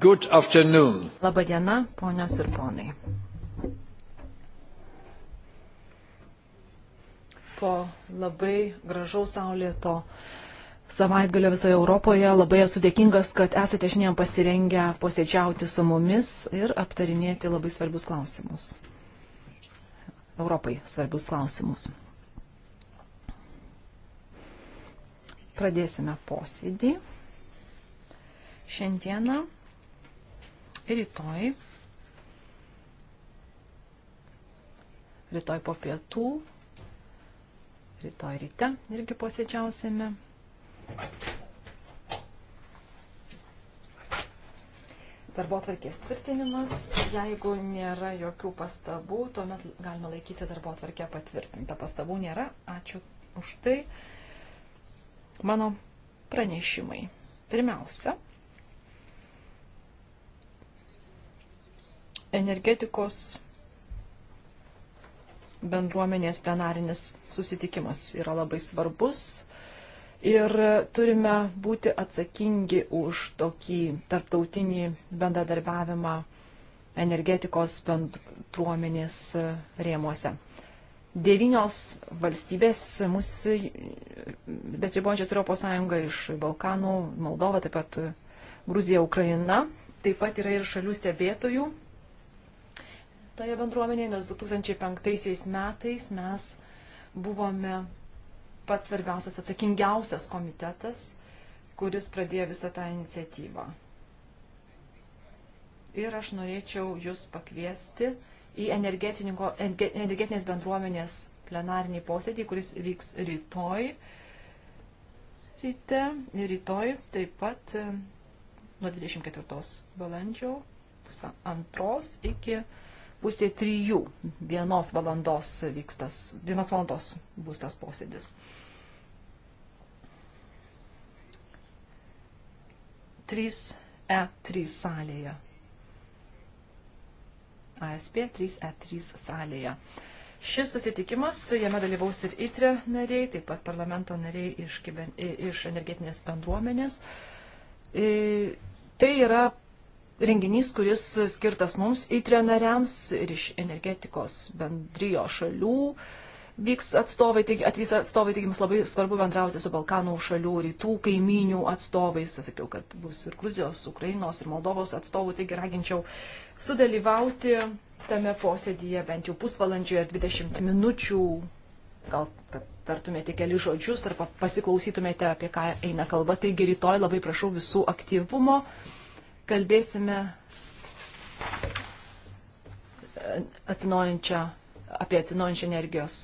Good afternoon. Labadiena, ponios ir ponai. Po labai gražaus saulėto savaitgalio visoje Europoje labai esu dėkingas, kad esate šiandien pasirengę posėdžiauti su mumis ir aptarinėti labai svarbius klausimus. Europai svarbius klausimus. Pradėsime posėdį. Šiandieną rytoj, rytoj po pietų, rytoj ryte irgi posėdžiausime. Darbo atvarkės tvirtinimas, jeigu nėra jokių pastabų, tuomet galima laikyti darbo atvarkę patvirtintą. Pastabų nėra, ačiū už tai. Mano pranešimai. Pirmiausia, energetikos bendruomenės plenarinis susitikimas yra labai svarbus ir turime būti atsakingi už tokį tarptautinį bendradarbiavimą energetikos bendruomenės rėmuose. Devynios valstybės mūsų besiribojančios Europos Sąjunga iš Balkanų, Moldova, taip pat Gruzija, Ukraina, taip pat yra ir šalių stebėtojų toje bendruomenėje, nes 2005 metais mes buvome pats svarbiausias, atsakingiausias komitetas, kuris pradėjo visą tą iniciatyvą. Ir aš norėčiau Jūs pakviesti į energetinės bendruomenės plenarinį posėdį, kuris vyks rytoj. Ryte ir rytoj taip pat e, nuo 24 valandžio pusantros iki pusė trijų. Vienos valandos vykstas, vienos valandos bus tas posėdis. Trys E3 salėje. ASP 3E3 salėje. Šis susitikimas, jame dalyvaus ir ITRE nariai, taip pat parlamento nariai iš, iš energetinės bendruomenės. E, tai yra renginys, kuris skirtas mums įtrė nariams ir iš energetikos bendrijo šalių vyks atstovai, taigi atvyks atstovai, taigi mums labai svarbu bendrauti su Balkanų šalių, rytų kaimynių atstovais, sakiau, kad bus ir Gruzijos, Ukrainos, ir Moldovos atstovų, taigi raginčiau sudalyvauti tame posėdyje bent jau pusvalandžio ir 20 minučių, gal tartumėte keli žodžius arba pasiklausytumėte, apie ką eina kalba. Taigi rytoj labai prašau visų aktyvumo kalbėsime atsinaujančią, apie atsinaujančią energijos,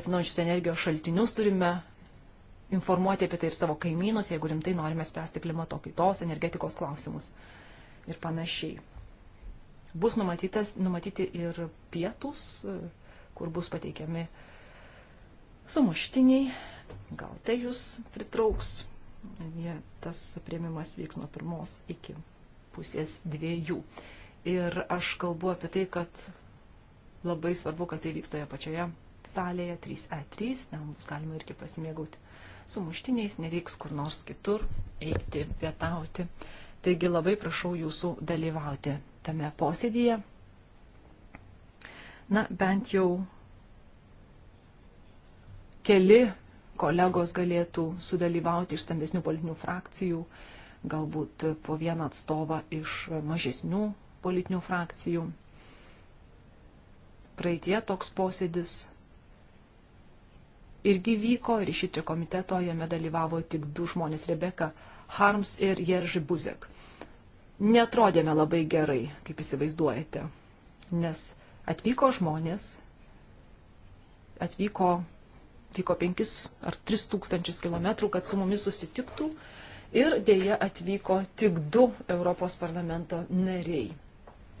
atsinaujančius energijos šaltinius turime informuoti apie tai ir savo kaimynus, jeigu rimtai norime spręsti klimato kaitos, energetikos klausimus ir panašiai. Bus numatyti ir pietus, kur bus pateikiami sumuštiniai, gal tai jūs pritrauks. Ja, tas prieimimas vyks nuo pirmos iki pusės dviejų. Ir aš kalbu apie tai, kad labai svarbu, kad tai vyks toje pačioje salėje 3E3, ten bus galima irgi pasimėgauti su muštiniais, nereiks kur nors kitur eiti, pietauti. Taigi labai prašau jūsų dalyvauti tame posėdyje. Na, bent jau keli kolegos galėtų sudalyvauti iš stambesnių politinių frakcijų. Uh, galbūt po vieną atstovą iš mažesnių politinių frakcijų. Praeitie toks posėdis irgi vyko ir iš šitrio komiteto jame dalyvavo tik du žmonės - Rebeka Harms ir Jerži Buzek. Netrodėme labai gerai, kaip įsivaizduojate, nes atvyko žmonės, atvyko, atvyko 5 ar 3 tūkstančius kilometrų, kad su mumis susitiktų ir dėja atvyko tik du Europos parlamento nariai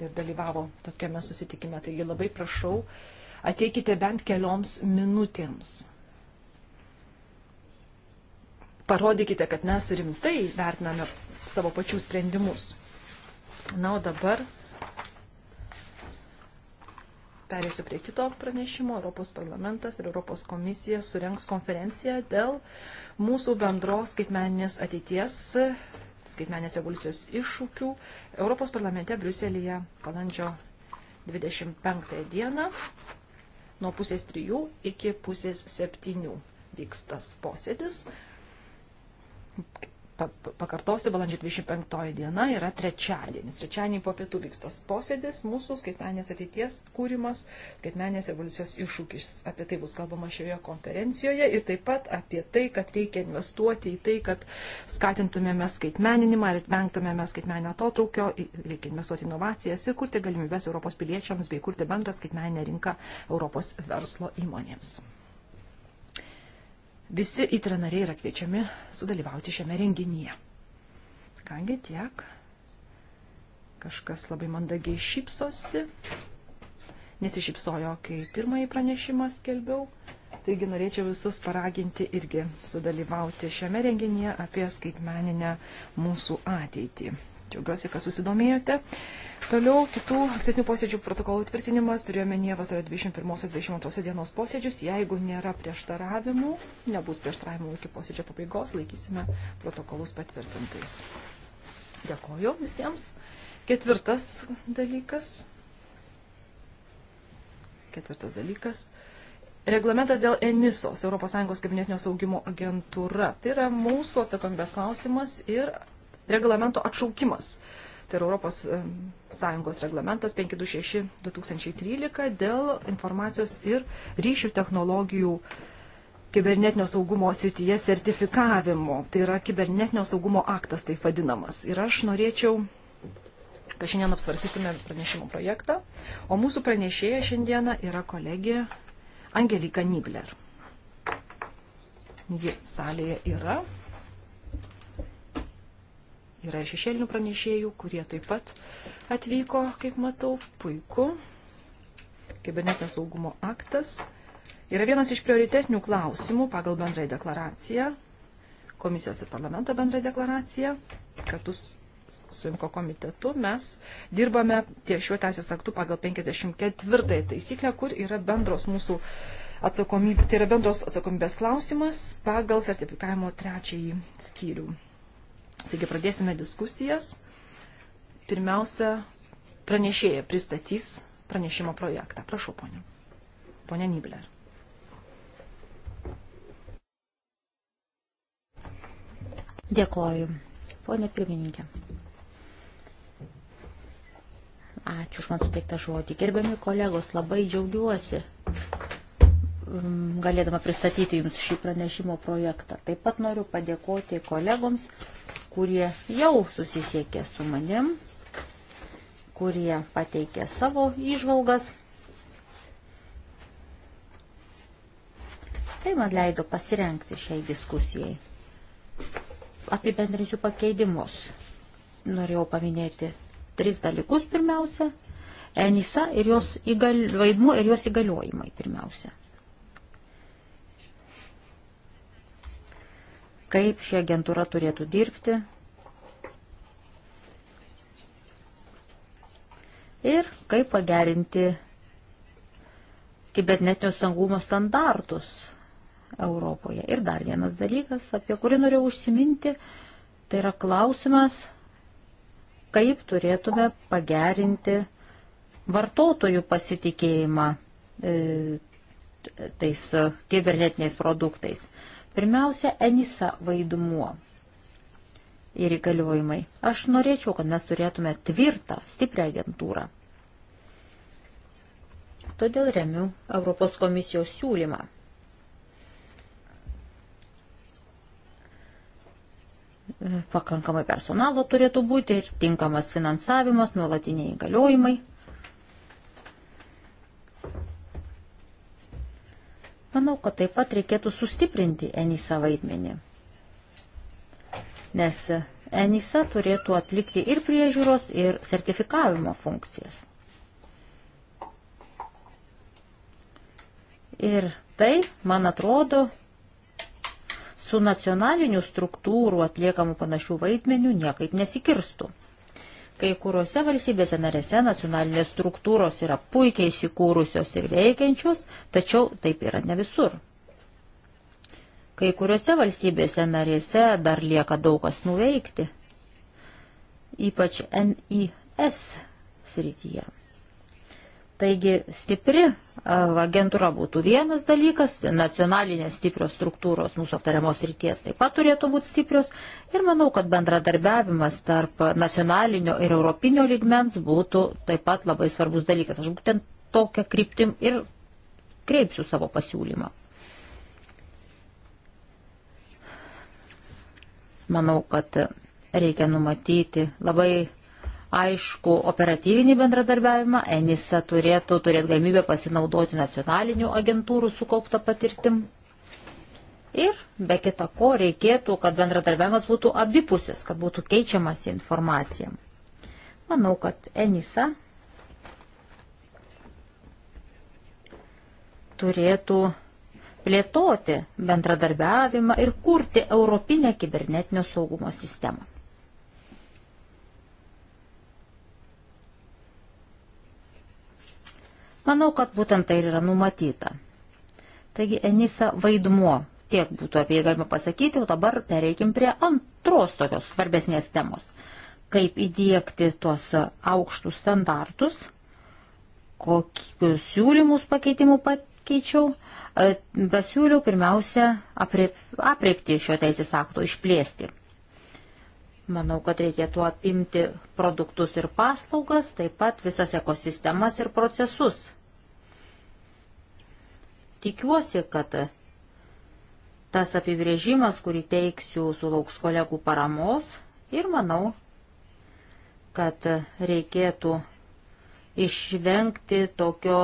ir dalyvavo tokiame susitikime. Taigi labai prašau, ateikite bent kelioms minutėms. Parodykite, kad mes rimtai vertiname savo pačių sprendimus. Na, o dabar Perėsiu prie kito pranešimo. Europos parlamentas ir Europos komisija surenks konferenciją dėl mūsų bendros skaitmeninės ateities, skaitmeninės evoliucijos iššūkių Europos parlamente Briuselėje balandžio 25 dieną nuo pusės 3 iki pusės 7 vyks tas posėdis pakartosiu, balandžio 25 diena yra trečiadienis. Trečiadienį po pietų vyksta posėdis, mūsų skaitmenės ateities kūrimas, skaitmenės evoliucijos iššūkis. Apie tai bus kalbama šioje konferencijoje ir taip pat apie tai, kad reikia investuoti į tai, kad skatintumėme skaitmeninimą ir vengtumėme skaitmeninio atotraukio, reikia investuoti inovacijas ir kurti galimybės Europos piliečiams bei kurti bendrą skaitmeninę rinką Europos verslo įmonėms. Visi įtrenariai yra kviečiami sudalyvauti šiame renginyje. Kągi tiek. Kažkas labai mandagiai šypsosi. Nesišypsojo, kai pirmąjį pranešimą skelbiau. Taigi norėčiau visus paraginti irgi sudalyvauti šiame renginyje apie skaitmeninę mūsų ateitį. Džiaugiuosi, kad susidomėjote. Toliau kitų ankstesnių posėdžių protokolų tvirtinimas, turėjome vasario 21-22 dienos posėdžius. Jeigu nėra prieštaravimų, nebus prieštaravimų iki posėdžio pabaigos, laikysime protokolus patvirtintais. Dėkoju visiems. Ketvirtas dalykas. Ketvirtas dalykas. Reglamentas dėl ENISOS, ES kabinetinio saugimo agentūra. Tai yra mūsų atsakomybės klausimas ir reglamento atšaukimas. Tai yra Europos Sąjungos reglamentas 526-2013 dėl informacijos ir ryšių technologijų kibernetinio saugumo srityje sertifikavimo. Tai yra kibernetinio saugumo aktas taip vadinamas. Ir aš norėčiau, kad šiandien apsvarstytume pranešimo projektą. O mūsų pranešėja šiandieną yra kolegė Angelika Nibler. Ji salėje yra. Yra ir šešėlinių pranešėjų, kurie taip pat atvyko, kaip matau, puiku. Kibernetinio saugumo aktas yra vienas iš prioritetinių klausimų pagal bendrąją deklaraciją, komisijos ir parlamento bendrąją deklaraciją, kartu su Imko komitetu mes dirbame ties šiuo teisės aktu pagal 54 taisyklę, kur yra bendros mūsų atsakomybės, tai yra bendros atsakomybės klausimas pagal sertifikavimo trečiąjį skyrių. Taigi pradėsime diskusijas. Pirmiausia, pranešėja pristatys pranešimo projektą. Prašau, ponė. Ponė Nibler. Dėkoju. Pone pirmininkė. Ačiū už man suteiktą žodį. Gerbiami kolegos, labai džiaugiuosi galėdama pristatyti Jums šį pranešimo projektą. Taip pat noriu padėkoti kolegoms, kurie jau susisiekė su manim, kurie pateikė savo išvalgas. Tai man leido pasirenkti šiai diskusijai. Apibendrinsiu pakeidimus. Norėjau paminėti tris dalykus pirmiausia. Enisa ir jos įgal... vaidmuo ir jos įgaliojimai pirmiausia. kaip ši agentūra turėtų dirbti. Ir kaip pagerinti kibernetinio saugumo standartus Europoje. Ir dar vienas dalykas, apie kurį norėjau užsiminti, tai yra klausimas, kaip turėtume pagerinti vartotojų pasitikėjimą e, tais kibernetiniais produktais. E, Pirmiausia, Enisa vaidmuo ir įgaliojimai. Aš norėčiau, kad mes turėtume tvirtą, stiprią agentūrą. Todėl remiu Europos komisijos siūlymą. Pakankamai personalo turėtų būti ir tinkamas finansavimas, nuolatiniai įgaliojimai. Manau, kad taip pat reikėtų sustiprinti Enisa vaidmenį, nes Enisa turėtų atlikti ir priežiūros, ir sertifikavimo funkcijas. Ir tai, man atrodo, su nacionalinių struktūrų atliekamų panašių vaidmenių niekaip nesikirstų. Kai kuriuose valstybėse narėse nacionalinės struktūros yra puikiai įsikūrusios ir veikiančios, tačiau taip yra ne visur. Kai kuriuose valstybėse narėse dar lieka daug kas nuveikti, ypač NIS srityje. Taigi stipri agentūra būtų vienas dalykas, nacionalinės stiprios struktūros mūsų aptariamos ryties taip pat turėtų būti stiprios ir manau, kad bendradarbiavimas tarp nacionalinio ir europinio ligmens būtų taip pat labai svarbus dalykas. Aš būtent tokią kryptim ir kreipsiu savo pasiūlymą. Manau, kad reikia numatyti labai aišku operatyvinį bendradarbiavimą. Enisa turėtų turėti galimybę pasinaudoti nacionalinių agentūrų sukauptą patirtim. Ir be kita ko reikėtų, kad bendradarbiavimas būtų abipusis, kad būtų keičiamas informacija. Manau, kad Enisa turėtų plėtoti bendradarbiavimą ir kurti Europinę kibernetinio saugumo sistemą. Manau, kad būtent tai ir yra numatyta. Taigi Enisa vaidmuo tiek būtų apie jį galima pasakyti, o dabar pereikim prie antros tokios svarbesnės temos. Kaip įdėkti tuos aukštus standartus, kokius siūlymus pakeitimų pakeičiau, e, pasiūliau pirmiausia apriepti šio teisės akto, išplėsti. Manau, kad reikėtų apimti produktus ir paslaugas, taip pat visas ekosistemas ir procesus Tikiuosi, kad tas apibrėžimas, kurį teiksiu, sulauks kolegų paramos ir manau, kad reikėtų išvengti tokio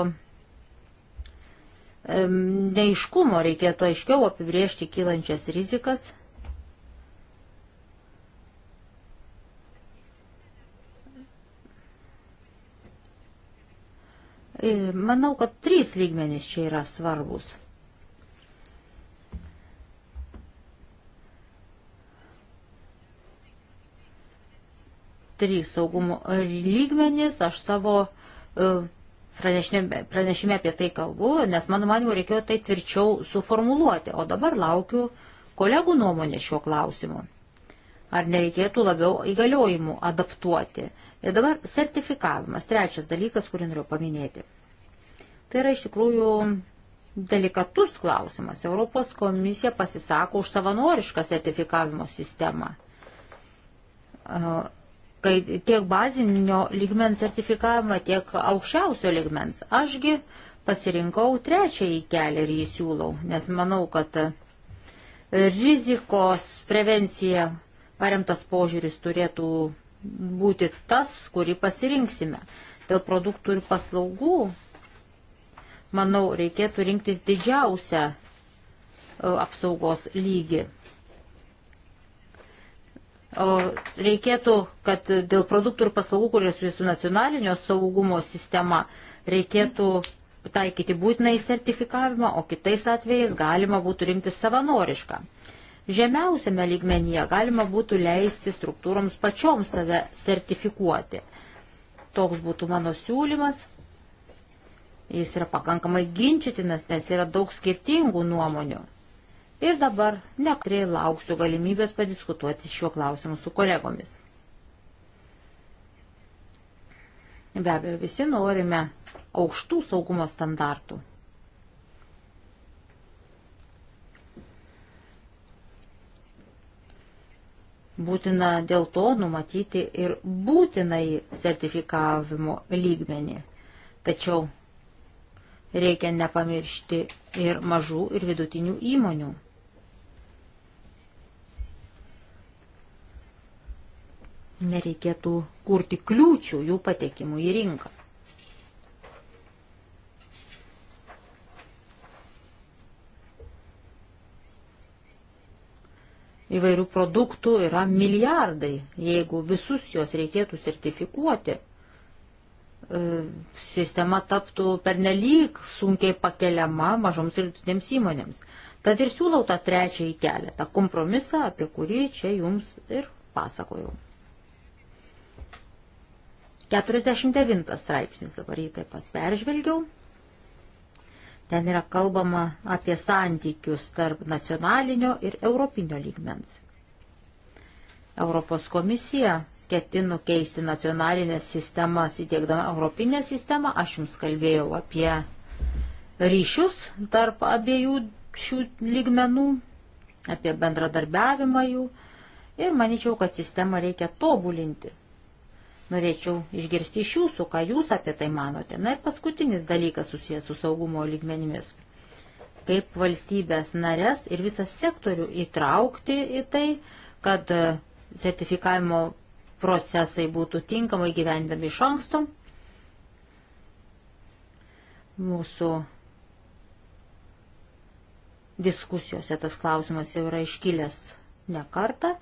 neiškumo, reikėtų aiškiau apibrėžti kylančias rizikas E, manau, kad trys lygmenys čia yra svarbus. Trys saugumo lygmenys, aš savo e, pranešime, pranešime apie tai kalbu, nes mano manimu reikėjo tai tvirčiau suformuluoti, o dabar laukiu kolegų nuomonės šiuo klausimu. Ar nereikėtų labiau įgaliojimų adaptuoti? Ir dabar sertifikavimas, trečias dalykas, kurį noriu paminėti. Tai yra iš tikrųjų delikatus klausimas. Europos komisija pasisako už savanorišką sertifikavimo sistemą. Kai tiek bazinio ligmens sertifikavimą, tiek aukščiausio ligmens. Ašgi pasirinkau trečiąjį kelią ir jį siūlau, nes manau, kad rizikos prevencija paremtas požiūris turėtų būti tas, kurį pasirinksime. Dėl produktų ir paslaugų, manau, reikėtų rinktis didžiausią e, apsaugos lygį. O reikėtų, kad dėl produktų ir paslaugų, kurie susijęs su nacionalinio saugumo sistema, reikėtų taikyti būtinai sertifikavimą, o kitais atvejais galima būtų rinktis savanorišką žemiausiame lygmenyje galima būtų leisti struktūroms pačioms save sertifikuoti. Toks būtų mano siūlymas. Jis yra pakankamai ginčytinas, nes yra daug skirtingų nuomonių. Ir dabar nekrai lauksiu galimybės padiskutuoti šiuo klausimu su kolegomis. Be abejo, visi norime aukštų saugumo standartų. Būtina dėl to numatyti ir būtinai sertifikavimo lygmenį. Tačiau reikia nepamiršti ir mažų ir vidutinių įmonių. Nereikėtų kurti kliūčių jų patekimų į rinką. įvairių produktų yra milijardai. Jeigu visus juos reikėtų sertifikuoti, e, sistema taptų pernelyg sunkiai pakeliama mažoms ir vidutinėms įmonėms. Tad ir siūlau tą trečiąjį kelią, tą kompromisą, apie kurį čia jums ir pasakojau. 49 straipsnis dabar jį taip pat peržvelgiau. Ten yra kalbama apie santykius tarp nacionalinio ir europinio lygmens. Europos komisija ketinu keisti nacionalinės sistemas įtiekdama europinę sistemą. Aš jums kalbėjau apie ryšius tarp abiejų šių lygmenų, apie bendradarbiavimą jų ir manyčiau, kad sistemą reikia tobulinti. Norėčiau išgirsti iš jūsų, ką jūs apie tai manote. Na ir paskutinis dalykas susijęs su saugumo lygmenimis. Kaip valstybės narės ir visą sektorių įtraukti į tai, kad e, sertifikavimo procesai būtų tinkamai gyvendami iš anksto. Mūsų diskusijose tas klausimas jau yra iškilęs ne kartą.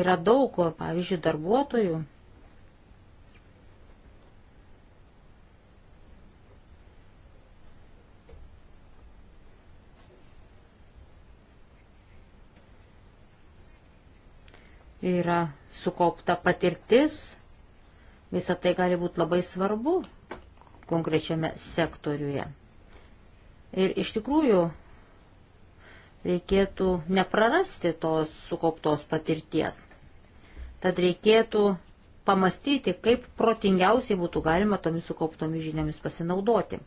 Yra daug, pavyzdžiui, darbuotojų, yra sukaupta patirtis, visą tai gali būti labai svarbu konkrečiame sektoriuje. Ir iš tikrųjų reikėtų neprarasti tos sukauptos patirties. Tad reikėtų pamastyti, kaip protingiausiai būtų galima tomis sukauptomis žiniomis pasinaudoti.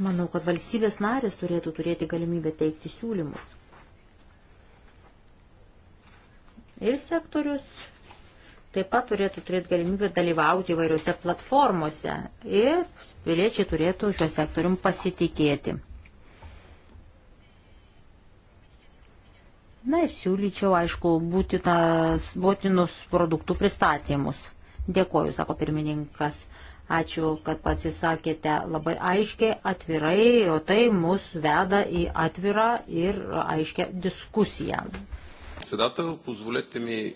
Manau, kad valstybės narės turėtų turėti galimybę teikti siūlymus. Ir sektorius taip pat turėtų turėti galimybę dalyvauti įvairiose platformose ir piliečiai turėtų šiuo sektorium pasitikėti. Na ir siūlyčiau, aišku, būtinas, būtinus produktų pristatymus. Dėkoju, sako pirmininkas. Ačiū, kad pasisakėte labai aiškiai, atvirai, o tai mus veda į atvirą ir aiškę diskusiją. Председател, позволете ми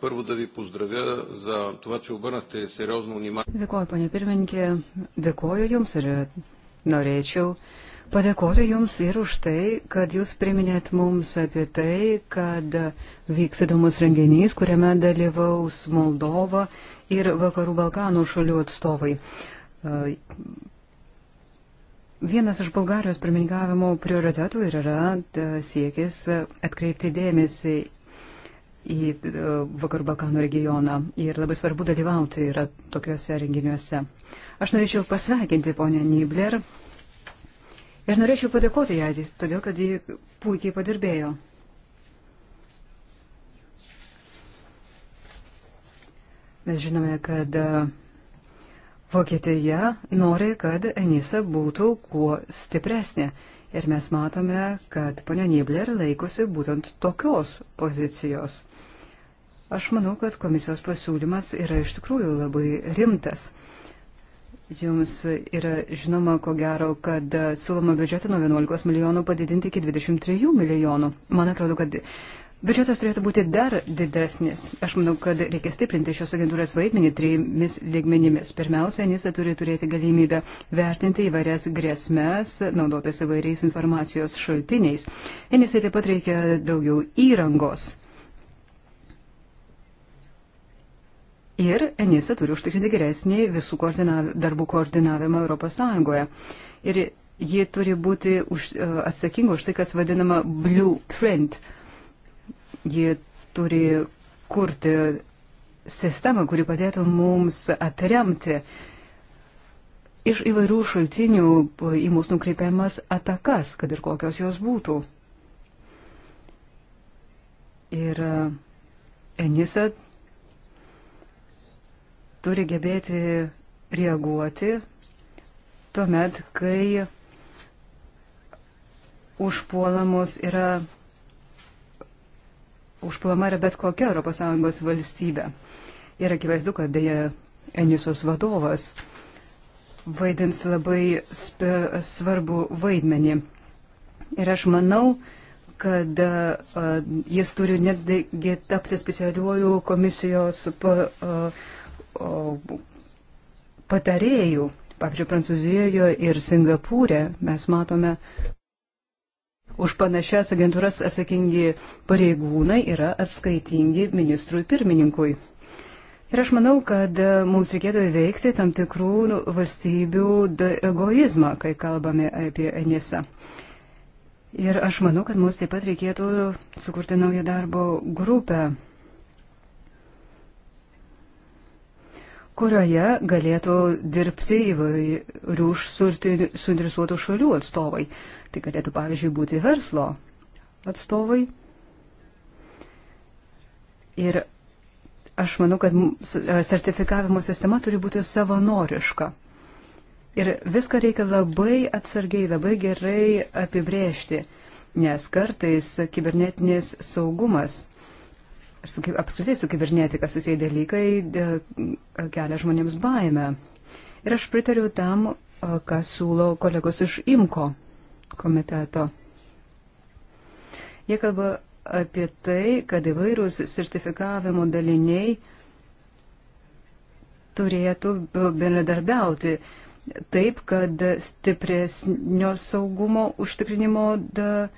първо да ви поздравя за това, че обърнахте сериозно внимание. Dėkoju, ponė pirmininkė, dėkoju Jums ir norėčiau padėkoti Jums ir už tai, kad Jūs priminėt mums apie tai, kad vyks įdomus renginys, kuriame dalyvaus Moldova ir Vakarų Balkanų šalių atstovai. E, vienas iš Bulgarijos pirmininkavimo prioritetų ir yra e, siekis atkreipti dėmesį į e, Vakarų Balkanų regioną ir labai svarbu dalyvauti yra tokiuose renginiuose. Aš norėčiau pasveikinti ponę Nibler ir norėčiau padėkoti jai, todėl kad ji puikiai padirbėjo. Mes žinome, kad e, Vokietija nori, kad Enisa būtų kuo stipresnė. Ir mes matome, kad ponia Nibler laikosi būtent tokios pozicijos. Aš manau, kad komisijos pasiūlymas yra iš tikrųjų labai rimtas. Jums yra žinoma, ko gero, kad siūloma biudžetą nuo 11 milijonų padidinti iki 23 milijonų. Man atrodo, kad Biudžetas turėtų būti dar didesnis. Aš manau, kad reikia stiprinti šios agentūros vaidmenį trimis lygmenimis. Pirmiausia, NISA turi turėti galimybę vertinti įvairias grėsmes, naudotis įvairiais informacijos šaltiniais. NISA taip pat reikia daugiau įrangos. Ir NISA turi užtikrinti geresnį visų koordinav darbų koordinavimą ES. Ir ji turi būti už, e, atsakinga už tai, kas vadinama blueprint. Uh, Ji turi kurti sistemą, kuri padėtų mums atremti iš įvairių šaltinių į mūsų nukreipiamas atakas, kad ir kokios jos būtų. Ir e, Enisa turi gebėti reaguoti tuomet, kai užpuolamos yra užpulama yra bet kokia ES valstybė. Ir akivaizdu, kad dėja Enisos vadovas vaidins labai spė, svarbu vaidmenį. Ir aš manau, kad uh, jis turi netgi tapti specialiuoju komisijos pa, uh, uh, patarėjų. Pavyzdžiui, Prancūzijoje ir Singapūrė mes matome už panašias agentūras atsakingi pareigūnai yra atskaitingi ministrui pirmininkui. Ir aš manau, kad mums reikėtų įveikti tam tikrų valstybių egoizmą, kai kalbame apie Enisą. Ir aš manau, kad mums taip pat reikėtų sukurti naują darbo grupę, kurioje galėtų dirbti įvairių suinteresuotų šalių atstovai. Uh, Tai galėtų, pavyzdžiui, būti verslo atstovai. Ir aš manau, kad e, sertifikavimo sistema turi būti savanoriška. Ir viską reikia labai atsargiai, labai gerai apibrėžti, nes kartais kibernetinės saugumas ir su, apskritai su kibernetika susiję dalykai kelia žmonėms baimę. Ir aš pritariu tam, ką siūlo kolegos iš IMKO komiteto. Jie kalba apie tai, kad įvairūs sertifikavimo daliniai turėtų bendradarbiauti taip, kad stipresnio saugumo užtikrinimo da,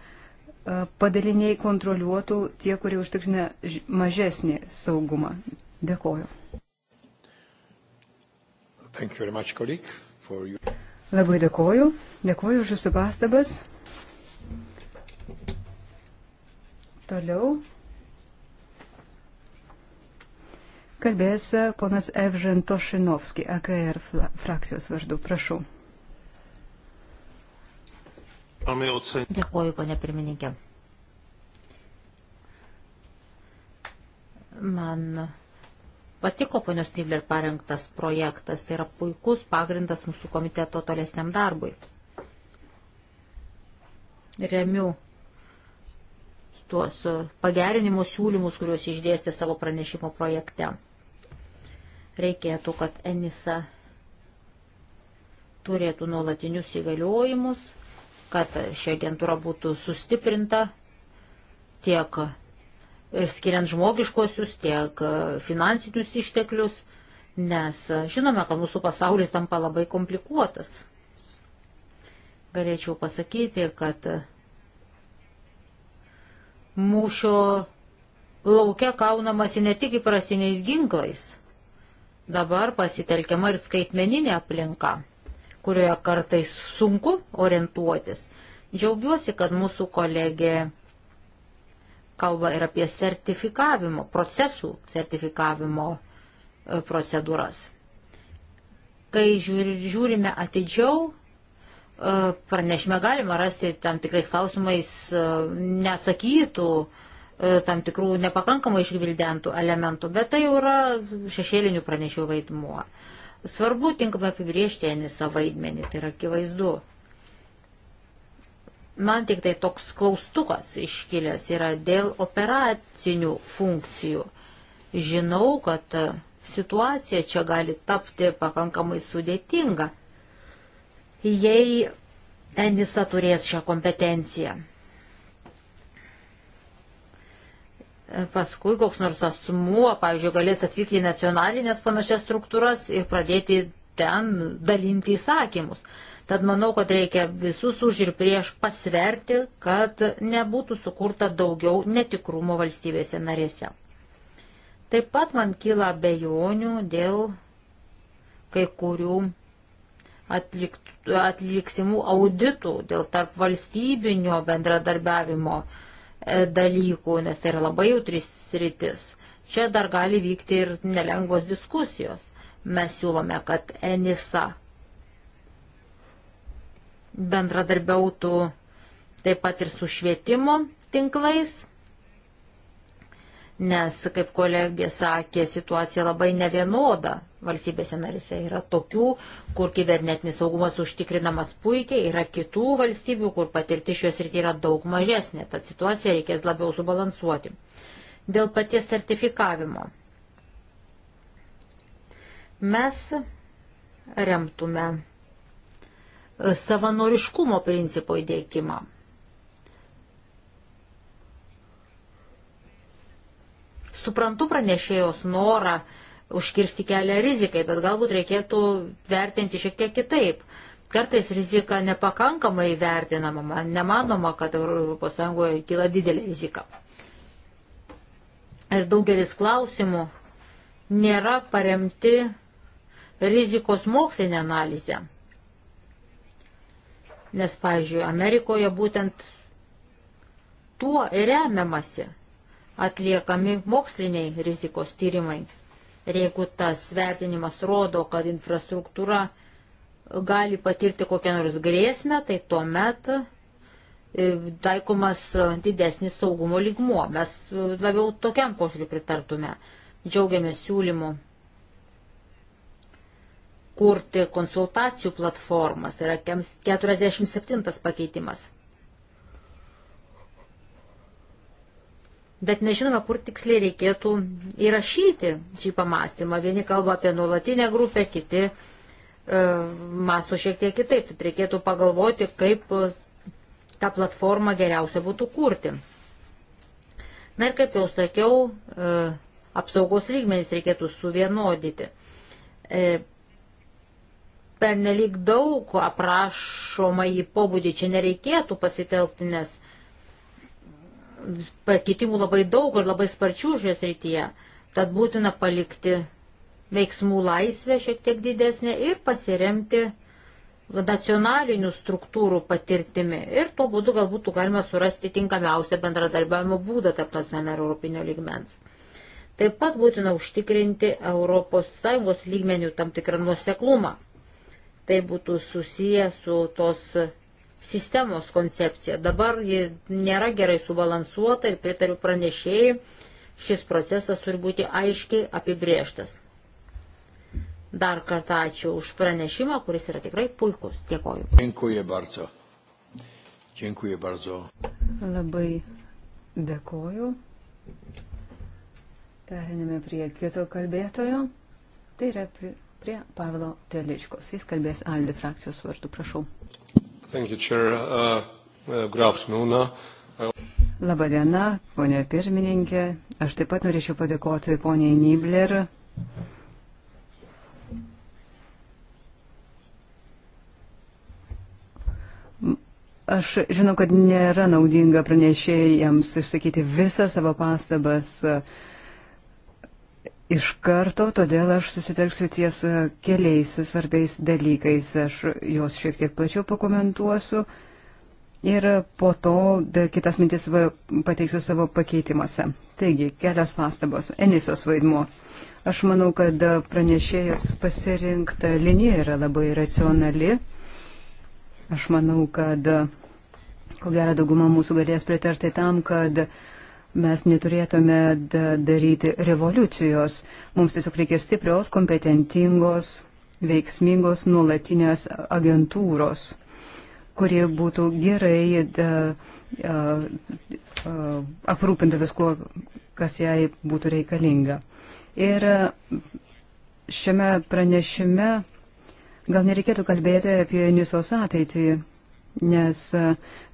padaliniai kontroliuotų tie, kurie užtikrina mažesnį saugumą. Dėkoju. Much, colleague, Labai dėkoju. Dėkoju už Jūsų pastabas. Toliau kalbės ponas Evžen Tošinovski, AKR frakcijos vardu. Prašau. Dėkuoju, ponė pirmininkė. Man patiko ponios Nibler parengtas projektas, tai yra puikus pagrindas mūsų komiteto tolesniam darbui. Remiu tuos pagerinimo siūlymus, kuriuos išdėstė savo pranešimo projekte. Reikėtų, kad Enisa turėtų nuolatinius įgaliojimus, kad ši agentūra būtų sustiprinta tiek skiriant žmogiškosius, tiek e, finansinius išteklius, nes e, žinome, kad mūsų pasaulis tampa labai komplikuotas. Galėčiau pasakyti, kad e, mūšio laukia kaunamasi ne tik įprastiniais ginklais, dabar pasitelkiama ir skaitmeninė aplinka, kurioje kartais sunku orientuotis. Džiaugiuosi, kad mūsų kolegė kalba ir apie sertifikavimo, procesų sertifikavimo e, procedūras. Kai žiūrime atidžiau, e, pranešime galima rasti tam tikrais klausimais e, neatsakytų, tam tikrų nepakankamai išgvildentų elementų, bet tai jau yra šešėlinių pranešėjų vaidmuo. Svarbu tinkamai apibriežti Enisą vaidmenį, tai yra akivaizdu. Man tik tai toks klaustukas iškilęs yra dėl operacinių funkcijų. Žinau, kad situacija čia gali tapti pakankamai sudėtinga, jei Enisa turės šią kompetenciją. Paskui koks nors asmuo, pavyzdžiui, galės atvykti į nacionalinės panašias struktūras ir pradėti ten dalinti įsakymus. Tad manau, kad reikia visus už ir prieš pasverti, kad nebūtų sukurta daugiau netikrumo valstybėse narėse. Taip pat man kyla bejonių dėl kai kurių atlikt, atliksimų auditų, dėl tarp valstybinio bendradarbiavimo e, dalykų, nes tai yra labai jautris rytis. Čia dar gali vykti ir nelengvos diskusijos. Mes siūlome, kad Enisa bendradarbiautų taip pat ir su švietimo tinklais, nes, kaip kolegė sakė, situacija labai nevienoda valstybėse narise. Yra tokių, kur kibernetinis saugumas užtikrinamas puikiai, yra kitų valstybių, kur patirti šios rytį yra daug mažesnė, tad situaciją reikės labiau subalansuoti. Dėl paties sertifikavimo. Mes remtume savanoriškumo principo įdėkimą. Suprantu pranešėjos norą užkirsti kelią rizikai, bet galbūt reikėtų vertinti šiek tiek kitaip. Kartais rizika nepakankamai vertinama, nemanoma, kad ES kyla didelė rizika. Ir daugelis klausimų nėra paremti rizikos mokslinė analizė. Nes, pavyzdžiui, Amerikoje būtent tuo remiamasi atliekami moksliniai rizikos tyrimai. Ir jeigu tas vertinimas rodo, kad infrastruktūra gali patirti kokią nors grėsmę, tai tuomet e, taikomas didesnis saugumo lygmuo. Mes labiau tokiam požiūriu pritartume. Džiaugiamės siūlymu kurti konsultacijų platformas, tai yra 47 pakeitimas. Bet nežinome, kur tiksliai reikėtų įrašyti šį pamastymą. Vieni kalba apie nuolatinę grupę, kiti e, masto šiek tiek kitaip. Tad reikėtų pagalvoti, kaip e, tą platformą geriausia būtų kurti. Na ir kaip jau sakiau, e, apsaugos lygmenys reikėtų suvienodyti. E, penelik daug aprašoma į pobūdį čia nereikėtų pasitelkti, nes pakeitimų labai daug ir labai sparčių šios rytyje. Tad būtina palikti veiksmų laisvę šiek tiek didesnė ir pasiremti nacionalinių struktūrų patirtimi. Ir tuo būdu galbūt galima surasti tinkamiausią bendradarbiavimo būdą tarp nacionalinio ir europinio ligmens. Taip pat būtina užtikrinti ES lygmenių tam tikrą nuoseklumą tai būtų susiję su tos sistemos koncepcija. Dabar ji nėra gerai subalansuota ir pritariu pranešėjai, šis procesas turi būti aiškiai apibrėžtas. Dar kartą ačiū už pranešimą, kuris yra tikrai puikus. Dėkoju. Dėkuoju bardzo. Dėkuoju bardzo. Labai dėkoju. Periname prie kito kalbėtojo. Tai yra prie prie Pavilo Teličkos. Jis kalbės Aldi frakcijos vardu, prašau. Thank you, Chair. Uh, uh, uh, Labadiena, ponė pirmininkė. Aš taip pat norėčiau padėkoti poniai Nibler. Aš žinau, kad nėra naudinga pranešėjams išsakyti visą savo pastabas. Uh, iš karto, todėl aš susitelksiu ties e, keliais svarbiais dalykais. Aš juos šiek tiek plačiau pakomentuosiu ir po to da, kitas mintis pateiksiu savo pakeitimuose. Taigi, kelios pastabos. Enisos vaidmuo. Aš manau, kad pranešėjos pasirinkta linija yra labai racionali. Aš manau, kad ko gero dauguma mūsų galės pritarti tam, kad uh, mes neturėtume daryti revoliucijos. Mums tiesiog reikia stiprios, kompetentingos, veiksmingos nuolatinės agentūros, kurie būtų gerai da, a, a, aprūpinta viskuo, kas jai būtų reikalinga. Ir šiame pranešime gal nereikėtų kalbėti apie Nisos ateitį, nes e,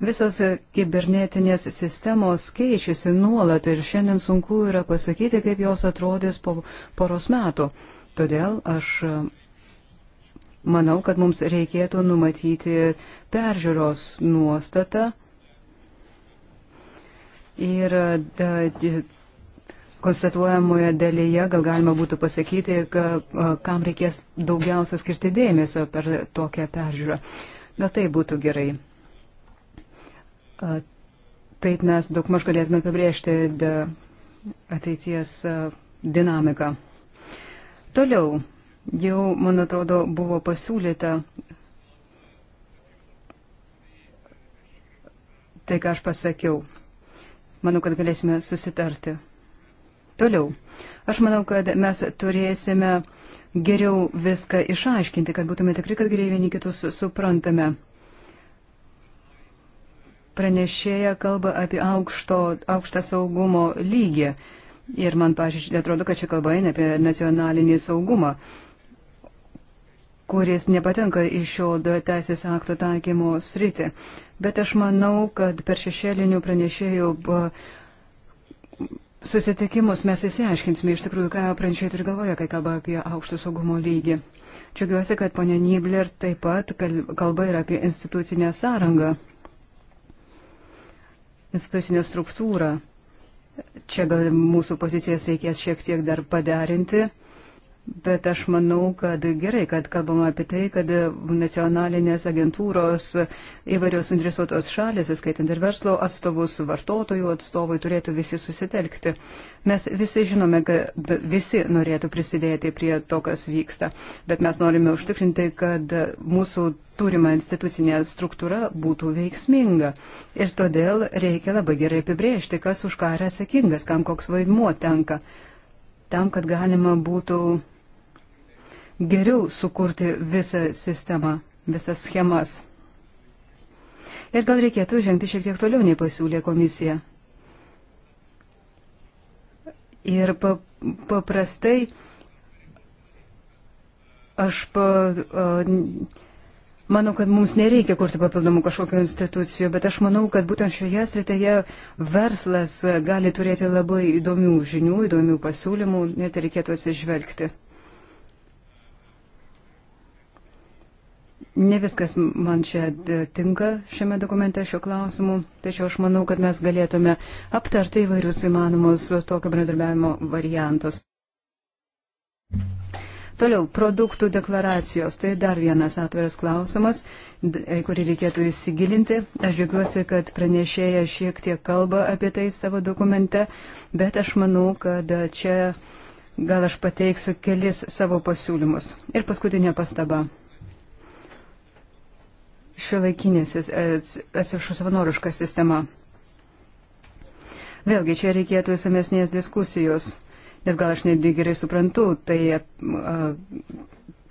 visos kibernetinės sistemos keičiasi nuolat ir šiandien sunku yra pasakyti, kaip jos atrodys po poros metų. Todėl aš e, manau, kad mums reikėtų numatyti peržiūros nuostatą ir e, da, konstatuojamoje dalyje gal galima būtų pasakyti, ka, kam reikės daugiausia skirti dėmesio per tokią peržiūrą. Gal tai būtų gerai. Taip mes daug maž galėtume apibriežti ateities dinamiką. Toliau jau, man atrodo, buvo pasiūlyta tai, ką aš pasakiau. Manau, kad galėsime susitarti. Toliau, aš manau, kad mes turėsime geriau viską išaiškinti, kad būtume tikri, kad geriau vieni kitus suprantame. Pranešėja kalba apie aukšto, aukštą saugumo lygį. Ir man, pažiūrėjau, atrodo, kad čia kalba eina apie nacionalinį saugumą, kuris nepatenka iš šio teisės akto taikymo sritį. Bet aš manau, kad per šešėlinių pranešėjų susitikimus mes įsiaiškinsime iš tikrųjų, ką pranešėjai turi galvoje, kai kalba apie aukštą saugumo lygį. Čiaugiuosi, kad ponia Nibler taip pat kalba ir apie institucinę sąrangą, institucinę struktūrą. Čia gal mūsų pozicijas reikės šiek tiek dar padarinti. Bet aš manau, kad gerai, kad kalbama apie tai, kad nacionalinės agentūros įvairios interesuotos šalis, skaitant ir verslo atstovus, vartotojų atstovai, turėtų visi susitelkti. Mes visi žinome, kad visi norėtų prisidėti prie to, kas vyksta, bet mes norime užtikrinti, kad mūsų turima institucinė struktūra būtų veiksminga. Ir todėl reikia labai gerai apibrėžti, kas už ką yra atsakingas, kam koks vaidmuo tenka. Tam, kad galima būtų geriau sukurti visą sistemą, visas schemas. Ir gal reikėtų žengti šiek tiek toliau, nei pasiūlė komisija. Ir pa, paprastai aš pa, a, manau, kad mums nereikia kurti papildomų kažkokių institucijų, bet aš manau, kad būtent šioje srityje verslas gali turėti labai įdomių žinių, įdomių pasiūlymų ir tai reikėtų atsižvelgti. Ne viskas man čia tinka šiame dokumente šiuo klausimu, tačiau aš manau, kad mes galėtume aptarti įvairius įmanomus tokio bendradarbiavimo variantus. Toliau, produktų deklaracijos. Tai dar vienas atviras klausimas, kurį reikėtų įsigilinti. Aš džiugiuosi, kad pranešėja šiek tiek kalba apie tai savo dokumente, bet aš manau, kad čia gal aš pateiksiu kelis savo pasiūlymus. Ir paskutinė pastaba šiuolaikinė, atsiprašau, savanoriška sistema. Vėlgi, čia reikėtų įsamesnės diskusijos, nes gal aš netgi gerai suprantu, tai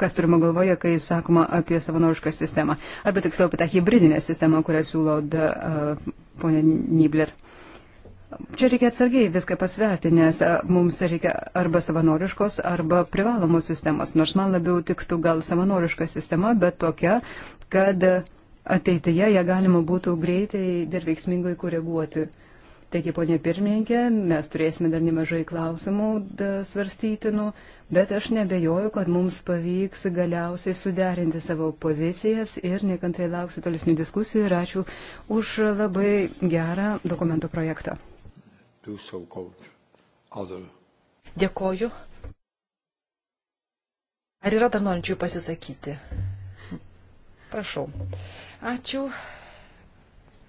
kas turima galvoje, kai sakoma apie savanorišką sistemą, arba tiksliau apie tą hybridinę sistemą, kurią siūlo da, ponė Nibler. Čia reikia atsargiai viską pasverti, nes mums reikia arba savanoriškos, arba privalomos sistemos. Nors man labiau tiktų gal savanoriška sistema, bet tokia, kad ateityje ją galima būtų greitai ir veiksmingai koreguoti. Taigi, ponė pirmininkė, mes turėsime dar nemažai klausimų da, svarstytinų, bet aš nebejoju, kad mums pavyks galiausiai suderinti savo pozicijas ir nekantrai lauksiu tolesnių diskusijų ir ačiū už labai gerą dokumento projektą. Dėkoju. Ar yra dar norinčių pasisakyti? Prašau. Ačiū.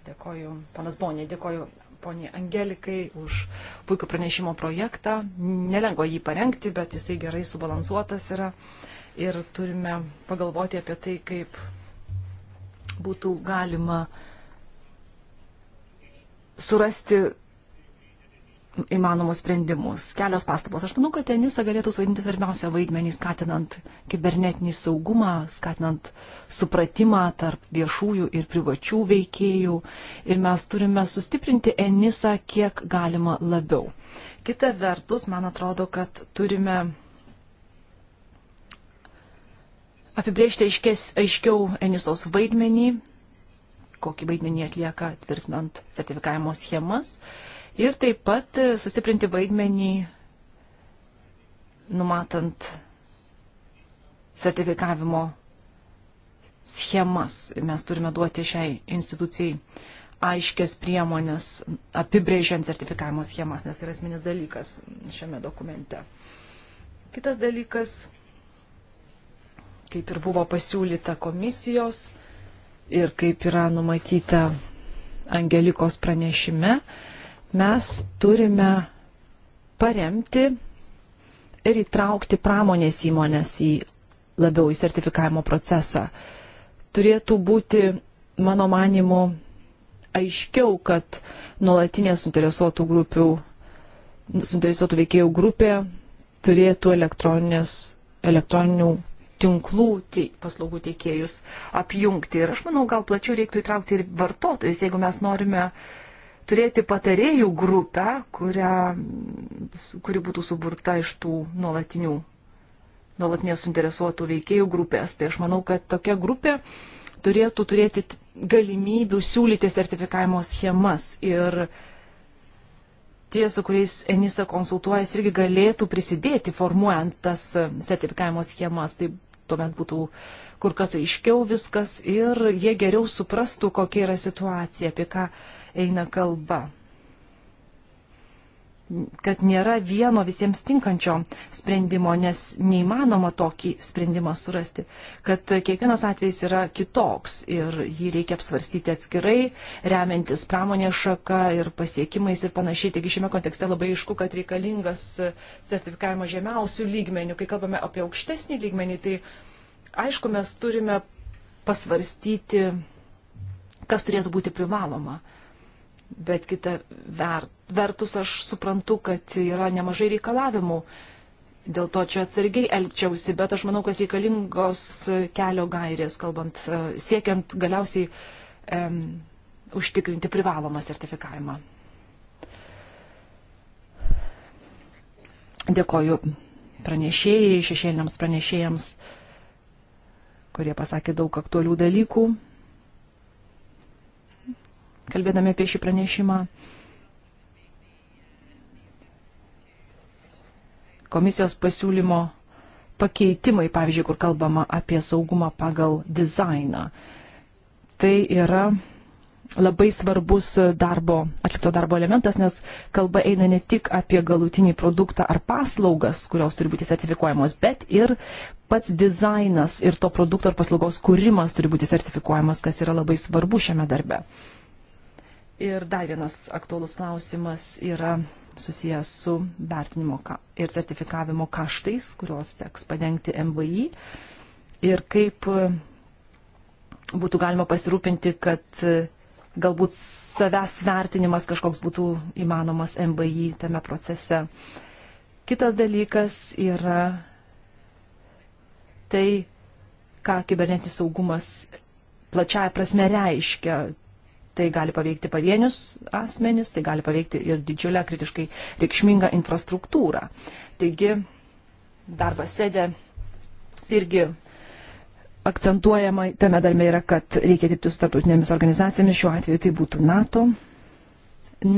Dėkoju, panas Bonė, dėkoju poniai Angelikai už puikų pranešimo projektą. Nelengva jį parengti, bet jisai gerai subalansuotas yra. Ir turime pagalvoti apie tai, kaip būtų galima surasti įmanomus sprendimus. Kelios pastabos. Aš manau, kad tenisa galėtų suvaidinti svarbiausią vaidmenį, skatinant kibernetinį saugumą, skatinant supratimą tarp viešųjų ir privačių veikėjų. Ir mes turime sustiprinti enisą kiek galima labiau. Kita vertus, man atrodo, kad turime apibriežti aiškės, aiškiau enisos vaidmenį, kokį vaidmenį atlieka tvirtinant sertifikavimo schemas. Uh, ir taip pat e, sustiprinti vaidmenį numatant sertifikavimo schemas. Mes turime duoti šiai institucijai aiškės priemonės apibrėžiant sertifikavimo schemas, nes tai yra esminis dalykas šiame dokumente. Kitas dalykas, kaip ir buvo pasiūlyta komisijos ir kaip yra numatyta Angelikos pranešime, Mes turime paremti ir įtraukti pramonės įmonės į labiau į sertifikavimo procesą. Turėtų būti, mano manimu, aiškiau, kad nuolatinė suinteresuotų grupių, suinteresuotų veikėjų grupė turėtų elektroninių tinklų tai paslaugų teikėjus apjungti. Ir aš manau, gal plačiau reiktų įtraukti ir vartotojus, jeigu mes norime uh, turėti patarėjų grupę, kurią, kuri būtų suburta iš tų nuolatinių, nuolatinės suinteresuotų veikėjų grupės. Tai aš manau, kad tokia grupė turėtų turėti galimybių siūlyti sertifikavimo schemas ir tie, su kuriais Enisa konsultuojas, irgi galėtų prisidėti formuojant tas sertifikavimo schemas. Tai tuomet būtų kur kas aiškiau viskas ir jie geriau suprastų, kokia yra situacija, apie ką eina kalba. Kad nėra vieno visiems tinkančio sprendimo, nes neįmanoma tokį sprendimą surasti, kad kiekvienas atvejis yra kitoks ir jį reikia apsvarstyti atskirai, remiantis pramonės šaka ir pasiekimais ir panašiai. Taigi šiame kontekste labai išku, kad reikalingas sertifikavimo žemiausių lygmenių. Kai kalbame apie aukštesnį lygmenį, tai aišku, mes turime pasvarstyti, kas turėtų būti privaloma bet kita vertus aš suprantu, kad yra nemažai reikalavimų. Dėl to čia atsargiai elgčiausi, bet aš manau, kad reikalingos kelio gairės, kalbant, e, siekiant galiausiai um, užtikrinti privalomą sertifikavimą. Dėkoju pranešėjai, šešėliniams pranešėjams, kurie pasakė daug aktualių dalykų kalbėdami apie šį pranešimą. Komisijos pasiūlymo pakeitimai, pavyzdžiui, kur kalbama apie saugumą pagal dizainą. Tai yra labai svarbus darbo, atlikto darbo elementas, nes kalba eina ne tik apie galutinį produktą ar paslaugas, kurios turi būti sertifikuojamos, bet ir pats dizainas ir to produkto ar paslaugos kūrimas turi būti sertifikuojamas, kas yra labai svarbu šiame darbe. Ir dar vienas aktuolus klausimas yra susijęs su vertinimo ir sertifikavimo kaštais, kuriuos teks padengti MVI. Ir kaip e, būtų galima pasirūpinti, kad e, galbūt savęs vertinimas kažkoks būtų įmanomas MVI tame procese. Kitas dalykas yra tai, ką kibernetinis saugumas plačiaja prasme reiškia tai gali paveikti pavienius asmenis, tai gali paveikti ir didžiulę kritiškai reikšmingą infrastruktūrą. Taigi darbas sėdė irgi akcentuojama tame darbe yra, kad reikia dirbti su tarptautinėmis organizacijomis, šiuo atveju tai būtų NATO.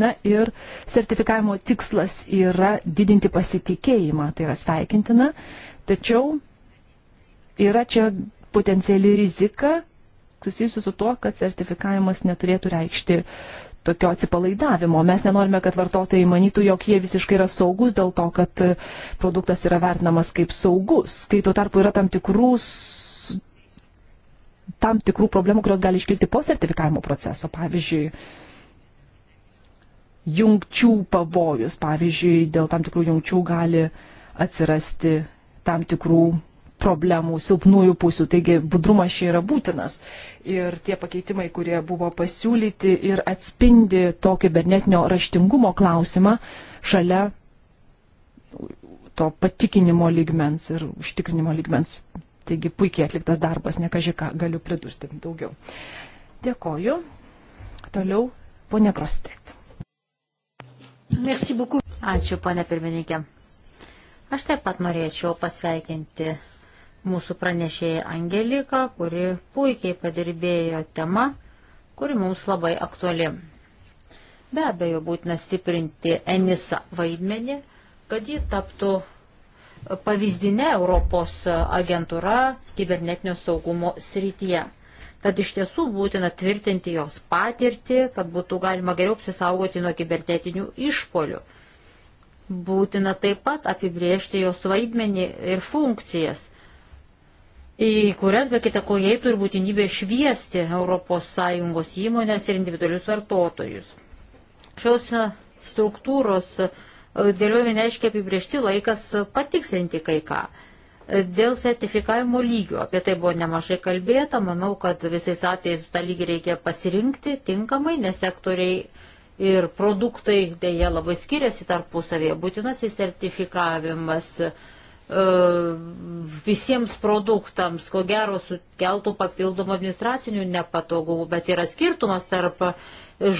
Na ir sertifikavimo tikslas yra didinti pasitikėjimą, tai yra sveikintina, tačiau yra čia potenciali rizika, susijusi su tuo, kad sertifikavimas neturėtų reikšti tokio atsipalaidavimo. Mes nenorime, kad vartotojai manytų, jog jie visiškai yra saugus dėl to, kad e, produktas yra vertinamas kaip saugus, kai tuo tarpu yra tam tikrų, tam tikrų problemų, kurios gali iškilti po sertifikavimo proceso. Pavyzdžiui, jungčių pavojus, pavyzdžiui, dėl tam tikrų jungčių gali atsirasti tam tikrų problemų, silpnųjų pusių. Taigi budrumas čia yra būtinas. Ir tie pakeitimai, kurie buvo pasiūlyti ir atspindi to kibernetinio raštingumo klausimą šalia to patikinimo lygmens ir užtikrinimo lygmens. Taigi puikiai atliktas darbas, nekažika galiu pridurti daugiau. Dėkoju. Toliau ponė Krostet. Ačiū, ponė pirmininkė. Aš taip pat norėčiau pasveikinti mūsų pranešėja Angelika, kuri puikiai padirbėjo tema, kuri mums labai aktuali. Be abejo, būtina stiprinti Enisa vaidmenį, kad ji taptų pavyzdinė Europos agentūra kibernetinio saugumo srityje. Tad iš tiesų būtina tvirtinti jos patirtį, kad būtų galima geriau apsisaugoti nuo kibernetinių išpolių. Būtina taip pat apibriežti jos vaidmenį ir funkcijas į kurias be kita ko įeitų ir būtinybė šviesti ES įmonės ir individualius vartotojus. Šios e, struktūros e, dėliovi neaiškiai apibriešti laikas patikslinti kai ką. E, dėl sertifikavimo lygio, apie tai buvo nemažai kalbėta, manau, kad visais atvejais tą lygį reikia pasirinkti tinkamai, nes sektoriai ir produktai dėja labai skiriasi tarpusavėje. Būtinas sertifikavimas. sertifikavimas E, visiems produktams, ko gero, sukeltų papildomų administracinių nepatogumų, bet yra skirtumas tarp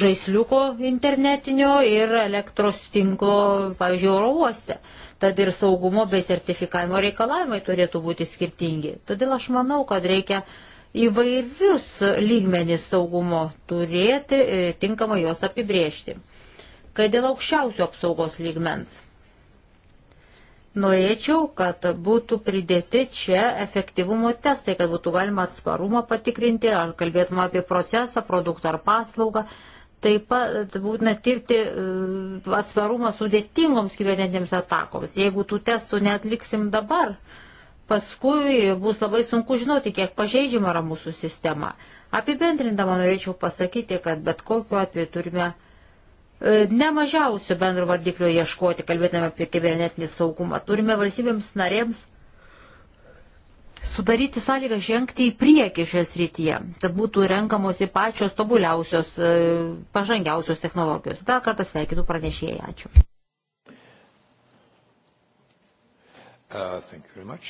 žaisliuko internetinio ir elektros tinklo, pavyzdžiui, oro uoste. Tad ir saugumo bei sertifikavimo reikalavimai turėtų būti skirtingi. Todėl aš manau, kad reikia įvairius lygmenis saugumo turėti, e, tinkamai juos apibriežti. Kai dėl aukščiausio apsaugos lygmens Norėčiau, kad būtų pridėti čia efektyvumo testai, kad būtų galima atsparumą patikrinti, ar kalbėtume apie procesą, produktą ar paslaugą. Taip pat būtina tirti e, atsparumą sudėtingoms kibernetinėms atakoms. Jeigu tų testų netliksim dabar, paskui bus labai sunku žinoti, kiek pažeidžiama yra mūsų sistema. Apibendrindama norėčiau pasakyti, kad bet kokiu atveju turime E, nemažiausių bendrų vardiklių ieškoti, kalbėtume apie kibernetinį saugumą. Turime valstybėms narėms sudaryti sąlygą žengti į priekį šioje srityje, kad būtų renkamos į pačios tobuliausios, e, pažangiausios technologijos. Dar kartą sveikinu pranešėjai. Ačiū. Uh, thank you very much.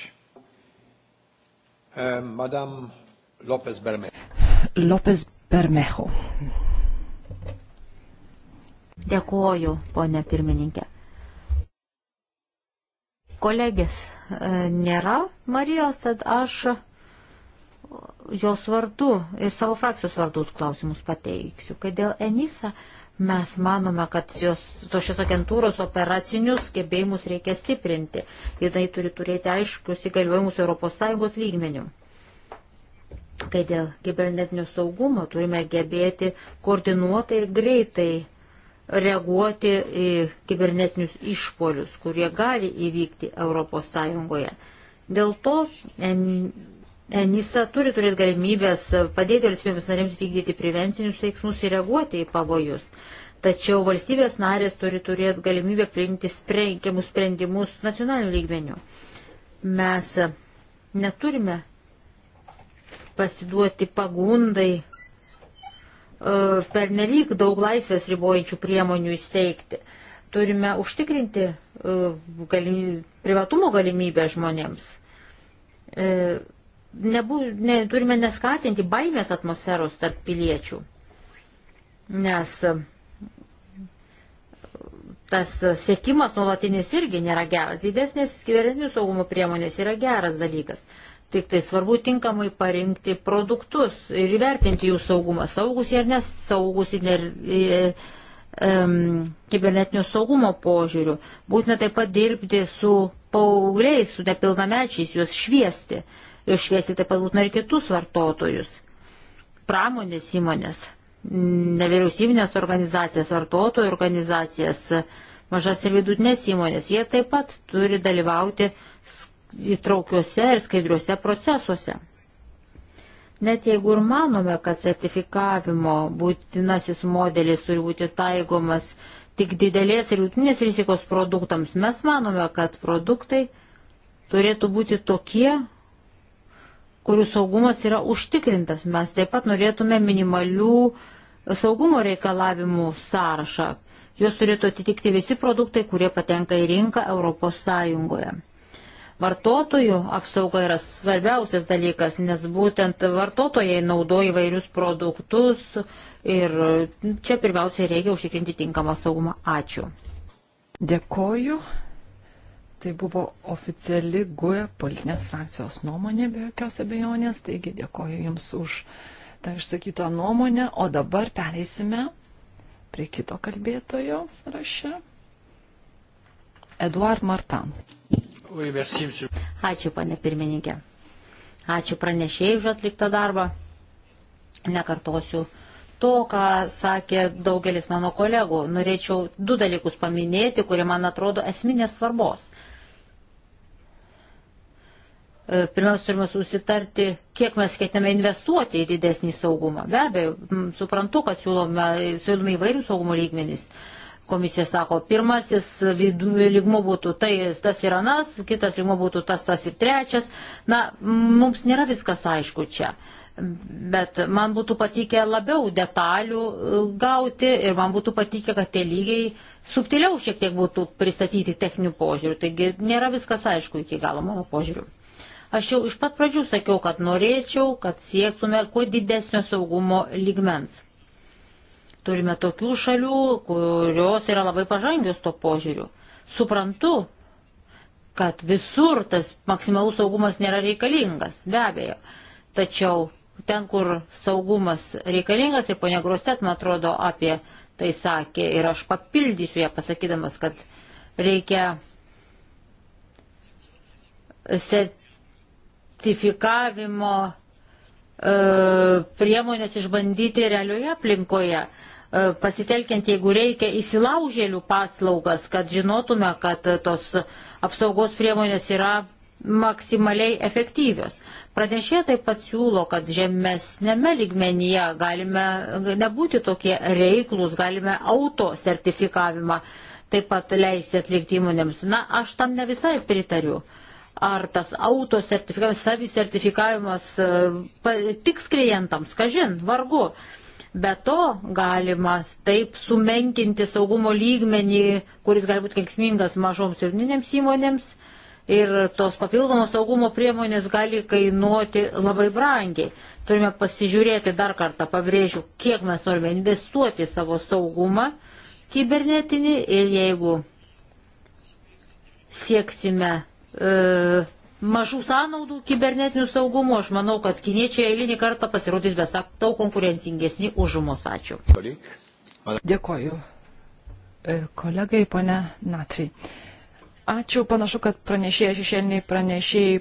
Uh, Madame Lopez Bermejo. Lopez Bermejo. Dėkoju, ponė pirmininkė. Kolegės e, nėra Marijos, tad aš jos vardu ir savo frakcijos vardu klausimus pateiksiu. Kai dėl Enisa mes manome, kad jos, to šios agentūros operacinius gebėjimus reikia stiprinti. Ir tai turi turėti aiškius įgaliojimus ES lygmenių. Kai dėl kibernetinio saugumo turime gebėti koordinuotai ir greitai reaguoti į kibernetinius išpolius, kurie gali įvykti ES. Dėl to NISA turi turėti galimybės padėti valstybėms narėms vykdyti prevencinius veiksmus ir reaguoti į pavojus. Tačiau valstybės narės turi turėti galimybę priimti sprendimus, sprendimus nacionaliniu lygmeniu. Mes neturime pasiduoti pagundai E, pernelyg daug laisvės ribojančių priemonių įsteigti. Turime užtikrinti e, galim, privatumo galimybę žmonėms. E, nebu, ne, turime neskatinti baimės atmosferos tarp piliečių, nes tas sėkimas nuolatinis irgi nėra geras. Didesnės kibernetinio saugumo priemonės yra geras dalykas. Tik tai svarbu tinkamai parinkti produktus ir įvertinti jų saugumą, saugus ir nesaugus ir, ir, ir, e, e, kibernetinio saugumo požiūrių. Būtina taip pat dirbti su paaugliais, su nepilnamečiais, juos šviesti. Ir šviesti taip pat būtina ir kitus vartotojus, pramonės įmonės, nevyriausybinės organizacijas, vartotojų organizacijas, mažas ir vidutinės įmonės. Jie taip pat turi dalyvauti įtraukiuose ir skaidriuose procesuose. Net jeigu ir manome, kad sertifikavimo būtinasis modelis turi būti taigomas tik didelės ir jūtinės rizikos produktams, mes manome, kad produktai turėtų būti tokie, kurių saugumas yra užtikrintas. Mes taip pat norėtume minimalių saugumo reikalavimų sąrašą. Juos turėtų atitikti visi produktai, kurie patenka į rinką Europos Sąjungoje. Vartotojų apsauga yra svarbiausias dalykas, nes būtent vartotojai naudoja įvairius produktus ir čia pirmiausiai reikia užtikrinti tinkamą saugumą. Ačiū. Dėkoju. Tai buvo oficiali GUE politinės frakcijos nuomonė, be jokios abejonės. Taigi dėkoju Jums už tą išsakytą nuomonę. O dabar pereisime prie kito kalbėtojo sąraše. Eduard Martan. Ačiū, pane pirmininkė. Ačiū pranešėjai už atliktą darbą. Nekartosiu to, ką sakė daugelis mano kolegų. Norėčiau du dalykus paminėti, kurie man atrodo esminės svarbos e, pirmiausia, turime susitarti, kiek mes ketiname investuoti į didesnį saugumą. Be abejo, suprantu, kad siūlome, siūlome įvairių saugumo lygmenys. Komisija sako, pirmasis lygmo būtų tai, tas ir anas, kitas lygmo būtų tas, tas ir trečias. Na, mums nėra viskas aišku čia. Bet man būtų patikę labiau detalių e, gauti ir man būtų patikę, kad tie lygiai subtiliau šiek tiek būtų pristatyti techninių požiūrių. Taigi nėra viskas aišku iki galo mano požiūriu. Aš jau iš pat pradžių sakiau, kad norėčiau, kad siektume kuo didesnio saugumo lygmens. Turime tokių šalių, kurios yra labai pažangios to požiūriu. Suprantu, kad visur tas maksimalus saugumas nėra reikalingas, be abejo. Tačiau ten, kur saugumas reikalingas, ir tai ponia Groset, man atrodo, apie tai sakė, ir aš papildysiu ją pasakydamas, kad reikia sertifikavimo e, priemonės išbandyti realioje aplinkoje. E, pasitelkiant, jeigu reikia, įsilaužėlių paslaugas, kad žinotume, kad tos apsaugos priemonės yra maksimaliai efektyvios. Pranešė taip pat siūlo, kad žemesnėme lygmenyje galime nebūti tokie reiklus, galime auto sertifikavimą taip pat leisti atlikti įmonėms. Na, aš tam ne visai pritariu. Ar tas auto sertifikavimas, savisertifikavimas e, patiks klientams, kažin, vargu. Uh, Be to galima taip sumenkinti saugumo lygmenį, kuris gali būti kenksmingas mažoms ir ninėms įmonėms. Ir tos papildomos saugumo priemonės gali kainuoti labai brangiai. Turime pasižiūrėti dar kartą, pabrėžiu, kiek mes norime investuoti savo saugumą kibernetinį ir jeigu sieksime e, mažų sąnaudų kibernetinių saugumų. Aš manau, kad kiniečiai eilinį kartą pasirodys besak daug konkurencingesni už mus. Ačiū. Dėkoju. E, kolegai, ponia Natri. Ačiū, panašu, kad pranešėjai, šešėliniai pranešėjai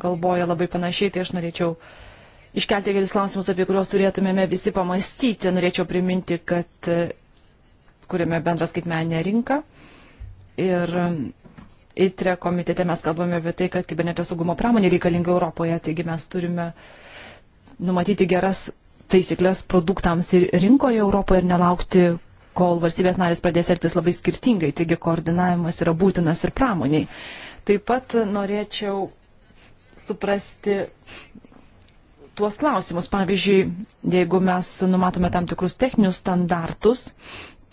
galvoja labai panašiai, tai aš norėčiau iškelti kelis klausimus, apie kuriuos turėtumėme visi pamastyti. Norėčiau priminti, kad e, kuriame bendrą skaitmenę rinką ir ITRE komitete mes kalbame apie tai, kad kibernetinio saugumo pramonė reikalinga Europoje, taigi mes turime numatyti geras taisyklės produktams ir rinkoje Europoje ir nelaukti, kol valstybės narės pradės elgtis labai skirtingai, taigi koordinavimas yra būtinas ir pramoniai. Taip pat norėčiau suprasti tuos klausimus. Pavyzdžiui, jeigu mes numatome tam tikrus techninius standartus,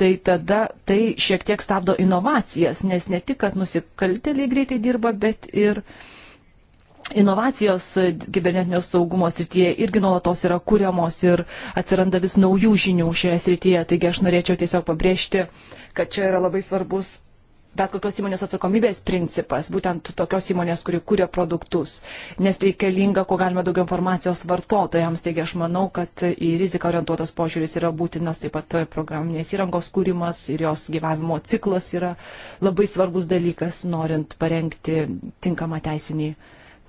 tai tada tai šiek tiek stabdo inovacijas, nes ne tik, kad nusikaltėliai greitai dirba, bet ir inovacijos kibernetinio saugumo srityje irgi nuolatos yra kuriamos ir atsiranda vis naujų žinių šioje srityje. Taigi aš norėčiau tiesiog pabrėžti, kad čia yra labai svarbus bet kokios įmonės atsakomybės principas, būtent tokios įmonės, kuri kūrė produktus, nes reikalinga, kuo galima daugiau informacijos vartotojams. Taigi aš manau, kad į riziką orientuotas požiūris yra būtinas, taip pat programinės įrangos kūrimas ir jos gyvavimo ciklas yra labai svarbus dalykas, norint parengti tinkamą teisinį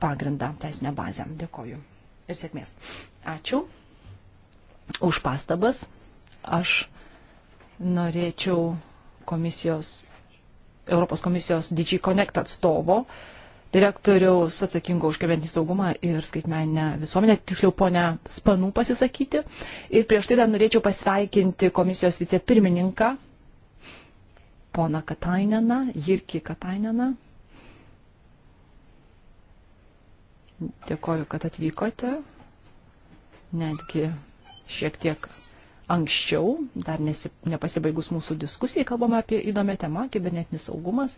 pagrindą, teisinę bazę. Dėkoju ir sėkmės. Ačiū už pastabas. Aš norėčiau komisijos Europos komisijos DG Connect atstovo, direktoriaus atsakingo už kibernetinį saugumą ir skaitmeninę visuomenę, tiksliau ponę Spanų pasisakyti. Ir prieš tai dar norėčiau pasveikinti komisijos vicepirmininką, poną Kataineną, Jirkį Kataineną. Dėkoju, kad atvykote. Netgi šiek tiek anksčiau, dar nesi, nepasibaigus mūsų diskusijai, kalbame apie įdomią temą - kibernetinis saugumas.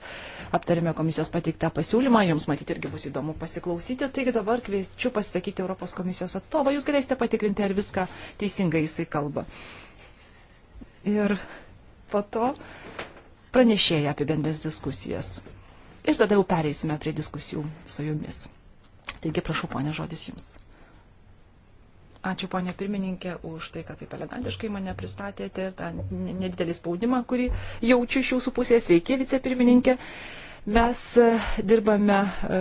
Aptarėme komisijos pateiktą pasiūlymą, jums matyti irgi bus įdomu pasiklausyti. Taigi dabar kviečiu pasisakyti Europos komisijos atstovą, jūs galėsite patikrinti, ar viską teisingai jisai kalba. Ir po to pranešėja apie bendras diskusijas. Ir tada jau pereisime prie diskusijų su jumis. Taigi prašau, ponė, žodis jums. Ačiū, ponė pirmininkė, už tai, kad taip elegantiškai mane pristatėte ir tą nedidelį spaudimą, kurį jaučiu iš jūsų pusės. Sveiki, vicepirmininkė. Mes e, dirbame e,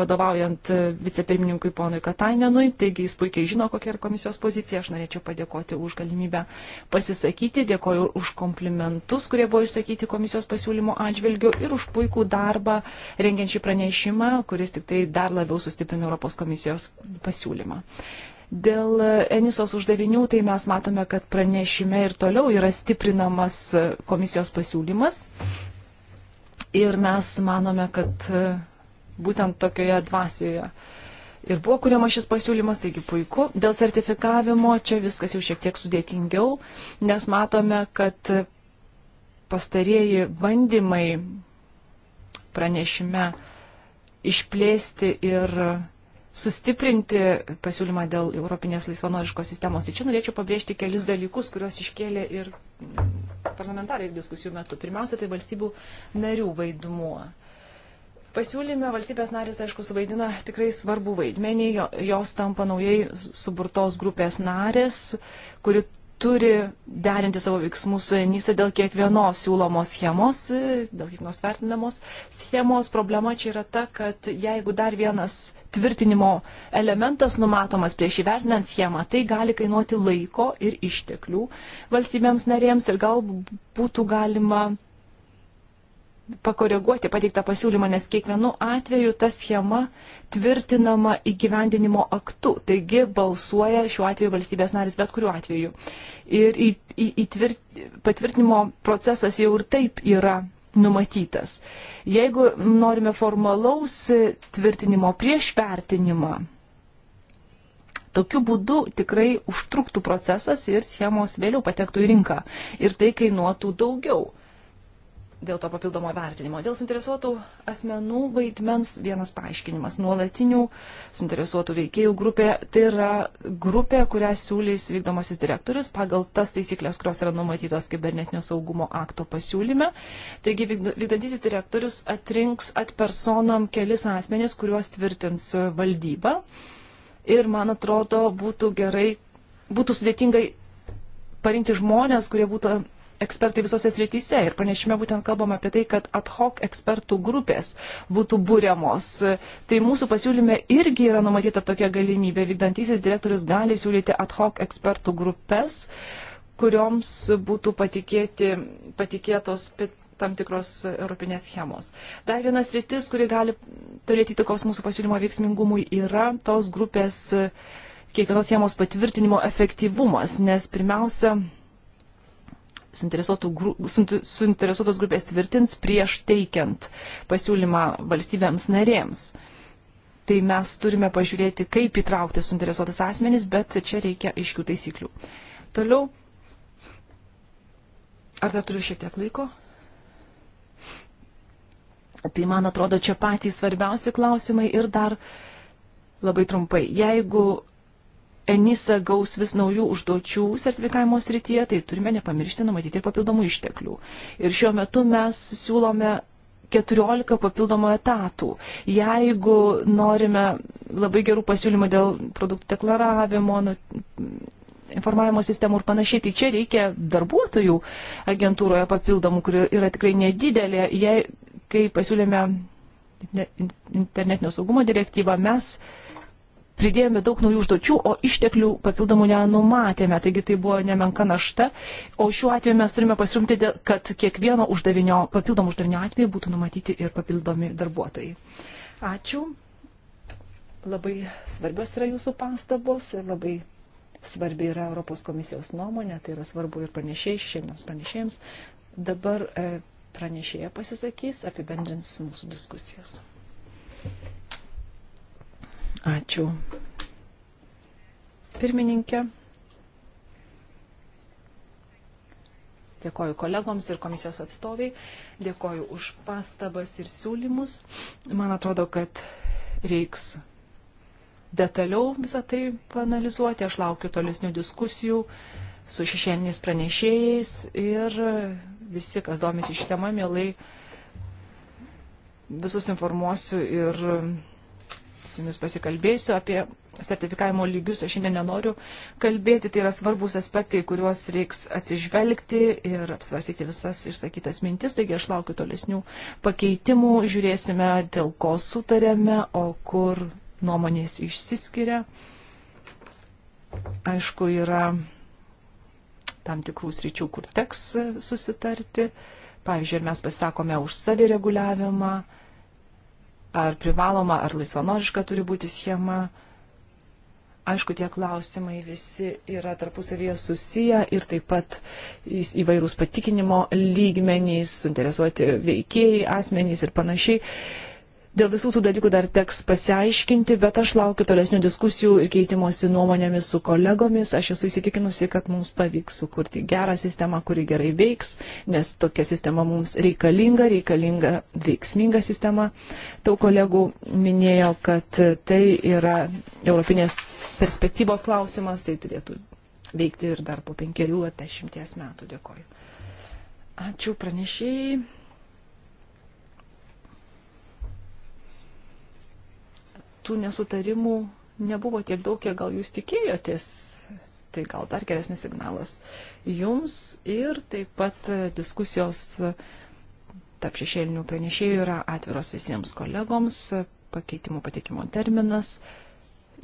vadovaujant e, vicepirmininkui ponui Katainenui, taigi jis puikiai žino, kokia yra komisijos pozicija. Aš norėčiau padėkoti už galimybę pasisakyti, dėkoju už komplimentus, kurie buvo išsakyti komisijos pasiūlymo atžvilgiu ir už puikų darbą rengiant šį pranešimą, kuris tik tai dar labiau sustiprina Europos komisijos pasiūlymą. Dėl Enisos uždavinių, tai mes matome, kad pranešime ir toliau yra stiprinamas komisijos pasiūlymas. Ir mes manome, kad e, būtent tokioje dvasioje ir buvo kuriamas šis pasiūlymas, taigi puiku. Dėl sertifikavimo čia viskas jau šiek tiek sudėtingiau, nes matome, kad pastarieji bandymai pranešime išplėsti ir sustiprinti pasiūlymą dėl Europinės laisvanoriškos sistemos. Tai čia norėčiau pabrėžti kelis dalykus, kuriuos iškėlė ir parlamentarai diskusijų metu. Pirmiausia, tai valstybių narių vaidmuo. Pasiūlyme valstybės narės, aišku, suvaidina tikrai svarbu vaidmenį, jos tampa naujai suburtos grupės narės, kuri turi derinti savo veiksmus su Enisa dėl kiekvienos siūlomos schemos, dėl kiekvienos vertinamos schemos. Problema čia yra ta, kad jeigu dar vienas tvirtinimo elementas numatomas prieš įvertinant schemą, tai gali kainuoti laiko ir išteklių valstybėms narėms ir gal būtų galima pakoreguoti pateiktą pasiūlymą, nes kiekvienu atveju ta schema tvirtinama įgyvendinimo aktu. Taigi balsuoja šiuo atveju valstybės narys bet kuriuo atveju. Ir į, į, į tvirt, patvirtinimo procesas jau ir taip yra numatytas. Jeigu norime formalaus tvirtinimo prieš vertinimą, Tokiu būdu tikrai užtruktų procesas ir schemos vėliau patektų į rinką. Ir tai kainuotų daugiau dėl to papildomo vertinimo. Dėl suinteresuotų asmenų vaidmens vienas paaiškinimas - nuolatinių suinteresuotų veikėjų grupė. Tai yra grupė, kurią siūlys vykdomasis direktorius pagal tas taisyklės, kurios yra numatytos kibernetinio saugumo akto pasiūlyme. Taigi vykdantisis direktorius atrinks at personam kelis asmenys, kuriuos tvirtins valdyba. Ir man atrodo, būtų gerai, būtų sudėtingai parinkti žmonės, kurie būtų ekspertai visose srityse. Ir pranešime būtent kalbam apie tai, kad ad hoc ekspertų grupės būtų būriamos. Tai mūsų pasiūlyme irgi yra numatyta tokia galimybė. Vykdantysis direktorius gali siūlyti ad hoc ekspertų grupės, kurioms būtų patikėti, patikėtos tam tikros europinės schemos. Dar vienas rytis, kuri gali turėti įtakos mūsų pasiūlymo veiksmingumui, yra tos grupės kiekvienos schemos patvirtinimo efektyvumas, nes pirmiausia, suinteresuotos grupės tvirtins prieš teikiant pasiūlymą valstybėms narėms. Tai mes turime pažiūrėti, kaip įtraukti suinteresuotas asmenys, bet čia reikia aiškių taisyklių. Toliau. Ar dar turiu šiek tiek laiko? Tai man atrodo, čia patys svarbiausi klausimai ir dar labai trumpai. Jeigu Enisa gaus vis naujų užduočių sertifikavimo srityje, tai turime nepamiršti numatyti ir papildomų išteklių. Ir šiuo metu mes siūlome 14 papildomų etatų. Jeigu norime labai gerų pasiūlymų dėl produktų deklaravimo, nu, informavimo sistemų ir panašiai, tai čia reikia darbuotojų agentūroje papildomų, kuri yra tikrai nedidelė. Jei, kai pasiūlėme internetinio saugumo direktyvą, mes uh, pridėjome daug naujų užduočių, o išteklių papildomų nenumatėme, taigi tai buvo nemenka našta. O šiuo atveju mes turime pasirūpinti, kad kiekvieno uždavinio, papildomų uždavinio atveju būtų numatyti ir papildomi darbuotojai. Ačiū. Labai svarbios yra jūsų pastabos ir labai svarbi yra Europos komisijos nuomonė, tai yra svarbu ir pranešėjai, šiandienos pranešėjams. Dabar e, pranešėja pasisakys, apibendrins mūsų diskusijas. Ačiū. Pirmininkė. Dėkoju kolegoms ir komisijos atstoviai, dėkoju už pastabas ir siūlymus. Man atrodo, kad reiks detaliau visą tai panalizuoti. Aš laukiu tolesnių diskusijų su šešėliniais pranešėjais ir visi, kas domisi šitą temą, mielai visus informuosiu ir su jumis pasikalbėsiu. Apie sertifikavimo lygius aš šiandien nenoriu kalbėti. Tai yra svarbus aspektai, kuriuos reiks atsižvelgti ir apsvarstyti visas išsakytas mintis. Taigi aš laukiu tolesnių pakeitimų. Žiūrėsime, dėl ko sutarėme, o kur nuomonės išsiskiria. Aišku, yra tam tikrų sričių, kur teks susitarti. Pavyzdžiui, mes pasisakome už savireguliavimą ar privaloma, ar laisvanoriška turi būti schema. Aišku, tie klausimai visi yra tarpusavyje susiję ir taip pat įvairūs patikinimo lygmenys, suinteresuoti veikėjai, asmenys ir panašiai. Dėl visų tų dalykų dar teks pasiaiškinti, bet aš laukiu tolesnių diskusijų ir keitimosi nuomonėmis su kolegomis. Aš esu įsitikinusi, kad mums pavyks sukurti gerą sistemą, kuri gerai veiks, nes tokia sistema mums reikalinga, reikalinga veiksminga sistema. Daug kolegų minėjo, kad tai yra europinės perspektyvos klausimas, tai turėtų veikti ir dar po penkerių ar dešimties metų. Dėkoju. Ačiū pranešėjai. tų nesutarimų nebuvo tiek daug, kiek gal jūs tikėjotės. Tai gal dar geresnis signalas jums ir taip pat diskusijos tarp šešėlinių pranešėjų yra atviros visiems kolegoms, pakeitimų patikimo terminas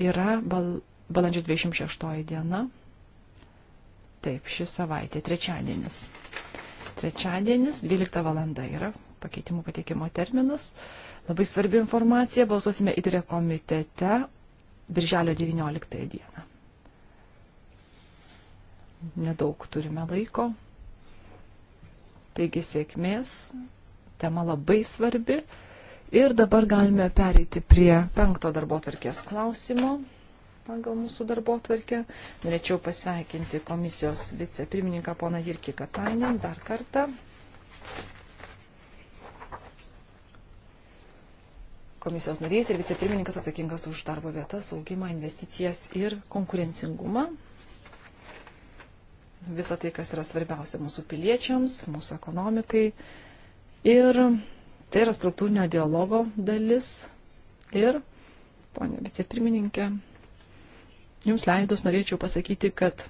yra bal, balandžio 26 diena. Taip, ši savaitė, trečiadienis. Trečiadienis, 12 valanda yra pakeitimų patikimo terminas. Uh, Labai svarbi informacija, balsuosime įtrė komitete birželio 19 dieną. Nedaug turime laiko. Taigi sėkmės, tema labai svarbi. Ir dabar galime pereiti prie penkto darbo tvarkės klausimo pagal mūsų darbo tvarkę. Norėčiau pasveikinti komisijos vicepirmininką poną Jirkį Katainę dar kartą. komisijos narys ir vicepirmininkas atsakingas už darbo vietas, augimą, investicijas ir konkurencingumą. Visą tai, kas yra svarbiausia mūsų piliečiams, mūsų ekonomikai. Ir tai yra struktūrinio dialogo dalis. Ir, ponė vicepirmininkė, jums leidus norėčiau pasakyti, kad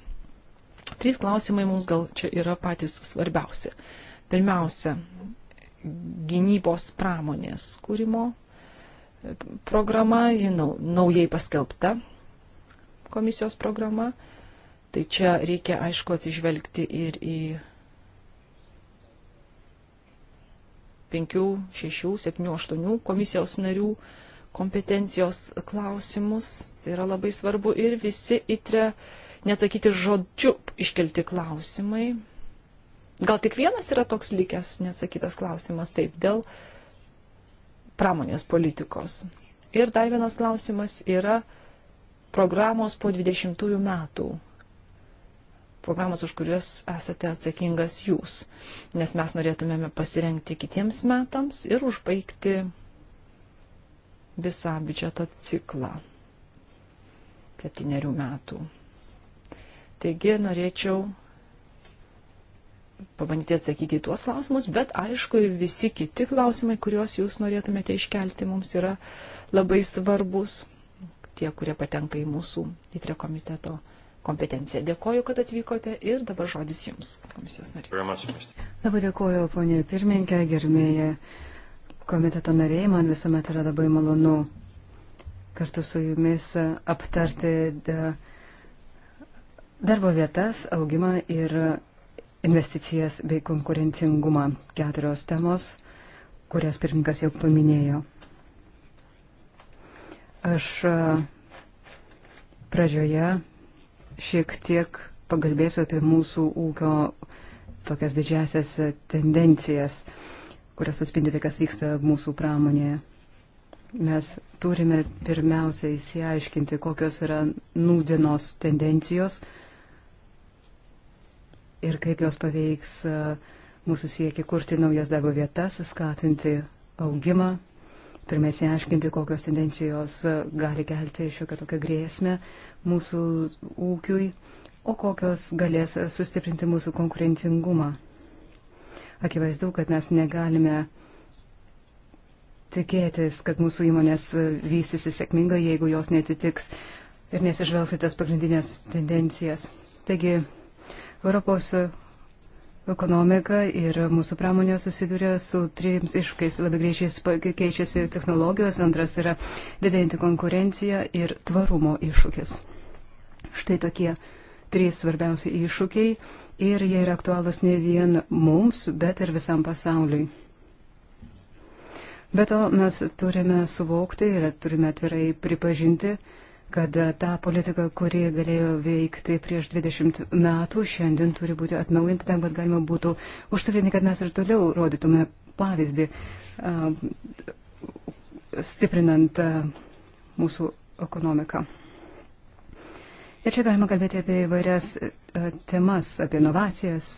trys klausimai mums gal čia yra patys svarbiausi. Pirmiausia, gynybos pramonės kūrimo programa, ji naujai paskelbta komisijos programa. Tai čia reikia, aišku, atsižvelgti ir į 5, 6, 7, 8 komisijos narių kompetencijos klausimus. Tai yra labai svarbu ir visi įtre neatsakyti žodžiu iškelti klausimai. Gal tik vienas yra toks likęs neatsakytas klausimas, taip, dėl uh, pramonės politikos. Ir dar vienas klausimas yra programos po 20 metų. Programos, už kurias esate atsakingas jūs. Nes mes norėtumėme pasirengti kitiems metams ir užbaigti visą biudžeto ciklą septyniarių metų. Taigi norėčiau pabandyti atsakyti į tuos klausimus, bet aišku ir visi kiti klausimai, kuriuos jūs norėtumėte iškelti, mums yra labai svarbus, tie, kurie patenka į mūsų įtrio komiteto kompetenciją. Dėkoju, kad atvykote ir dabar žodis jums, komisijos nariai. Labai dėkoju, ponė pirmininkė, gerbėjai komiteto nariai, man visuomet yra labai malonu kartu su jumis aptarti. De, darbo vietas, augimą ir investicijas bei konkurencingumą. Keturios temos, kurias pirmininkas jau paminėjo. Aš pradžioje šiek tiek pagalbėsiu apie mūsų ūkio tokias didžiasias tendencijas, kurios atspindi tai, kas vyksta mūsų pramonėje. Mes turime pirmiausiai įsiaiškinti, kokios yra nūdienos tendencijos, uh, ir kaip jos paveiks e, mūsų siekį kurti naujas darbo vietas, skatinti augimą. Turime įsiaiškinti, kokios tendencijos e, gali kelti šiokią tokią grėsmę mūsų ūkiui, o kokios galės sustiprinti mūsų konkurencingumą. Akivaizdu, kad mes negalime tikėtis, kad mūsų įmonės e, vystysi sėkmingai, jeigu jos netitiks ir nesižvelgs į tas pagrindinės tendencijas. Taigi, Europos ekonomika ir mūsų pramonė susiduria su trims iššūkiais. Labai greičiai keičiasi technologijos, antras yra didėjanti konkurencija ir tvarumo iššūkis. Štai tokie trys svarbiausi iššūkiai ir jie yra aktualūs ne vien mums, bet ir visam pasauliui. Be to mes turime suvokti ir turime atvirai pripažinti, kad e, ta politika, kuri galėjo veikti prieš 20 metų, šiandien turi būti atnaujinta tam, kad galima būtų užtikrinti, kad mes ir toliau rodytume pavyzdį, e, stiprinant e, mūsų ekonomiką. Ir čia galima kalbėti apie įvairias temas, apie inovacijas,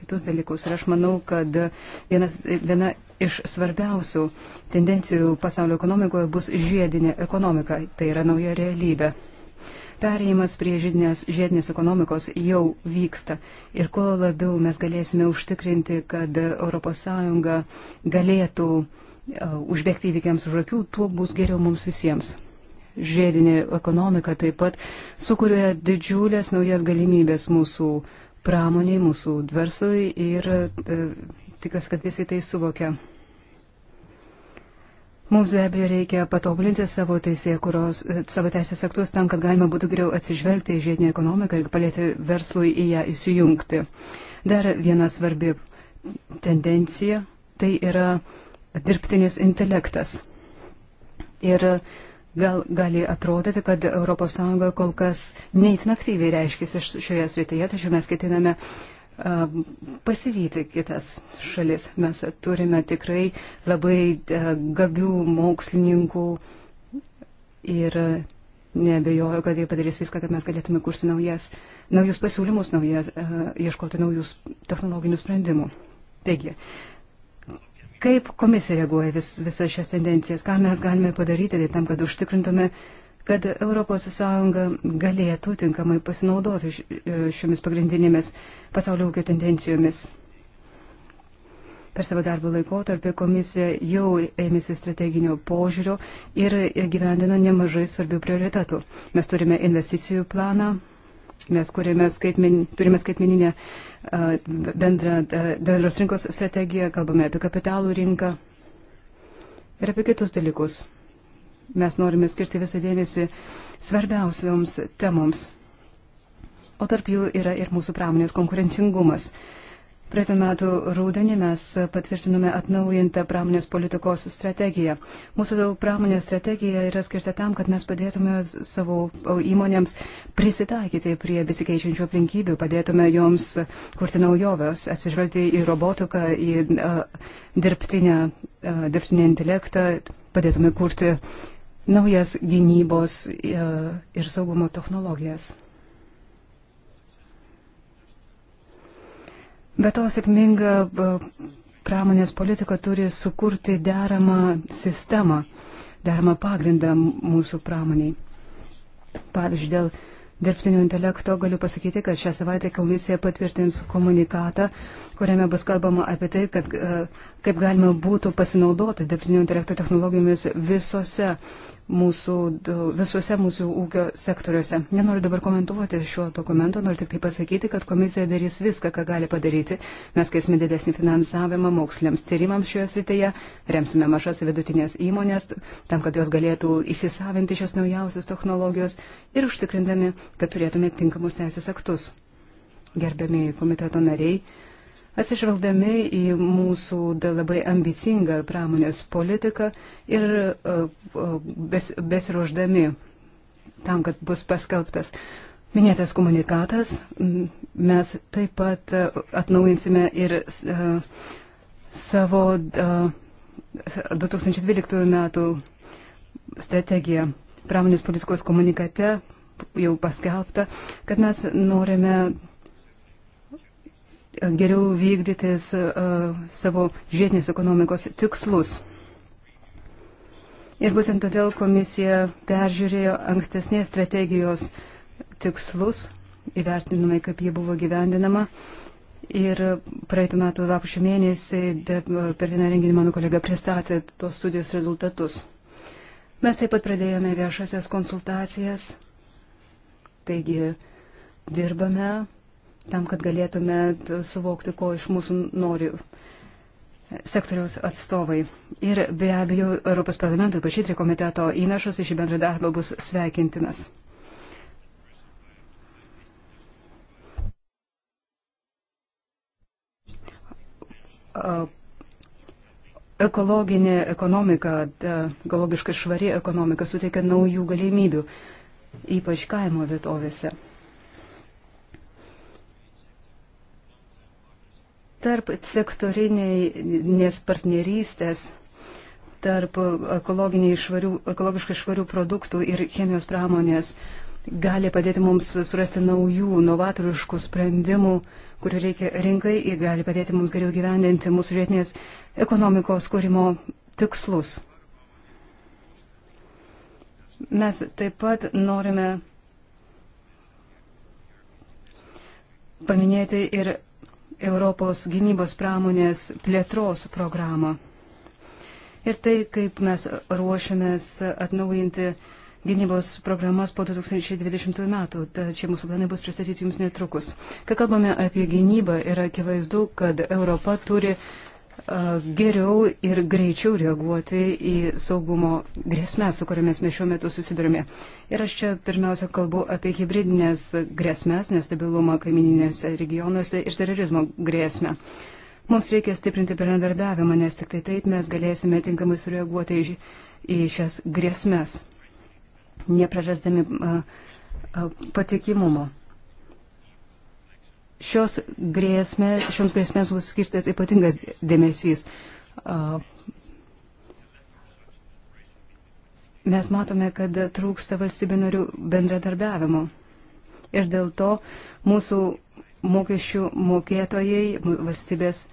kitus dalykus. Ir aš manau, kad vienas, viena iš svarbiausių tendencijų pasaulio ekonomikoje bus žiedinė ekonomika, tai yra nauja realybė. Perėjimas prie žiedinės, žiedinės ekonomikos jau vyksta ir kuo labiau mes galėsime užtikrinti, kad ES galėtų e, užbėgti įvykiams už akių, tuo bus geriau mums visiems. Žiedinė ekonomika taip pat sukuria didžiulės naujas galimybės mūsų pramoniai, mūsų verslui ir e, tikiuosi, kad visi tai suvokia. Mums be abejo reikia patobulinti savo, teisė, kuros, e, savo teisės aktus tam, kad galima būtų geriau atsižvelgti į žiedinę ekonomiką ir palėti verslui į ją įsijungti. Dar viena svarbi tendencija tai yra dirbtinis intelektas. Ir gal gali atrodyti, kad ES kol kas neįtin aktyviai reiškia šioje srityje, tačiau mes ketiname uh, Ehm, pasivyti kitas šalis. Mes turime tikrai labai e, gabių mokslininkų ir nebejoju, kad jie padarys viską, kad mes galėtume kurti naujas, naujus pasiūlymus, naujas, e, ieškoti naujus technologinių sprendimų. Taigi, kaip komisija reaguoja vis, visas šias tendencijas, ką mes galime padaryti tai tam, kad užtikrintume uh, kad ES galėtų tinkamai pasinaudoti e, šiomis pagrindinėmis pasaulio ūkio tendencijomis. Per savo darbo laikotarpį komisija jau ėmėsi strateginio požiūrio ir gyvendina nemažai svarbių prioritetų. Mes turime investicijų planą, mes skaitmen, turime skaitmeninę bendrą, bendros rinkos strategiją, kalbame apie kapitalų rinką ir apie kitus dalykus mes norime skirti visą dėmesį svarbiausioms temoms. O tarp jų yra ir mūsų pramonės konkurencingumas. Praeitų metų rūdienį mes patvirtinome atnaujintą pramonės politikos strategiją. Mūsų pramonės strategija yra skirta tam, kad mes padėtume savo įmonėms prisitaikyti prie besikeičiančių aplinkybių, padėtume joms kurti naujoves, atsižvelgti į robotiką, į a, dirbtinę, a, dirbtinę intelektą, padėtume kurti naujas gynybos e, ir saugumo technologijas. Be to, sėkminga e, pramonės politika turi sukurti deramą sistemą, deramą pagrindą mūsų pramoniai. Pavyzdžiui, dėl dirbtinio intelekto galiu pasakyti, kad šią savaitę komisija patvirtins komunikatą, kuriame bus kalbama apie tai, kad, e, kaip galima būtų pasinaudoti dirbtinio intelekto technologijomis visose mūsų, visuose mūsų ūkio sektoriuose. Nenoriu dabar komentuoti šio dokumento, noriu tik tai pasakyti, kad komisija darys viską, ką gali padaryti. Mes keisime didesnį finansavimą moksliams tyrimams šioje srityje, remsime mažas vidutinės įmonės, tam, kad jos galėtų įsisavinti šios naujausias technologijos ir užtikrindami, kad turėtume tinkamus teisės aktus. Gerbėmiai komiteto nariai, atsižvelgdami į mūsų labai ambicingą pramonės politiką ir e, e, bes, besiruoždami tam, kad bus paskelbtas minėtas komunikatas, mes taip pat e, atnaujinsime ir savo 2012 metų strategiją pramonės politikos komunikate jau paskelbta, kad mes norime geriau vykdyti e, savo žiedinės ekonomikos tikslus. Ir būtent todėl komisija peržiūrėjo ankstesnės strategijos tikslus, įvertinimai, kaip jie buvo gyvendinama. Ir praeitų metų lapkričio mėnesį per vieną renginį mano kolega pristatė tos studijos rezultatus. Mes taip pat pradėjome viešasias konsultacijas, taigi dirbame tam, kad galėtume suvokti, ko iš mūsų nori sektoriaus atstovai. Ir be abejo, Europos parlamento, ypač įtri komiteto įnašas į šį bendrą darbą bus sveikintinas. ekologinė ekonomika, ekologiškai švari ekonomika suteikia naujų galimybių, ypač kaimo vietovėse. tarp sektoriniais partnerystės, tarp švarių, ekologiškai švarių produktų ir chemijos pramonės gali padėti mums surasti naujų, novatoriškų sprendimų, kurių reikia rinkai ir gali padėti mums geriau gyvendinti mūsų vietinės ekonomikos kūrimo tikslus. Mes taip pat norime paminėti ir Europos gynybos pramonės plėtros programą. Ir tai, kaip mes ruošiamės atnaujinti gynybos programas po 2020 metų. Tad šie mūsų planai bus pristatyti jums netrukus. Kai kalbame apie gynybą, yra akivaizdu, kad Europa turi geriau ir greičiau reaguoti į saugumo grėsmės, su kuriamis mes šiuo metu susidurime. Ir aš čia pirmiausia kalbu apie hybridinės grėsmės, nestabilumą kaimininėse regionuose ir terorizmo grėsmę. Mums reikia stiprinti bendradarbiavimą, nes tik tai taip mes galėsime tinkamai sureaguoti į, į šias grėsmės, neprarasdami patikimumo šios grėsmė, šioms grėsmės bus skirtas ypatingas dėmesys. Mes matome, kad trūksta valstybių narių bendradarbiavimo. Ir dėl to mūsų mokesčių mokėtojai, valstybės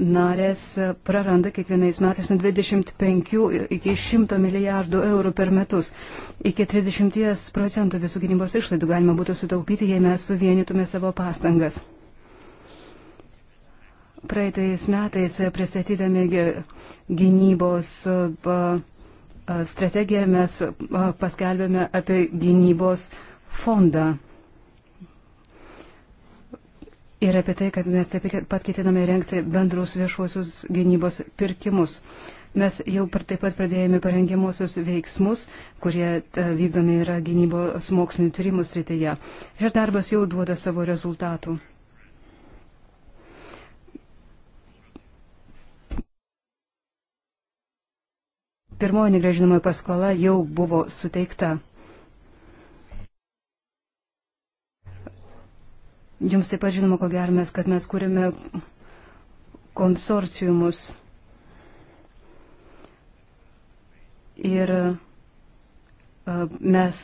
narės praranda kiekvienais metais nuo 25 iki 100 milijardų eurų per metus. Iki 30 procentų visų gynybos išlaidų galima būtų sutaupyti, jei mes suvienytume savo pastangas. Praeitais metais pristatydami gynybos strategiją mes paskelbėme apie gynybos fondą ir apie tai, kad mes taip pat ketiname renkti bendrus viešuosius gynybos pirkimus. Mes jau taip pat pradėjome parengiamuosius veiksmus, kurie e, vykdomi yra gynybos mokslinių tyrimų srityje. Šis darbas jau duoda savo rezultatų. Pirmoji negražinamoji paskola jau buvo suteikta. Jums taip pat žinoma, ko germės, kad mes kūrėme konsorciumus. Ir mes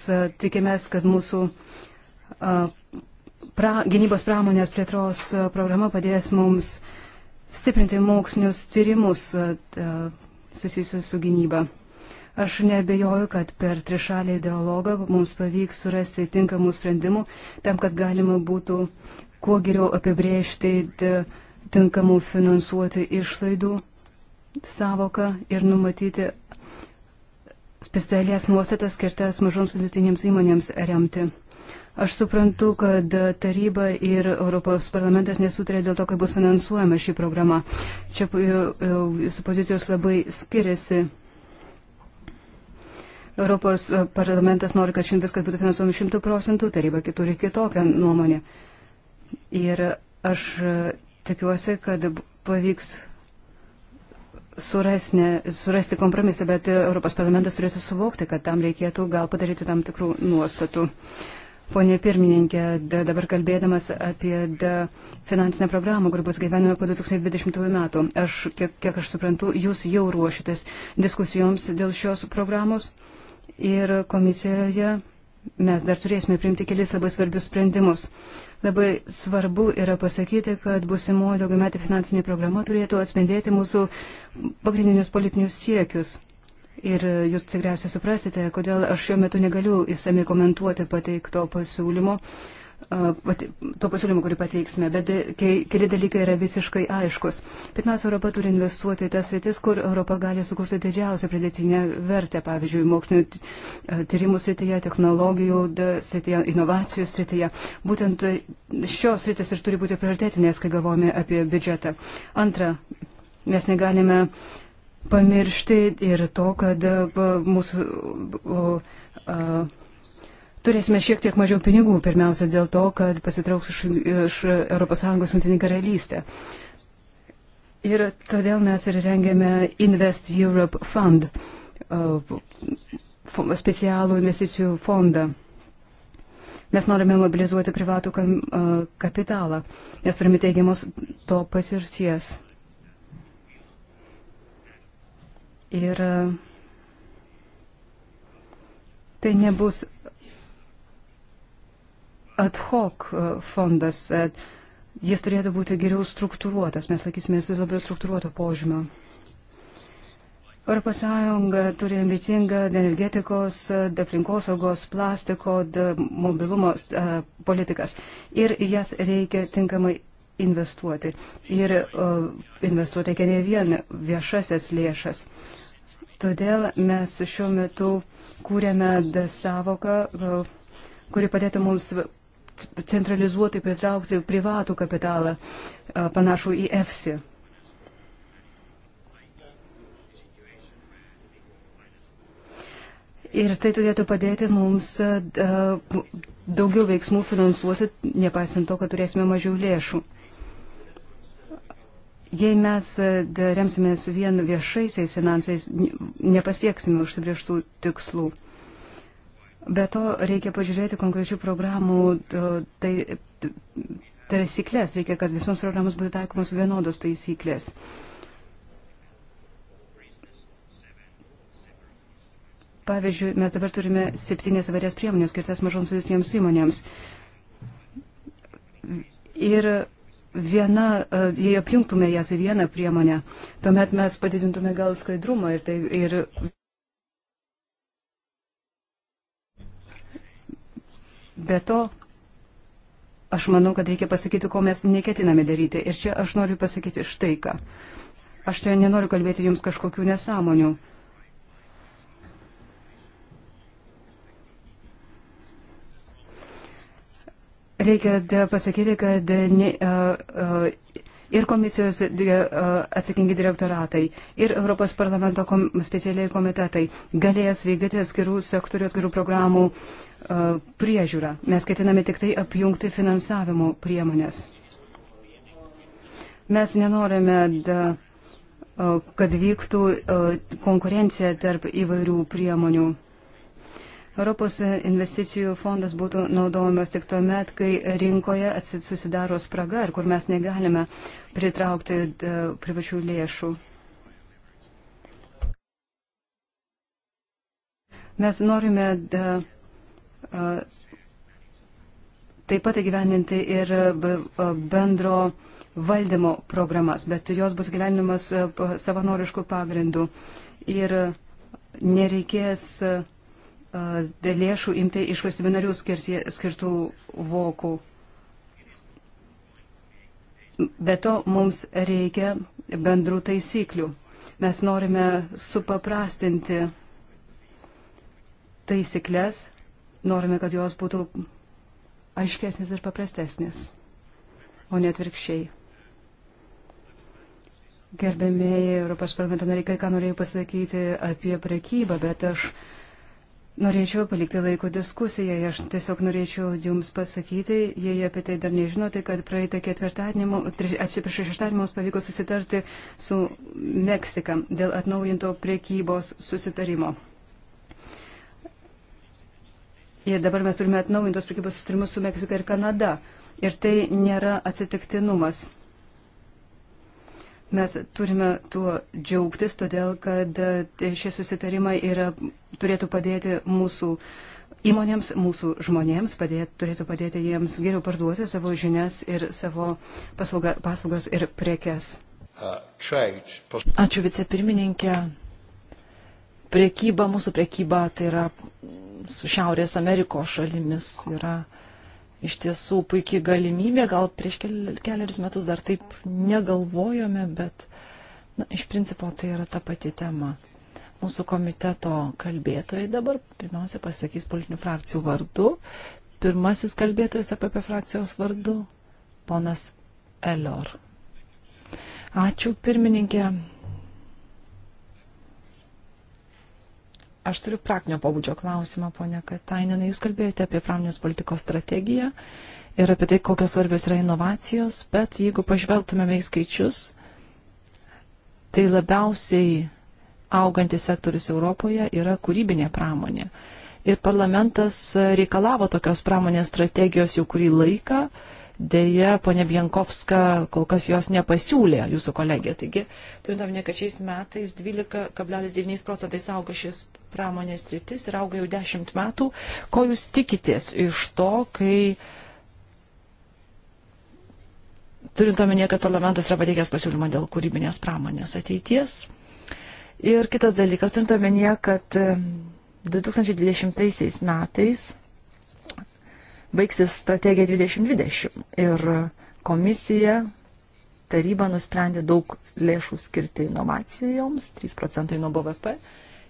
tikimės, kad mūsų pra, gynybos pramonės plėtros programa padės mums stiprinti mokslinius tyrimus susijusius su gynyba. Aš nebejoju, kad per trišalį dialogą mums pavyks surasti tinkamų sprendimų tam, kad galima būtų kuo geriau apibriežti tinkamų finansuoti išlaidų savoką ir numatyti specialias nuostatas skirtas mažoms vidutinėms įmonėms remti. Aš suprantu, kad taryba ir Europos parlamentas nesutarė dėl to, kaip bus finansuojama šį programą. Čia e, e, jūsų pozicijos labai skiriasi. Europos e, parlamentas nori, kad šiandien viskas būtų finansuojama šimtų procentų, taryba turi kitokią nuomonę. Ir aš e, tikiuosi, kad pavyks surasne, surasti kompromisą, bet Europos parlamentas turėtų suvokti, kad tam reikėtų gal padaryti tam tikrų nuostatų. Pone pirmininkė, da, dabar kalbėdamas apie da, finansinę programą, kur bus gyvenime po 2020 metų, aš, kiek, kiek aš suprantu, jūs jau ruošitės diskusijoms dėl šios programos ir komisijoje mes dar turėsime priimti kelis labai svarbius sprendimus. Labai svarbu yra pasakyti, kad busimoji daugiametė finansinė programa turėtų atspindėti mūsų pagrindinius politinius siekius. Ir jūs tikriausiai suprasite, kodėl aš šiuo metu negaliu įsami komentuoti pateikto pasiūlymo, to pasiūlymo, kurį pateiksime, bet keli dalykai yra visiškai aiškus. Pirmiausia, Europa turi investuoti į tas rytis, kur Europa gali sukurti didžiausią pridėtinę vertę, pavyzdžiui, mokslinio tyrimų srityje, technologijų srityje, inovacijų srityje. Būtent šios sritis ir turi būti prioritetinės, kai galvojame apie biudžetą. Antra, mes negalime pamiršti ir to, kad mūsų. Uh, uh, turėsime šiek tiek mažiau pinigų, pirmiausia dėl to, kad pasitrauks iš, iš ES jungtinį karalystę. Ir todėl mes ir rengėme Invest Europe Fund, specialų investicijų fondą. Mes norime mobilizuoti privatų kapitalą, nes turime teigiamos to patirties. Ir tai nebus ad hoc e, fondas. E, jis turėtų būti geriau struktūruotas, mes laikysimės labiau struktūruoto požymio. Europos Sąjunga turi ambicingą energetikos, e, aplinkosaugos, plastiko, mobilumo politikas ir jas reikia tinkamai investuoti. Ir uh, investuoti reikia ne vien viešasias lėšas. Todėl mes šiuo metu kūrėme savoką, uh, kuri padėtų mums centralizuotai pritraukti privatų kapitalą e, panašų į EFSI. Ir tai turėtų padėti mums e, daugiau veiksmų finansuoti, nepaisant to, kad turėsime mažiau lėšų. Jei mes e, remsimės vien viešaisiais finansais, nepasieksime užsibrieštų tikslų. Be to reikia pažiūrėti konkrečių programų tai, taisyklės, reikia, kad visoms programoms būtų taikomos vienodos taisyklės. Pavyzdžiui, mes dabar turime septynės avarės priemonės skirtas mažoms vidutinėms įmonėms. Ir viena, e, jei apjungtume jas į vieną priemonę, tuomet mes padidintume gal skaidrumą ir, tai, ir Be to, aš manau, kad reikia pasakyti, ko mes neketiname daryti. Ir čia aš noriu pasakyti štai ką. Aš čia nenoriu kalbėti jums kažkokių nesąmonių. Reikia pasakyti, kad ne, uh, uh, ir komisijos atsakingi direktoratai, ir Europos parlamento kom, specialiai komitetai galės vykdyti atskirų sektorių, atskirų programų uh, E, priežiūrą. Mes ketiname tik tai apjungti finansavimo priemonės. Mes nenorime, da, e, kad vyktų e, konkurencija tarp įvairių priemonių. Europos investicijų fondas būtų naudojamas tik tuo met, kai rinkoje susidaro spraga ir kur mes negalime pritraukti privačių lėšų. Mes norime da, taip pat įgyvendinti ir bendro valdymo programas, bet jos bus gyvenimas savanoriškų pagrindų ir nereikės lėšų imti iš valstybinarių skirtų vokų. Be to mums reikia bendrų taisyklių. Mes norime supaprastinti taisyklės Norime, kad jos būtų aiškesnės ir paprastesnės, o ne atvirkščiai. Gerbėmėjai Europos parlamento nariai, ką norėjau pasakyti apie prekybą, bet aš norėčiau palikti laiko diskusijai. Aš tiesiog norėčiau jums pasakyti, jei apie tai dar nežinote, kad praeitą ketvirtadienį, atsiprašau, šeštadienį mums pavyko susitarti su Meksika dėl atnaujinto prekybos susitarimo. Ir dabar mes turime atnaujintos prekybos sutrimus su Meksika ir Kanada. Ir tai nėra atsitiktinumas. Mes turime tuo džiaugtis, todėl kad e, šie susitarimai yra, turėtų padėti mūsų įmonėms, mūsų žmonėms, padėt, turėtų padėti jiems geriau parduoti savo žinias ir savo paslauga, paslaugas ir prekes. Ačiū vicepirmininkė. Prekyba, mūsų prekyba tai yra su Šiaurės Amerikos šalimis yra iš tiesų puikiai galimybė. Gal prieš keliarius metus dar taip negalvojome, bet na, iš principo tai yra ta pati tema. Mūsų komiteto kalbėtojai dabar pirmiausia pasakys politinių frakcijų vardu. Pirmasis kalbėtojas apie, apie frakcijos vardu - ponas Elor. Ačiū pirmininkė. Aš turiu praktinio pabudžio klausimą, ponia Katainenai. Jūs kalbėjote apie pramonės politikos strategiją ir apie tai, kokios svarbios yra inovacijos, bet jeigu pažvelgtumėme į skaičius, tai labiausiai augantis sektorius Europoje yra kūrybinė pramonė. Ir parlamentas reikalavo tokios pramonės strategijos jau kurį laiką, dėja ponia Bienkovska kol kas jos nepasiūlė, jūsų kolegė. Taigi, turint omenyje, kad šiais metais 12,9 procentais auga šis pramonės rytis ir auga jau dešimt metų. Ko jūs tikitės iš to, kai, turint omenyje, kad parlamentas yra pateikęs pasiūlymą dėl kūrybinės pramonės ateities? Ir kitas dalykas, turint omenyje, kad 2020 metais baigsis strategija 2020 ir komisija taryba nusprendė daug lėšų skirti inovacijoms, 3 procentai nuo BVP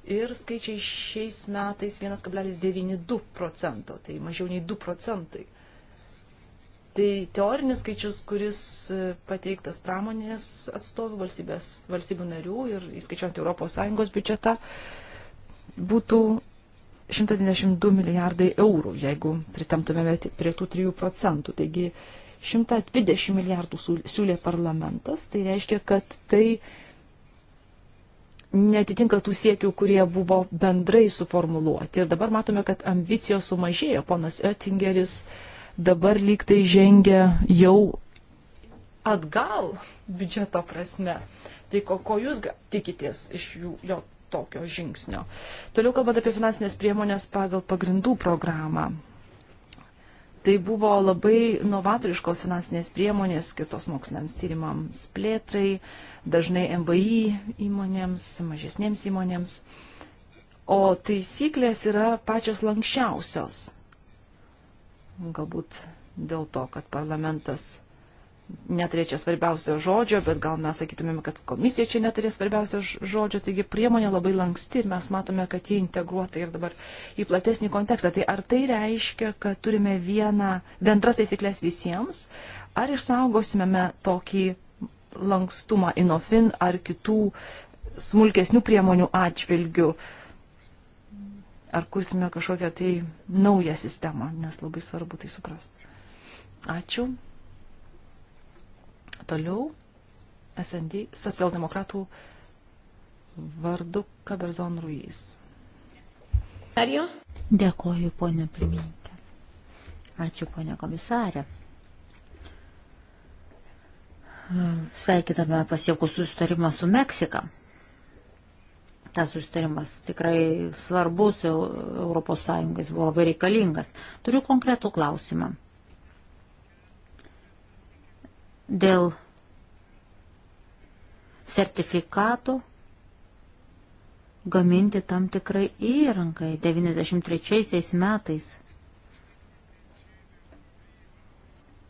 ir skaičiai šiais metais 1,92 procento, tai mažiau nei 2 procentai. Tai teorinis skaičius, kuris e, pateiktas pramonės atstovų valstybės, valstybių narių ir įskaičiuojant ES biudžetą, būtų 122 milijardai eurų, jeigu pritamtumėme prie tų 3 procentų. Taigi 120 milijardų siūlė parlamentas, tai reiškia, kad tai netitinka tų siekių, kurie buvo bendrai suformuluoti. Ir dabar matome, kad ambicijos sumažėjo. Ponas Oettingeris dabar lyg tai žengia jau atgal biudžeto prasme. Tai ko, ko jūs tikitės iš jų, jo tokio žingsnio? Toliau kalbant apie finansinės priemonės pagal pagrindų programą. Tai buvo labai novatoriškos finansinės priemonės skirtos moksliniams tyrimams plėtrai, dažnai MBI įmonėms, mažesnėms įmonėms. O taisyklės yra pačios lankščiausios. Galbūt dėl to, kad parlamentas neturėčia svarbiausio žodžio, bet gal mes sakytumėm, kad komisija čia neturė svarbiausio žodžio, taigi priemonė labai lanksti ir mes matome, kad ji integruota ir dabar į platesnį kontekstą. Tai ar tai reiškia, kad turime vieną bendras taisyklės visiems, ar išsaugosime tokį lankstumą inofin ar kitų smulkesnių priemonių atžvilgių, ar kursime kažkokią tai naują sistemą, nes labai svarbu tai suprasti. Ačiū. Toliau SND socialdemokratų vardu Kaberzon Ruiz. Ario? Dėkoju, ponė pirmininkė. Ačiū, ponė komisarė. Sveikiname pasiekus sustarimą su Meksika. Tas sustarimas tikrai svarbus ES buvo labai reikalingas. Turiu konkretų klausimą dėl sertifikato gaminti tam tikrai įrankai 93 metais.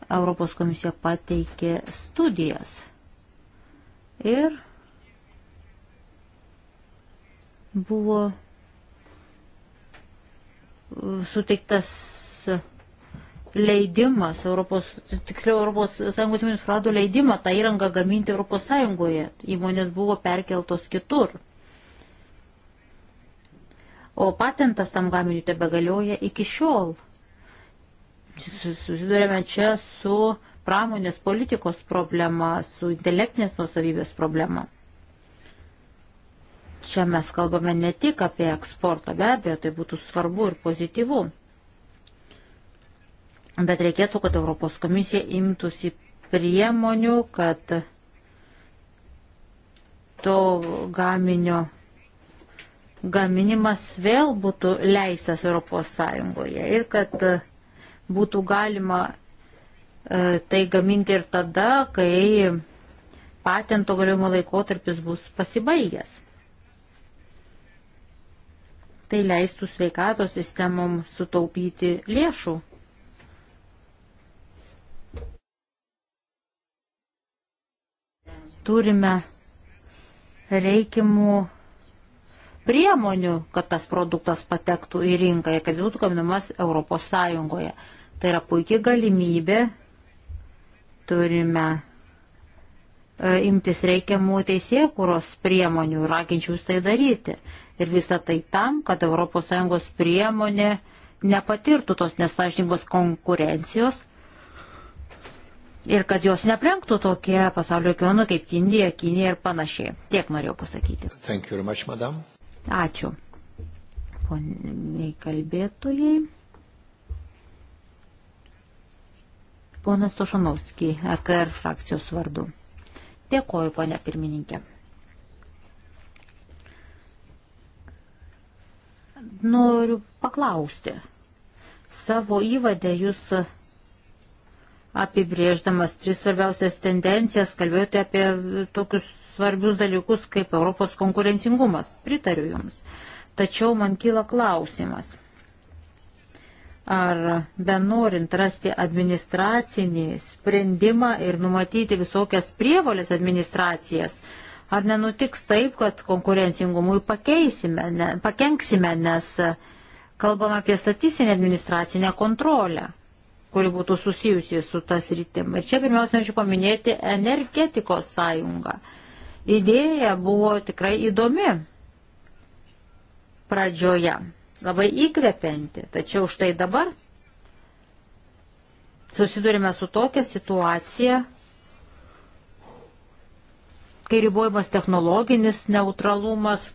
Europos komisija pateikė studijas ir buvo suteiktas leidimas, Europos, tiksliau Europos Sąjungos įmonės prarado leidimą tą įrangą gaminti Europos Sąjungoje. Įmonės buvo perkeltos kitur. O patentas tam gaminiu tebegalioja iki šiol. Susidurėme čia su pramonės politikos problema, su intelektinės nusavybės problema. Čia mes kalbame ne tik apie eksportą, be abejo, tai būtų svarbu ir pozityvu bet reikėtų, kad Europos komisija imtųsi priemonių, kad to gaminio gaminimas vėl būtų leistas Europos Sąjungoje ir kad e, būtų galima e, tai gaminti ir tada, kai patento galiojimo laikotarpis bus pasibaigęs. Tai leistų sveikatos sistemom sutaupyti lėšų turime reikimų priemonių, kad tas produktas patektų į rinką ir kad jis būtų gaminamas Europos Sąjungoje. Tai yra puikia galimybė, turime e, imtis reikiamų teisėkuros priemonių, raginčių tai daryti. Ir visą tai tam, kad ES priemonė nepatirtų tos nesažingos konkurencijos ir kad jos neprenktų tokie pasaulio regionai kaip Indija, Kinija ir panašiai. Tiek norėjau pasakyti. Much, madam. Ačiū. Poniai kalbėtojai. Ponas Tošanovskis, AKR frakcijos vardu. Dėkoju, ponia pirmininkė. Noriu paklausti. Savo įvadę jūs apibrėždamas tris svarbiausias tendencijas, kalbėjote apie tokius svarbius dalykus kaip Europos konkurencingumas. Pritariu Jums. Tačiau man kyla klausimas, ar benorint rasti administracinį sprendimą ir numatyti visokias prievolės administracijas, ar nenutiks taip, kad konkurencingumui pakeisime, ne, pakenksime, nes kalbam apie statistinę administracinę kontrolę kuri būtų susijusi su tas rytim. Ir čia pirmiausia, norėčiau paminėti energetikos sąjungą. Idėja buvo tikrai įdomi pradžioje, labai įkvepianti, tačiau štai dabar susidurime su tokia situacija, kai ribojamas technologinis neutralumas,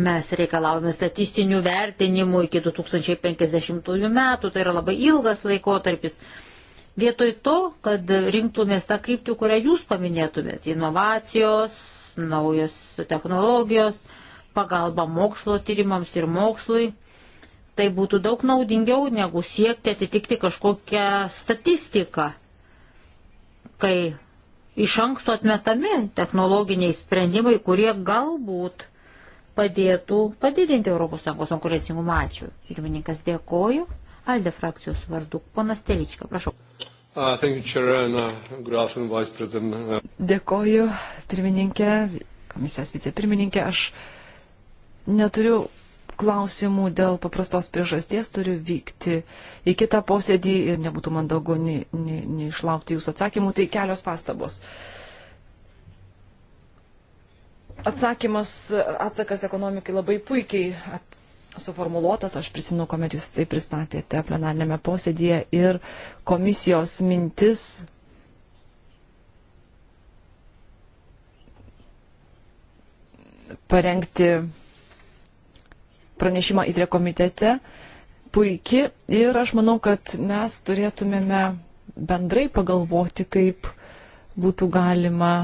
Mes reikalavome statistinių vertinimų iki 2050 metų, tai yra labai ilgas laikotarpis. Vietoj to, kad rinktumės tą kryptį, kurią jūs paminėtumėt - inovacijos, naujos technologijos, pagalba mokslo tyrimams ir mokslui, tai būtų daug naudingiau negu siekti atitikti kažkokią statistiką, kai iš anksto atmetami technologiniai sprendimai, kurie galbūt padėtų padidinti ES konkurencingumą. Ačiū. Pirmininkas dėkoju. Alde frakcijos vardu. Ponas Telička, prašau. Uh, you, uh, uh, dėkoju, pirmininkė, komisijos vicepirmininkė. Aš neturiu klausimų dėl paprastos priežasties turiu vykti į kitą posėdį ir nebūtų man daugiau nei, nei, nei išlaukti jūsų atsakymų, tai kelios pastabos. Uh, Atsakymas, atsakas ekonomikai labai puikiai suformuoluotas, aš prisimenu, kuomet jūs tai pristatėte plenarnėme posėdėje ir komisijos mintis parengti pranešimą įtrė komitete puiki ir aš manau, kad mes turėtumėme bendrai pagalvoti, kaip būtų galima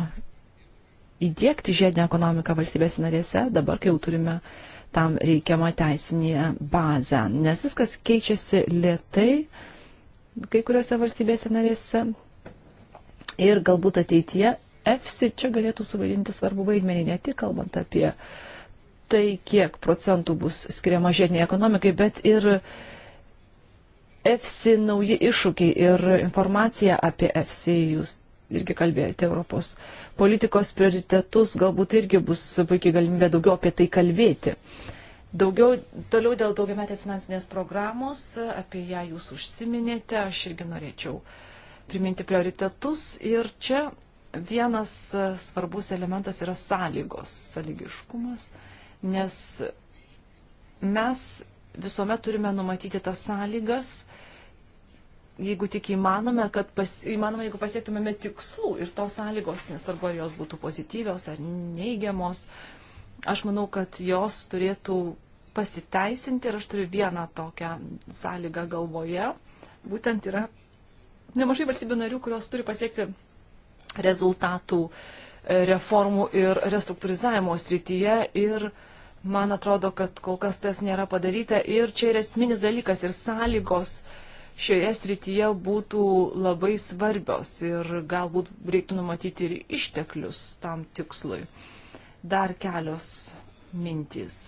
įdėkti žiedinę ekonomiką valstybės narėse, dabar kai jau turime tam reikiamą teisinį bazę, nes viskas keičiasi lietai kai kuriuose valstybėse narėse ir galbūt ateityje EFSI čia galėtų suvaidinti svarbu vaidmenį, ne tik kalbant apie tai, kiek procentų bus skiriama žiediniai ekonomikai, bet ir EFSI nauji iššūkiai ir informacija apie EFSI jūs irgi kalbėjote Europos politikos prioritetus, galbūt irgi bus puikiai galimybė daugiau apie tai kalbėti. Daugiau, toliau dėl daugiametės finansinės programos, apie ją jūs užsiminėte, aš irgi norėčiau priminti prioritetus ir čia vienas svarbus elementas yra sąlygos, sąlygiškumas, nes mes visuomet turime numatyti tas sąlygas, jeigu tik įmanome, kad pas, įmanome, jeigu pasiektumėme tikslų ir tos sąlygos, nesvarbu, ar jos būtų pozityvios ar neigiamos, aš manau, kad jos turėtų pasiteisinti ir aš turiu vieną tokią sąlygą galvoje. Būtent yra nemažai valstybių narių, kurios turi pasiekti rezultatų e, reformų ir restruktūrizavimo srityje ir man atrodo, kad kol kas tas nėra padaryta ir čia yra esminis dalykas ir sąlygos šioje srityje būtų labai svarbios ir galbūt reiktų numatyti ir išteklius tam tikslui. Dar kelios mintys.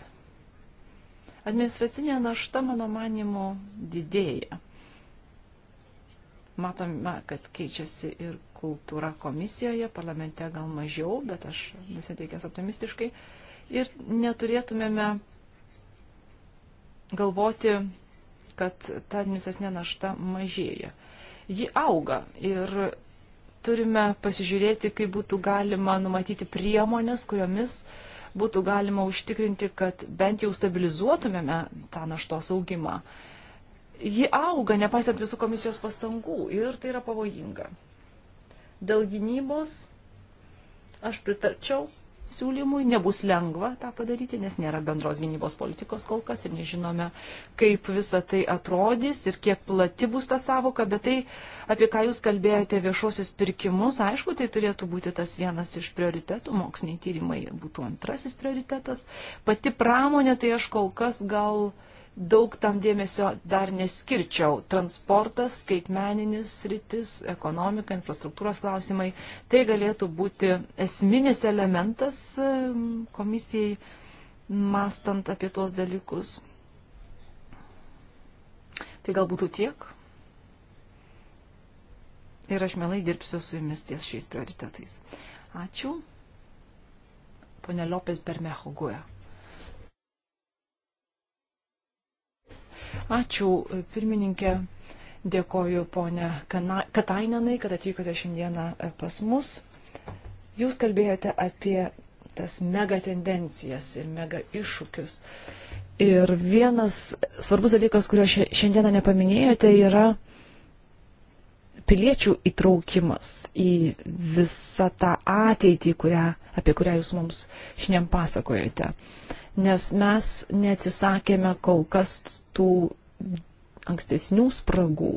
Administracinė našta, mano manimu, didėja. Matome, kad keičiasi ir kultūra komisijoje, parlamente gal mažiau, bet aš nusiteikęs optimistiškai. Ir neturėtumėme galvoti kad ta administracinė našta mažėja. Ji auga ir turime pasižiūrėti, kaip būtų galima numatyti priemonės, kuriomis būtų galima užtikrinti, kad bent jau stabilizuotumėme tą naštos augimą. Ji auga, nepaisant visų komisijos pastangų ir tai yra pavojinga. Dėl gynybos aš pritarčiau siūlymui. Nebus lengva tą padaryti, nes nėra bendros gynybos politikos kol kas ir nežinome, kaip visa tai atrodys ir kiek plati bus ta savoka, bet tai, apie ką jūs kalbėjote viešuosius pirkimus, aišku, tai turėtų būti tas vienas iš prioritetų, moksliniai tyrimai būtų antrasis prioritetas. Pati pramonė, tai aš kol kas gal. Uh, daug tam dėmesio dar neskirčiau. Transportas, skaitmeninis sritis, ekonomika, infrastruktūros klausimai, tai galėtų būti esminis elementas komisijai mastant apie tuos dalykus. Tai gal būtų tiek. Ir aš mielai dirbsiu su jumis ties šiais prioritetais. Ačiū. Pone Lopės Bermehoguoja. Ačiū, pirmininkė. Dėkoju, ponė Katainenai, kad atvykote šiandieną e, pas mus. Jūs kalbėjote apie tas mega tendencijas ir mega iššūkius. Ir vienas svarbus dalykas, kurio šiandieną nepaminėjote, yra piliečių įtraukimas į visą tą ateitį, kurią, apie kurią jūs mums šiandien pasakojate. Uh, nes mes neatsisakėme kol kas tų ankstesnių spragų.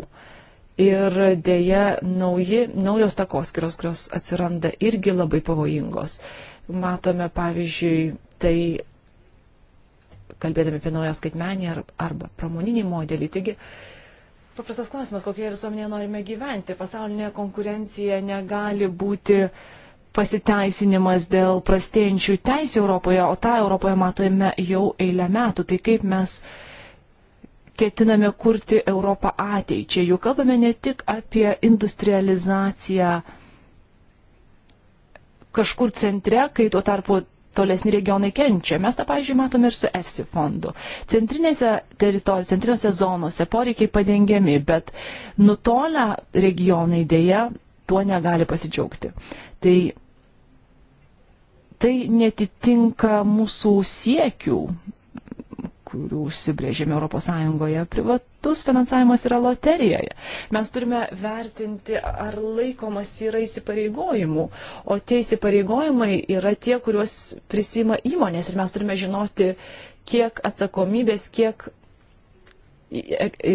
Ir dėja, nauji, naujos takoskiros, kurios atsiranda, irgi labai pavojingos. Matome, pavyzdžiui, tai kalbėdami apie naują skaitmenį ar, arba pramoninį modelį. Taigi, paprastas klausimas, kokioje visuomenėje norime gyventi. Pasaulinė konkurencija negali būti uh, pasiteisinimas dėl prastėjančių teisų Europoje, o tą Europoje matome jau eilę metų. Tai kaip mes ketiname kurti Europą ateičiai. Juk kalbame ne tik apie industrializaciją kažkur centre, kai tuo tarpu tolesni regionai kenčia. Mes tą, pavyzdžiui, matome ir su EFSI fondu. Centrinėse teritorijose, centrinėse zonose poreikiai padengiami, bet nutolę regionai dėja tuo negali pasidžiaugti. Tai tai netitinka mūsų siekių, kurių užsibrėžėme ES. Privatus finansavimas yra loterijoje. Mes turime vertinti, ar laikomas yra įsipareigojimų, o tie įsipareigojimai yra tie, kuriuos prisima įmonės ir mes turime žinoti, kiek atsakomybės, kiek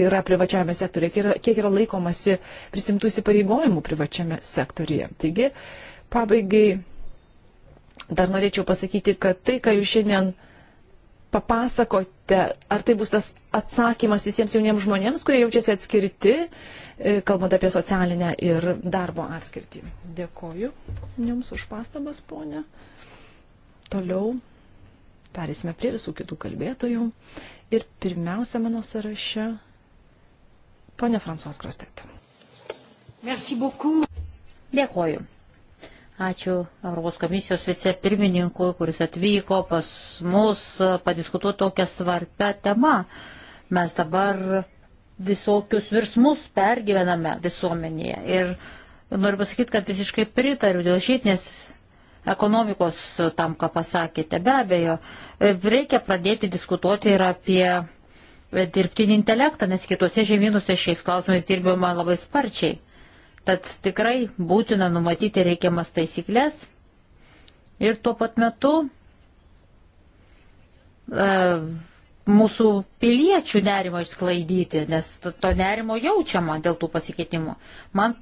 yra privačiame sektorėje, kiek yra, kiek yra laikomasi prisimtų įsipareigojimų privačiame sektorėje. Taigi, pabaigai Dar norėčiau pasakyti, kad tai, ką jūs šiandien papasakote, ar tai bus tas atsakymas visiems jauniems žmonėms, kurie jaučiasi atskirti, e, kalbant apie socialinę ir darbo atskirtį. Dėkoju Jums už pastabas, ponė. Toliau perėsime prie visų kitų kalbėtojų. Ir pirmiausia mano sąraše, ponė Fransuos Krostet. Dėkoju. Ačiū Europos komisijos vicepirmininkui, kuris atvyko pas mus padiskutuoti tokią svarbę temą. Mes dabar visokius virsmus pergyvename visuomenėje. Ir noriu pasakyti, kad visiškai pritariu dėl šytinės ekonomikos tam, ką pasakėte. Be abejo, reikia pradėti diskutuoti ir apie dirbtinį intelektą, nes kitose žemynuose šiais klausimais dirbama labai sparčiai. Tad tikrai būtina numatyti reikiamas taisyklės ir tuo pat metu e, mūsų piliečių nerimo išsklaidyti, nes to nerimo jaučiama dėl tų pasikeitimų. Man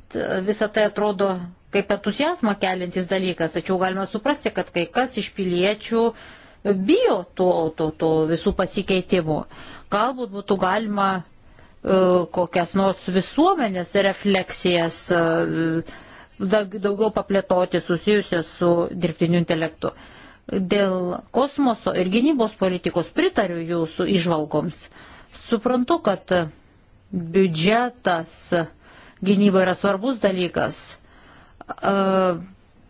visą tai atrodo kaip entuzijazmą kelintis dalykas, tačiau galima suprasti, kad kai kas iš piliečių bijo to, to, to visų pasikeitimų. Galbūt būtų galima E, kokias nors visuomenės refleksijas e, daugiau paplėtoti susijusias su dirbtiniu intelektu. Dėl kosmoso ir gynybos politikos pritariu jūsų išvalgoms. Suprantu, kad biudžetas gynyba yra svarbus dalykas. E,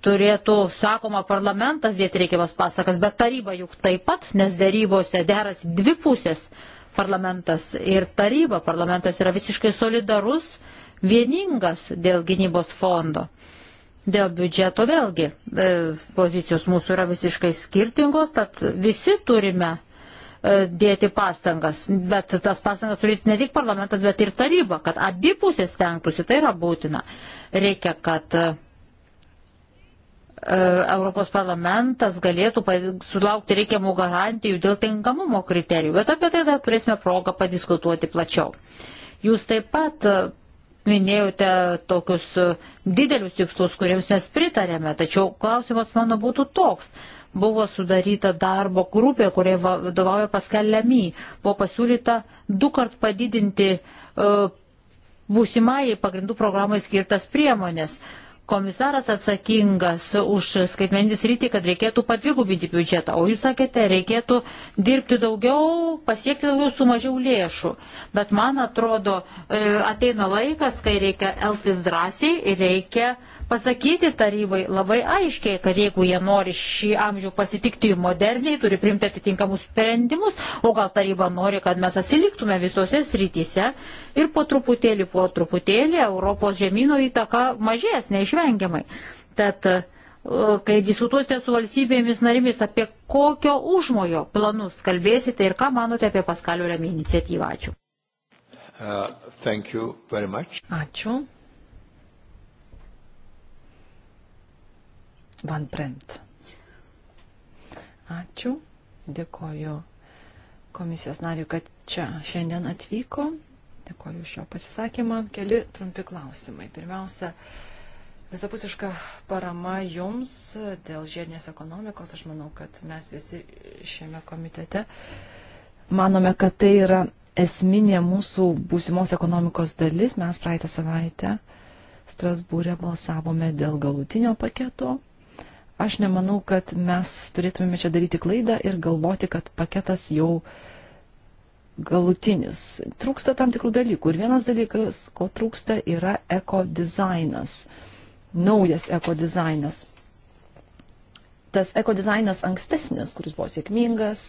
turėtų, sakoma, parlamentas dėti reikiamas pasakas, bet taryba juk taip pat, nes dėrybose deras dvi pusės. Uh, parlamentas ir taryba parlamentas yra visiškai solidarus, vieningas dėl gynybos fondo. Dėl biudžeto vėlgi e, pozicijos mūsų yra visiškai skirtingos, tad visi turime e, dėti pastangas, bet tas pastangas turėti ne tik parlamentas, bet ir taryba, kad abi pusės tenktųsi, tai yra būtina. Reikia, kad E, Europos parlamentas galėtų sulaukti reikiamų garantijų dėl tinkamumo kriterijų, bet apie tai dar turėsime progą padiskutuoti plačiau. Jūs taip pat e, minėjote tokius e, didelius tikslus, kuriems mes pritarėme, tačiau klausimas mano būtų toks. Buvo sudaryta darbo grupė, kurie vadovauja paskelėmi, buvo pasiūlyta du kart padidinti uh, būsimai pagrindų programai skirtas priemonės. Uh, komisaras atsakingas už skaitmenį sritį, kad reikėtų padvigubinti biudžetą, o jūs sakėte, reikėtų dirbti daugiau, pasiekti daugiau su mažiau lėšų. Bet man atrodo, e, ateina laikas, kai reikia elgtis drąsiai ir reikia uh, pasakyti tarybai labai aiškiai, kad jeigu jie nori šį amžių pasitikti moderniai, turi primti atitinkamus sprendimus, o gal taryba nori, kad mes atsiliktume visose srityse ir po truputėlį, po truputėlį Europos žemynų įtaka mažės neišvengiamai. Tad, e, kai diskutuosite su valstybėmis narimis, apie kokio užmojo planus kalbėsite ir ką manote apie Paskalio Remi iniciatyvą. Ačiū. Uh, Ačiū. Van Bremt. Ačiū. Dėkoju komisijos nariu, kad čia šiandien atvyko. Dėkoju už jo pasisakymą. Keli trumpi klausimai. Pirmiausia, visapusiška parama jums dėl žiedinės ekonomikos. Aš manau, kad mes visi šiame komitete manome, kad tai yra esminė mūsų būsimos ekonomikos dalis. Mes praeitą savaitę Strasbūrė balsavome dėl galutinio paketo Aš nemanau, kad mes turėtumėme čia daryti klaidą ir galvoti, kad paketas jau galutinis. Trūksta tam tikrų dalykų. Ir vienas dalykas, ko trūksta, yra ekodizainas. Naujas ekodizainas. Tas ekodizainas ankstesnis, kuris buvo sėkmingas,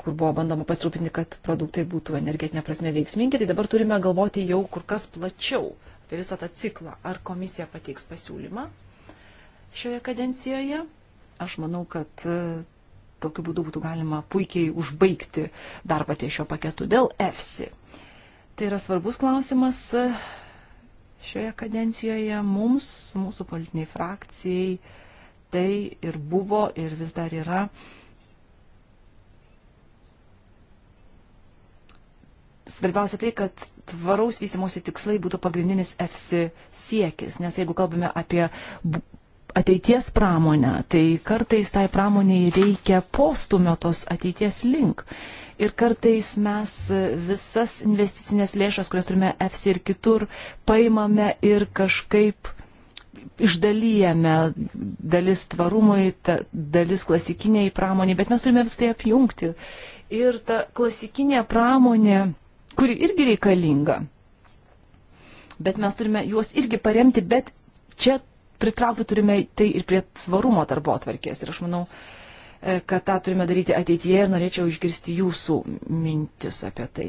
kur buvo bandoma pasirūpinti, kad produktai būtų energetinė prasme veiksmingi, tai dabar turime galvoti jau kur kas plačiau apie visą tą ciklą. Ar komisija pateiks pasiūlymą šioje kadencijoje. Aš manau, kad e, tokiu būdu būtų galima puikiai užbaigti darbą ties šio paketu dėl EFSI. Tai yra svarbus klausimas e, šioje kadencijoje mums, mūsų politiniai frakcijai, tai ir buvo ir vis dar yra svarbiausia tai, kad tvaraus vystimosi tikslai būtų pagrindinis EFSI siekis, nes jeigu kalbame apie ateities pramonę, tai kartais tai pramoniai reikia postumio tos ateities link. Ir kartais mes visas investicinės lėšas, kurias turime FC ir kitur, paimame ir kažkaip išdalyjame dalis tvarumui, ta, dalis klasikiniai pramoniai, bet mes turime visą tai apjungti. Ir ta klasikinė pramonė, kuri irgi reikalinga, bet mes turime juos irgi paremti, bet čia pritraukti turime tai ir prie tvarumo darbo atvarkės. Ir aš manau, E, kad tą turime daryti ateityje ir norėčiau išgirsti jūsų mintis apie tai.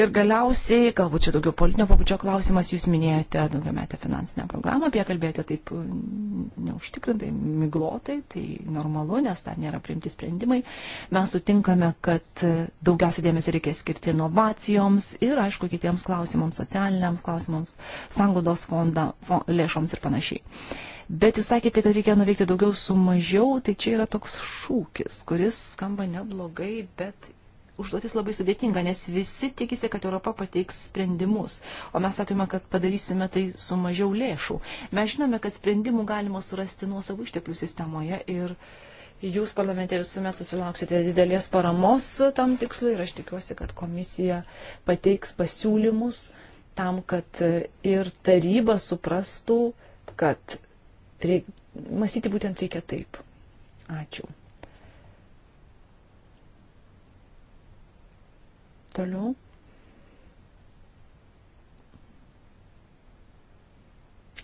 Ir galiausiai, galbūt čia daugiau politinio pabudžio klausimas, jūs minėjote daugiametę finansinę programą, apie ją kalbėjote taip mm, neužtikrintai, miglotai, tai normalu, nes dar nėra priimti sprendimai. Mes sutinkame, kad daugiausiai dėmesio reikia skirti inovacijoms ir, aišku, kitiems klausimams, socialiniams klausimams, sanglaudos fondo fond, lėšoms ir panašiai. Bet jūs sakėte, kad reikia nuveikti daugiau su mažiau, tai čia yra toks šūkis, kuris skamba neblogai, bet užduotis labai sudėtinga, nes visi tikisi, kad Europa pateiks sprendimus, o mes sakome, kad padarysime tai su mažiau lėšų. Mes žinome, kad sprendimų galima surasti nuo savo išteklių sistemoje ir jūs parlamente visuomet susilauksite didelės paramos tam tikslui ir aš tikiuosi, kad komisija pateiks pasiūlymus tam, kad ir taryba suprastų, kad reik, mąstyti būtent reikia taip. Ačiū. Toliau.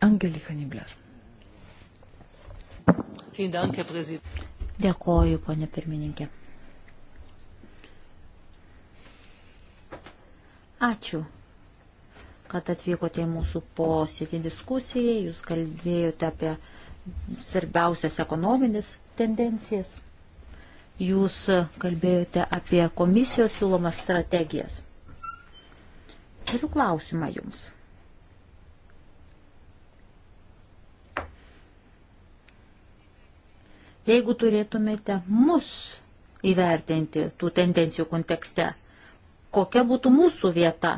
Angelika Nibler. Dėkoju, ponė pirmininkė. Ačiū kad atvykote į mūsų posėdį diskusijai. Jūs kalbėjote apie svarbiausias ekonominis tendencijas. Jūs kalbėjote apie komisijos siūlomas strategijas. Turiu klausimą jums. Jeigu turėtumėte mus įvertinti tų tendencijų kontekste, kokia būtų mūsų vieta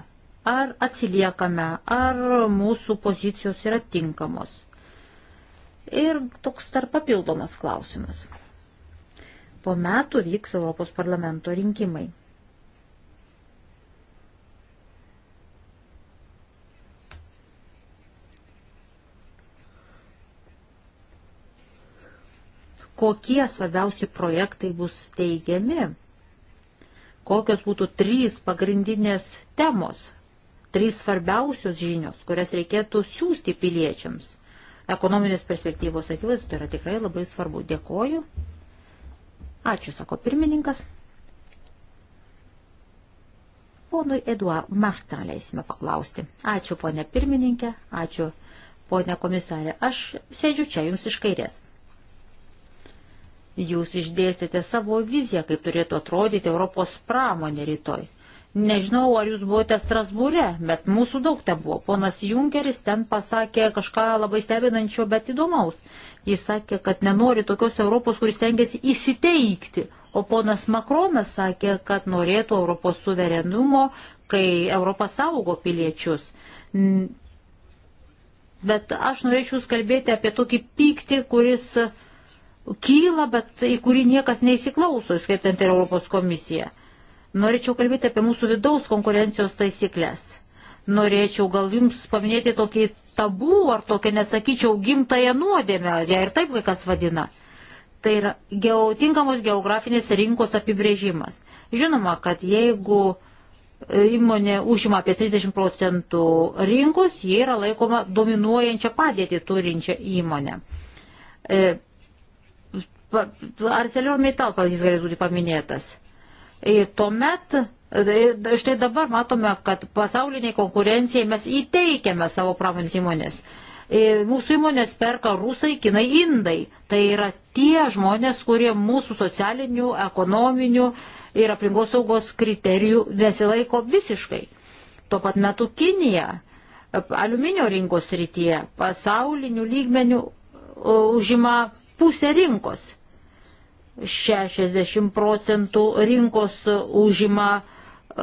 ar atsiliekame, ar mūsų pozicijos yra tinkamos. Ir toks dar papildomas klausimas. Po metų vyks Europos parlamento rinkimai. kokie svarbiausi projektai bus teigiami, kokios būtų trys pagrindinės temos trys svarbiausios žinios, kurias reikėtų siūsti piliečiams. Ekonominės perspektyvos akivaizdu, tai yra tikrai labai svarbu. Dėkoju. Ačiū, sako pirmininkas. Ponui Eduard Martin leisime paklausti. Ačiū, ponė pirmininkė, ačiū, ponė komisarė. Aš sėdžiu čia jums iš kairės. Jūs išdėstėte savo viziją, kaip turėtų atrodyti Europos pramonė rytoj. Nežinau, ar jūs buvote Strasbūre, bet mūsų daug ten buvo. Ponas Junkeris ten pasakė kažką labai stebinančio, bet įdomaus. Jis sakė, kad nenori tokios Europos, kuris tengiasi įsiteikti. O ponas Makronas sakė, kad norėtų Europos suverenumo, kai Europos saugo piliečius. Bet aš norėčiau kalbėti apie tokį pyktį, kuris kyla, bet į kurį niekas neįsiklauso, skaitant ir Europos komisiją. Norėčiau kalbėti apie mūsų vidaus konkurencijos taisyklės. Norėčiau gal jums paminėti tokį tabų ar tokią, nesakyčiau, gimtąją nuodėmę, ją ja, ir taip kai kas vadina. Tai yra geo, tinkamos geografinės rinkos apibrėžimas. Žinoma, kad jeigu įmonė užima apie 30 procentų rinkos, jie yra laikoma dominuojančią padėtį turinčią įmonę. E, Arcelor Metal pavyzdys galėtų būti paminėtas. Tuomet, tai štai dabar matome, kad pasauliniai konkurencijai mes įteikiame savo pramonės įmonės. Mūsų įmonės perka rusai, kinai, indai. Tai yra tie žmonės, kurie mūsų socialinių, ekonominių ir aplinkosaugos kriterijų nesilaiko visiškai. Tuo pat metu Kinija aliuminio rinkos rytyje pasaulinių lygmenių uh, užima pusę rinkos. 60 procentų rinkos užima e,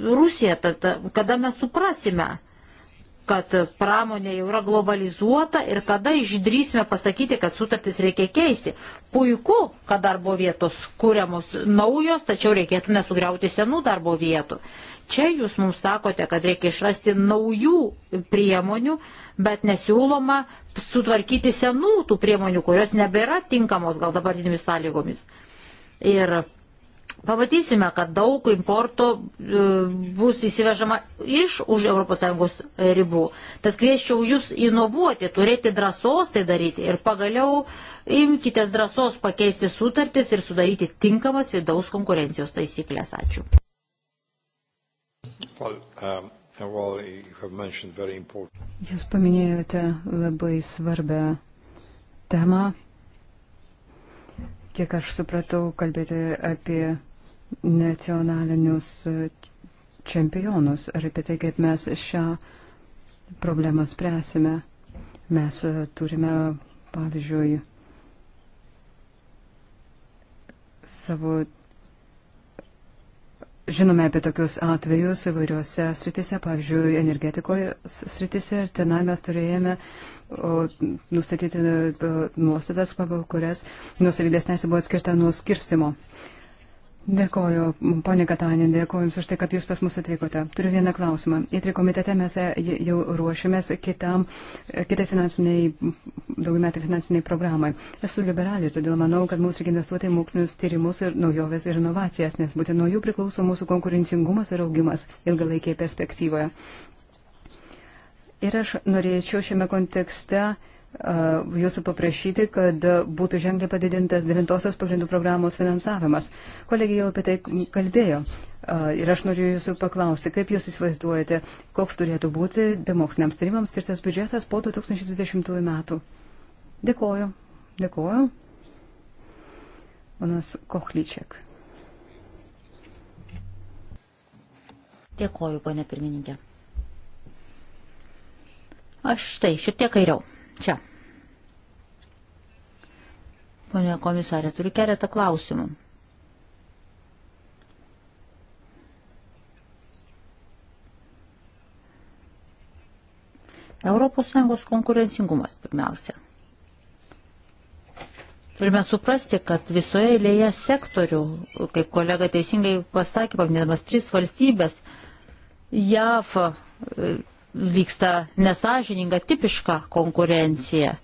Rusija. Tad kada mes suprasime, kad pramonė jau yra globalizuota ir kada išdrysime pasakyti, kad sutartis reikia keisti. Puiku, kad darbo vietos kūriamos naujos, tačiau reikėtų nesugriauti senų darbo vietų. Čia jūs mums sakote, kad reikia išrasti naujų priemonių, bet nesiūloma sutvarkyti senų tų priemonių, kurios nebėra tinkamos gal dabartinėmis sąlygomis. Ir pamatysime, kad daug importo e, bus įsivežama iš už ES ribų. Tad kvieščiau jūs inovuoti, turėti drąsos tai daryti ir pagaliau imkite drąsos pakeisti sutartis ir sudaryti tinkamas vidaus konkurencijos taisyklės. Ačiū. Well, um, well, important... Jūs paminėjote labai svarbę temą. Kiek aš supratau, kalbėti apie nacionalinius čempionus ir apie tai, kaip mes šią problemą spręsime. Mes turime, pavyzdžiui, savo Žinome apie tokius atvejus įvairiuose sritise, pavyzdžiui, energetikoje sritise ir tenai mes turėjome nustatyti nuostatas, pagal kurias nusavybės nesė buvo atskirta nuo skirstimo. Dėkoju, ponė Katanė, dėkoju Jums už tai, kad Jūs pas mus atvykote. Turiu vieną klausimą. Į tri komitete mes e, jau ruošiamės kitam, e, kitai finansiniai, daugiametį finansiniai programai. Esu liberalė, todėl manau, kad mums reikia investuoti į mokslinius tyrimus ir naujoves ir inovacijas, nes būtent nuo jų priklauso mūsų konkurencingumas ir augimas ilgalaikėje perspektyvoje. Ir aš norėčiau šiame kontekste jūsų paprašyti, kad būtų ženkliai padidintas devintosios pagrindų programos finansavimas. Kolegija jau apie tai kalbėjo. Ir aš noriu jūsų paklausti, kaip jūs įsivaizduojate, koks turėtų būti demoksliniams tyrimams skirtas biudžetas po 2020 metų. Dėkoju. Dėkoju. Manas Kochlyčiak. Dėkoju, ponė pirmininkė. Aš štai, šiek tiek kairiau. Čia. Pone komisarė, turiu keletą klausimų. ES konkurencingumas pirmiausia. Turime suprasti, kad visoje eilėje sektorių, kaip kolega teisingai pasakė, paminėdamas tris valstybės, JAV vyksta nesažininga, tipiška konkurencija.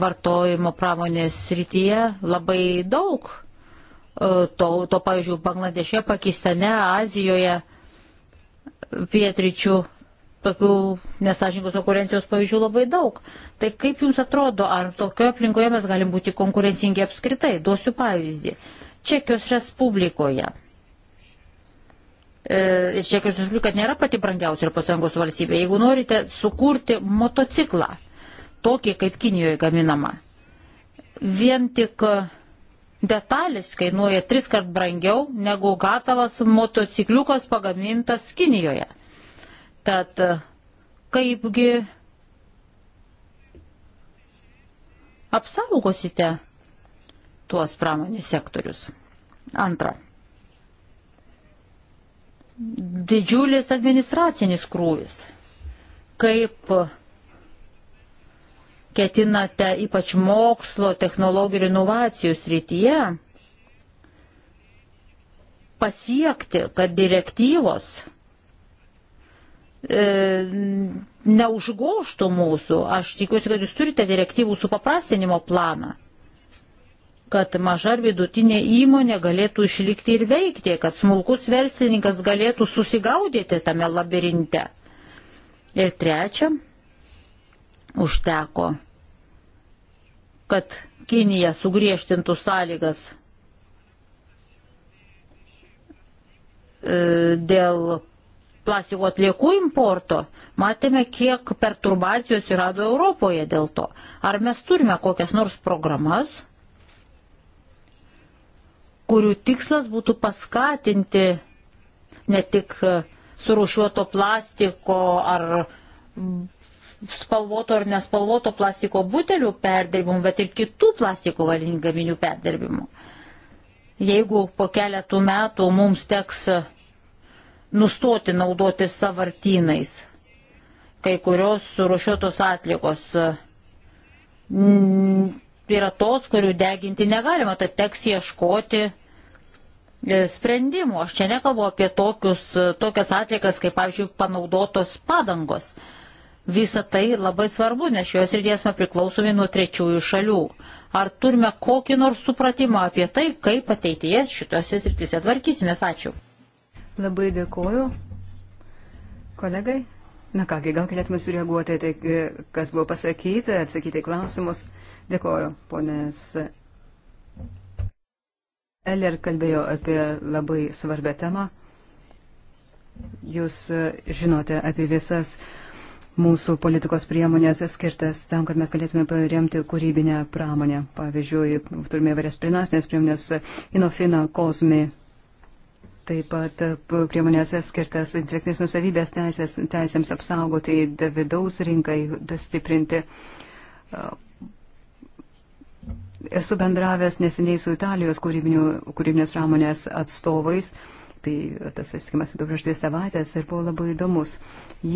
Vartojimo pramonės srityje labai daug e, to, to pavyzdžiui, Bangladeše, Pakistane, Azijoje, pietryčių tokių nesažininkos konkurencijos pavyzdžių labai daug. Tai kaip Jums atrodo, ar tokioje aplinkoje mes galim būti konkurencingi apskritai? Duosiu pavyzdį. Čekijos Respublikoje E, ir Čekijos Respublika nėra pati brangiausia Europos Sąjungos valstybė. Jeigu norite sukurti motociklą, tokį kaip Kinijoje gaminama, vien tik detalės kainuoja tris kart brangiau negu gatavas motocikliukas pagamintas Kinijoje. Tad kaipgi apsaugosite tuos pramonės sektorius? Antra didžiulis administracinis krūvis. Kaip ketinate ypač mokslo, technologijų ir inovacijų srityje pasiekti, kad direktyvos e, neužgoštų mūsų. Aš tikiuosi, kad jūs turite direktyvų supaprastinimo planą kad maža ar vidutinė įmonė galėtų išlikti ir veikti, kad smulkus verslininkas galėtų susigaudyti tame labirinte. Ir trečia, užteko, kad Kinija sugriežtintų sąlygas e, dėl plastiko atliekų importo, matėme, kiek perturbacijos yra Europoje dėl to. Ar mes turime kokias nors programas, kurių tikslas būtų paskatinti ne tik surušiuoto plastiko ar spalvoto ar nespalvoto plastiko butelių perdirbimų, bet ir kitų plastiko valinių gaminių perdirbimų. Jeigu po keletų metų mums teks nustoti naudoti savartynais, kai kurios surušiuotos atlikos yra tos, kurių deginti negalima, tad teks ieškoti E, sprendimų. Aš čia nekalbu apie tokius, e, tokias atliekas, kaip, pavyzdžiui, panaudotos padangos. Visa tai labai svarbu, nes šios ryties mes priklausomi nuo trečiųjų šalių. Ar turime kokį nors supratimą apie tai, kaip ateityje šitose srityse tvarkysimės? Ačiū. Labai dėkoju. Kolegai, na kągi, gal galėtume sureaguoti tai, e, kas buvo pasakyta, atsakyti klausimus. Dėkoju, ponės Eller kalbėjo apie labai svarbę temą. Jūs e, žinote apie visas mūsų politikos priemonės skirtas tam, kad mes galėtume paremti kūrybinę pramonę. Pavyzdžiui, turime varias prinasnės priemonės Inofina, Kozmi, taip pat priemonės skirtas intelektinės nusavybės teisės, teisėms apsaugoti, vidaus rinkai stiprinti. Uh, Esu bendravęs neseniai su Italijos kūrybinės pramonės atstovais. Tai tas susitikimas buvo prieš dvi savaitės ir buvo labai įdomus.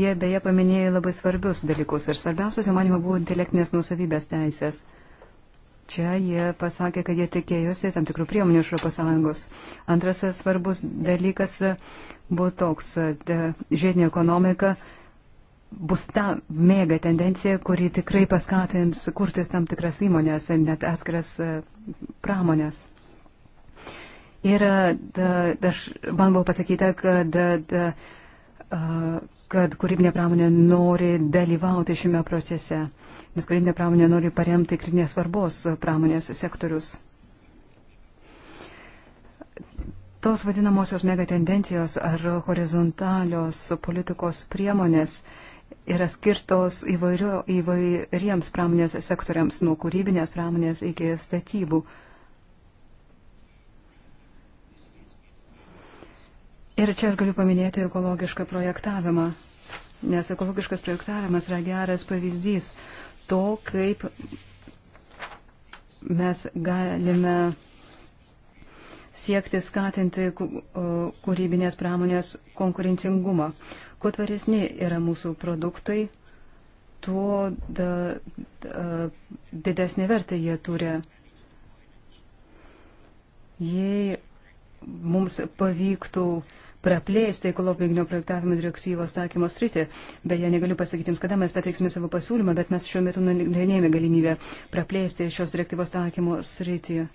Jie beje paminėjo labai svarbius dalykus ir svarbiausias, jo manimo, buvo intelektinės nusavybės teisės. Čia jie pasakė, kad jie tikėjosi tam tikrų priemonių iš Europos Sąjungos. Antras svarbus dalykas buvo toks, žiedinė ekonomika bus ta mėga tendencija, kuri tikrai paskatins kurtis tam tikras įmonės, net atskiras e, pramonės. Ir e, da, da, man buvo pasakyta, kad, da, e, kad kūrybinė pramonė nori dalyvauti šiame procese, nes kūrybinė pramonė nori paremti kritinės svarbos pramonės sektorius. Tos vadinamosios megatendencijos ar horizontalios politikos priemonės uh, yra skirtos įvairio, įvairiems pramonės sektoriams, nuo kūrybinės pramonės iki statybų. Ir čia aš galiu paminėti ekologišką projektavimą, nes ekologiškas projektavimas yra geras pavyzdys to, kaip mes galime siekti skatinti kūrybinės pramonės konkurencingumą. Kuo tvaresni yra mūsų produktai, tuo da, da, didesnį vertę jie turi. Jei mums pavyktų praplėsti ekologinio projektavimo direktyvos taikymo sritį. Beje, negaliu pasakyti Jums, kada mes pateiksime savo pasiūlymą, bet mes šiuo metu nagrinėjame galimybę praplėsti šios direktyvos taikymo sritį.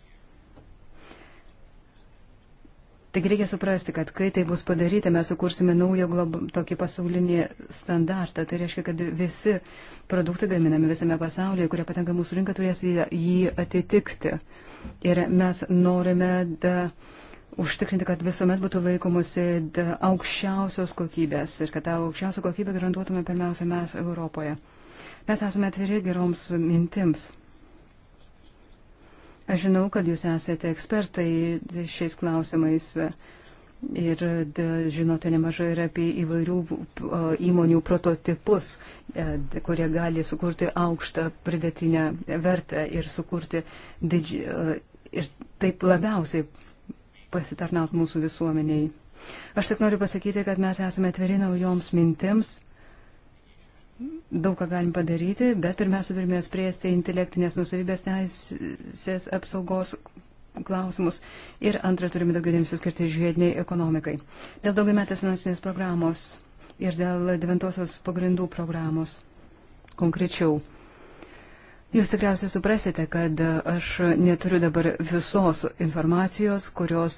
Tik reikia suprasti, kad kai tai bus padaryta, mes sukursime naują glob... tokį pasaulinį standartą. Tai reiškia, kad visi produktai gaminami visame pasaulyje, kurie patenka mūsų rinką, turės jį atitikti. Ir mes norime da, užtikrinti, kad visuomet būtų laikomasi da, aukščiausios kokybės ir kad tą aukščiausią kokybę garantuotume pirmiausia mes Europoje. Mes esame atviri geroms mintims. Aš žinau, kad jūs esate ekspertai šiais klausimais ir žinote nemažai ir apie įvairių įmonių prototipus, e, kurie gali sukurti aukštą pridėtinę vertę ir sukurti didži... E, ir taip labiausiai pasitarnaut mūsų visuomeniai. Aš tik noriu pasakyti, kad mes esame atviri naujoms mintims daug ką galim padaryti, bet pirmiausia turime spręsti intelektinės nusavybės teisės apsaugos klausimus ir antra turime daugiau dėmesio skirti žiediniai ekonomikai. Dėl daugiametės finansinės programos ir dėl devintosios pagrindų programos konkrečiau. Jūs tikriausiai suprasite, kad aš neturiu dabar visos informacijos, jūs,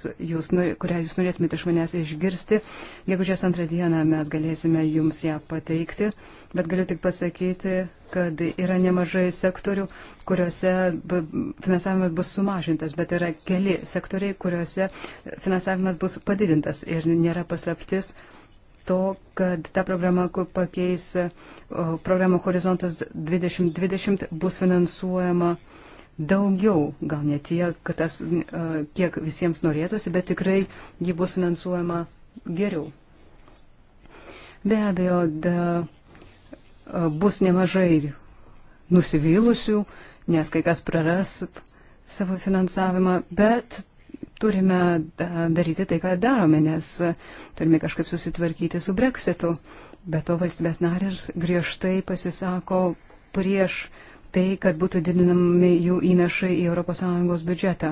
kurią jūs norėtumėte iš manęs išgirsti. Gegužės antrą dieną mes galėsime jums ją pateikti, bet galiu tik pasakyti, kad yra nemažai sektorių, kuriuose finansavimas bus sumažintas, bet yra keli sektoriai, kuriuose finansavimas bus padidintas ir nėra paslaptis, to, kad ta programa, kur pakeis programą Horizontas 2020, bus finansuojama daugiau, gal ne tiek, tas, kiek visiems norėtųsi, bet tikrai ji bus finansuojama geriau. Be abejo, da, bus nemažai nusivylusių, nes kai kas praras savo finansavimą, bet turime e, daryti tai, ką darome, nes turime kažkaip susitvarkyti su breksitu. Bet to valstybės narės griežtai pasisako prieš tai, kad būtų didinami jų įnašai į ES biudžetą.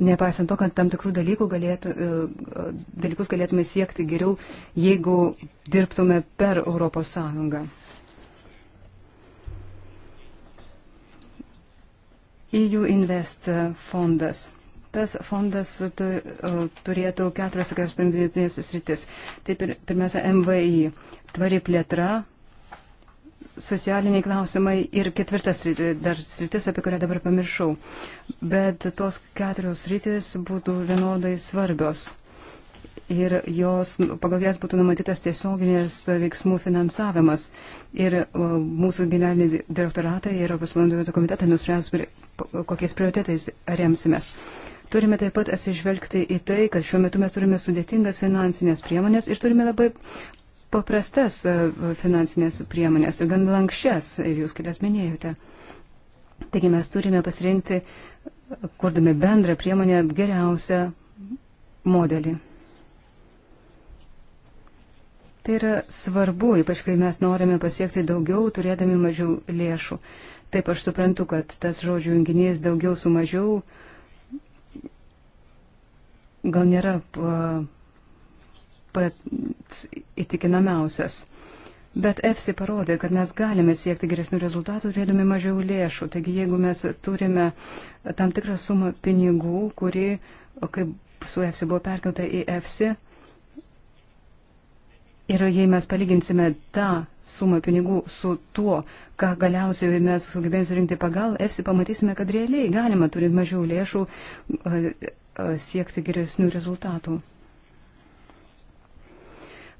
Nepaisant to, kad tam tikrų dalykų galėtų, e, dalykus galėtume siekti geriau, jeigu dirbtume per ES. EU Invest fondas. Tas fondas e, turėtų keturias tokias pagrindinės sritis. Tai pirmiausia, MVI, tvari plėtra, socialiniai klausimai ir ketvirtas sritis, dar sritis, apie kurią dabar pamiršau. Bet tos keturios sritis būtų vienodai svarbios ir jos, pagal jas būtų numatytas tiesioginės veiksmų finansavimas. Ir mūsų generaliniai direktoratai ir Europos parlamento komitetai nuspręs, kokiais prioritetais remsimės. Turime taip pat atsižvelgti į tai, kad šiuo metu mes turime sudėtingas finansinės priemonės ir turime labai paprastas e, finansinės priemonės ir gan lankščias, ir jūs kelias minėjote. Taigi mes turime pasirinkti, kurdami bendrą priemonę, geriausią modelį. Tai yra svarbu, ypač kai mes norime pasiekti daugiau, turėdami mažiau lėšų. Taip aš suprantu, kad tas žodžių junginys daugiau su mažiau gal nėra pats įtikinamiausias. Bet EFSI parodė, kad mes galime siekti geresnių rezultatų, turėdami mažiau lėšų. Taigi jeigu mes turime tam tikrą sumą pinigų, kuri, kaip su EFSI buvo perkelta į EFSI, Ir jei mes palyginsime tą sumą pinigų su tuo, ką galiausiai mes sugebėjome surinkti pagal EFSI, pamatysime, kad realiai galima, turint mažiau lėšų, siekti geresnių rezultatų.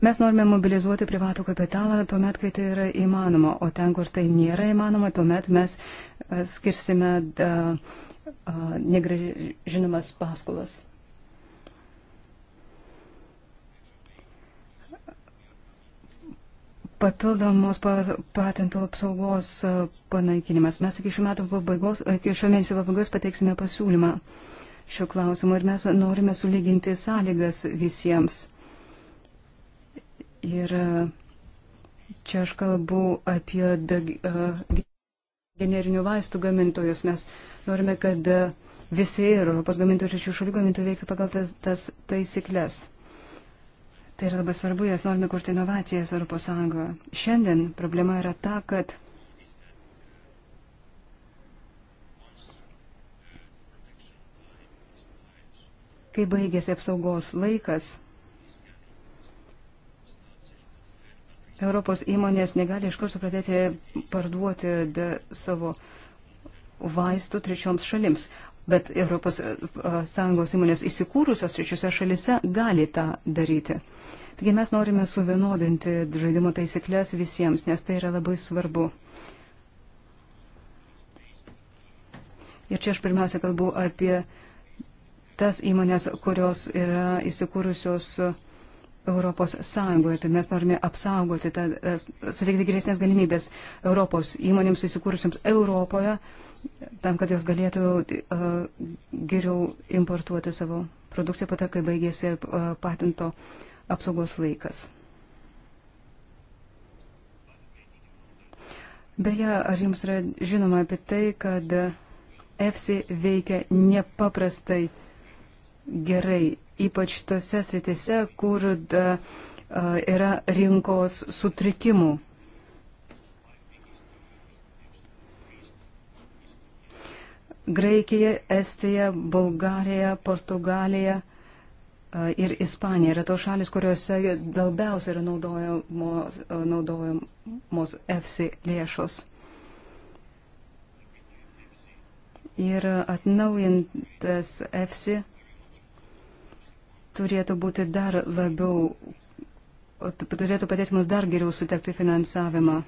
Mes norime mobilizuoti privatų kapitalą tuomet, kai tai yra įmanoma, o ten, kur tai nėra įmanoma, tuomet mes skirsime negražinamas paskolas. papildomos patentų apsaugos e, panaikinimas. Mes iki šių metų pabaigos, iki šio mėnesio pabaigos pateiksime pasiūlymą šio klausimo ir mes norime sulyginti sąlygas visiems. Ir e, čia aš kalbu apie e, generinių vaistų gamintojus. Mes norime, kad visi Europos gamintojų ir šių šalių gamintojų veiktų pagal tas, tas taisyklės. Tai yra labai svarbu, jas norime kurti inovacijas Europos Sąjungoje. Šiandien problema yra ta, kad kai baigėsi apsaugos laikas, Europos įmonės negali iš karto pradėti parduoti savo vaistų trečioms šalims. Bet Europos e, Sąjungos įmonės įsikūrusios trečiose šalise gali tą daryti. Taigi mes norime suvienodinti žaidimo taisyklės visiems, nes tai yra labai svarbu. Ir čia aš pirmiausia kalbu apie tas įmonės, kurios yra įsikūrusios Europos Sąjungoje. Tai mes norime apsaugoti, tą, e, suteikti geresnės galimybės Europos įmonėms įsikūrusiams Europoje, tam, kad jos galėtų uh, geriau importuoti savo produkciją po to, kai baigėsi uh, patento uh, apsaugos laikas. Beje, ar jums yra žinoma apie tai, kad EFSI veikia nepaprastai gerai, ypač tose sritise, kur da, yra rinkos sutrikimų. Graikija, Estija, Bulgarija, Portugalija. E, ir Ispanija yra tos šalis, kuriuose labiausiai yra e, naudojamos, naudojamos EFSI lėšos. Ir atnaujintas EFSI turėtų būti dar labiau, turėtų padėti mums dar geriau sutekti finansavimą.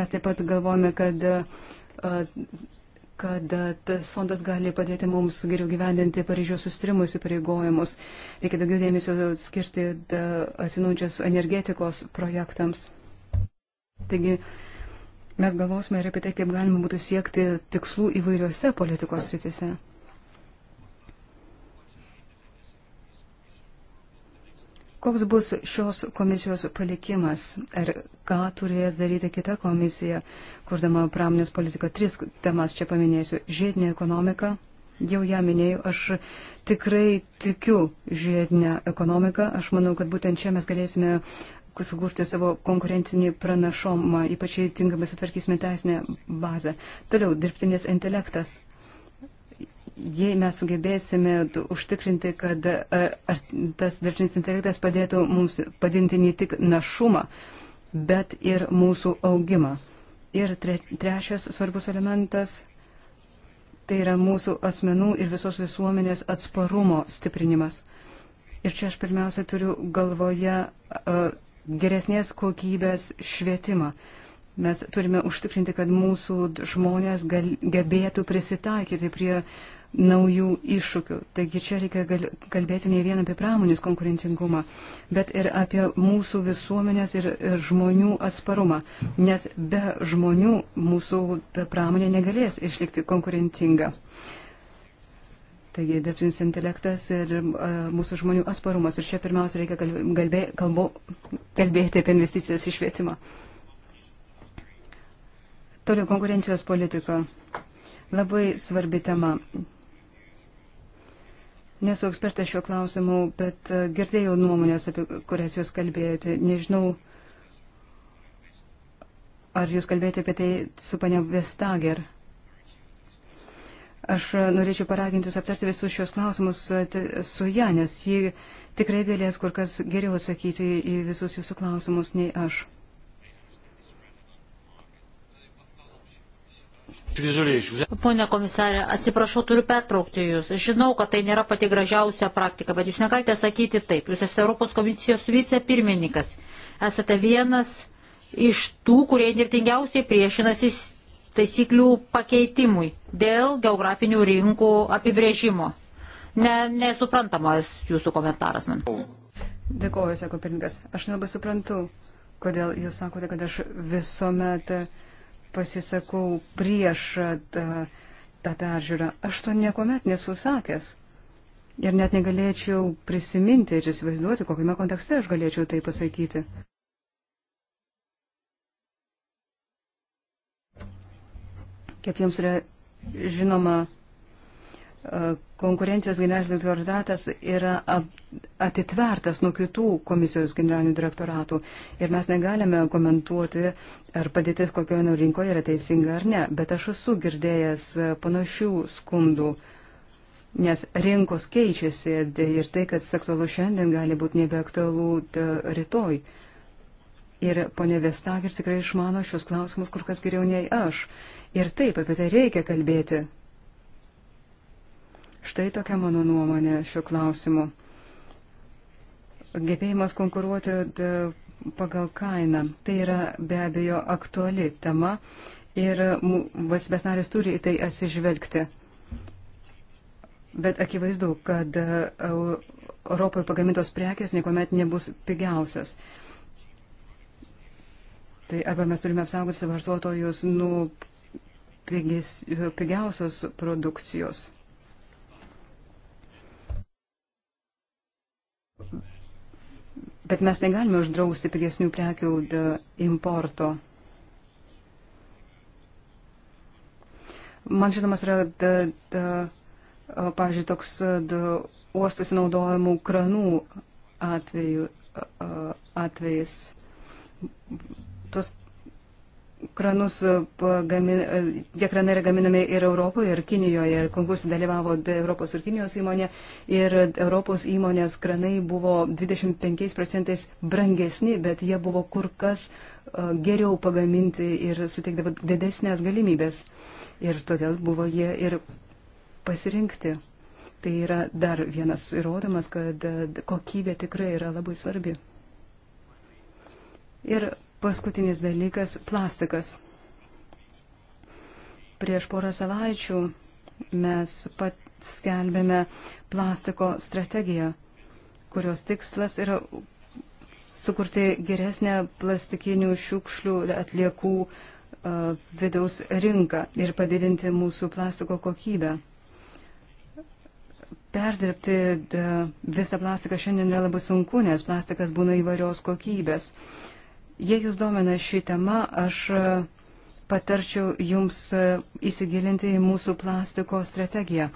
Mes taip pat galvojame, kad e, kad e, tas fondas gali padėti mums geriau gyvendinti Paryžiaus sustarimus įpareigojimus. Reikia daugiau dėmesio skirti e, atsinaujančios energetikos projektams. Taigi mes galvosime ir apie tai, kaip galima būtų siekti tikslų įvairiose politikos rytise. Koks bus šios komisijos palikimas? Ar ką turės daryti kita komisija, kurdama pramonės politiką? Tris temas čia paminėsiu. Žiedinė ekonomika. Jau ją minėjau, aš tikrai tikiu žiedinę ekonomiką. Aš manau, kad būtent čia mes galėsime sukurti savo konkurencinį pranašumą, ypač jei tinkamai sutvarkysime teisinę bazę. Toliau, dirbtinis intelektas jei mes sugebėsime užtikrinti, kad e, ar tas dirbtinis intelektas padėtų mums padinti ne tik našumą, bet ir mūsų augimą. Ir tre, trečias svarbus elementas - tai yra mūsų asmenų ir visos visuomenės atsparumo stiprinimas. Ir čia aš pirmiausia turiu galvoje uh, geresnės kokybės švietimą. Mes turime užtikrinti, kad mūsų žmonės gal, gebėtų prisitaikyti prie uh, naujų iššūkių. Taigi čia reikia kalbėti ne vien apie pramonės konkurencingumą, bet ir apie mūsų visuomenės ir žmonių atsparumą, nes be žmonių mūsų pramonė negalės išlikti konkurencinga. Taigi dirbtinis intelektas ir uh, mūsų žmonių atsparumas. Ir čia pirmiausia reikia kalbė, kalbo, kalbėti apie investicijas į švietimą. Toliau konkurencijos politika. Labai svarbi tema. Nesu ekspertas šiuo klausimu, bet e, girdėjau nuomonės, apie kurias jūs kalbėjote. Nežinau, ar jūs kalbėjote apie tai su pane Vestager. Aš e, norėčiau paraginti jūs aptarti visus šios klausimus e, su ją, nes ji tikrai galės kur kas geriau atsakyti į visus jūsų klausimus nei aš. Pone komisarė, atsiprašau, turiu pertraukti Jūs. Žinau, kad tai nėra pati gražiausia praktika, bet Jūs negalite sakyti taip. Jūs esate Europos komisijos vicepirmininkas. Esate vienas iš tų, kurie nirtingiausiai priešinasi taisyklių pakeitimui dėl geografinių rinkų apibrėžimo. Ne, nesuprantamas jūsų komentaras man. Dėkuoju, sako pirmininkas. Aš nelabai suprantu, kodėl jūs sakote, kad aš visuomet. Uh, pasisakau prieš tą, e, tą peržiūrą. Aš to niekuomet nesu sakęs. Ir net negalėčiau prisiminti ir įsivaizduoti, kokiame kontekste aš galėčiau tai pasakyti. Kaip jums yra žinoma, e, konkurencijos generalinis direktoratas yra atitvertas nuo kitų komisijos generalinių direktoratų ir mes negalime komentuoti, ar padėtis kokioje nors rinkoje yra teisinga ar ne, bet aš esu girdėjęs e, panašių skundų. Nes rinkos keičiasi ir tai, kas aktualu šiandien, gali būti nebeaktualu rytoj. Ir ponė Vestagir tikrai išmano šios klausimus kur kas geriau nei aš. Ir taip, apie tai reikia kalbėti. Štai tokia mano nuomonė šiuo klausimu. Gebėjimas konkuruoti e, pagal kainą. Tai yra be abejo aktuali tema ir valstybės narės turi į tai atsižvelgti. Bet akivaizdu, kad e, Europoje pagamintos prekės niekuomet nebus pigiausias. Tai arba mes turime apsaugoti vartotojus nuo pigis, pigiausios produkcijos. Bet mes negalime uždrausti pigesnių prekių importo. Man žinomas yra, da, da, pavyzdžiui, toks da, uostuose naudojamų kranų atveju, atvejis. Tuos Kranus e, pagamin, e, tie kranai yra gaminami ir Europoje, ir Kinijoje. Ir konkursai dalyvavo Europos ir Kinijos įmonė. Ir Europos įmonės kranai buvo 25 procentais brangesni, bet jie buvo kur kas e, geriau pagaminti ir suteikdavo didesnės galimybės. Ir todėl buvo jie ir pasirinkti. Tai yra dar vienas įrodymas, kad kokybė tikrai yra labai svarbi. Ir paskutinis dalykas - plastikas. Prieš porą savaičių mes paskelbėme plastiko strategiją, kurios tikslas yra sukurti geresnę plastikinių šiukšlių atliekų vidaus rinką ir padidinti mūsų plastiko kokybę. Perdirbti visą plastiką šiandien yra labai sunku, nes plastikas būna įvairios kokybės. Uh, Jei jūs domina šį temą, aš e, patarčiau jums e, įsigilinti į mūsų plastiko strategiją.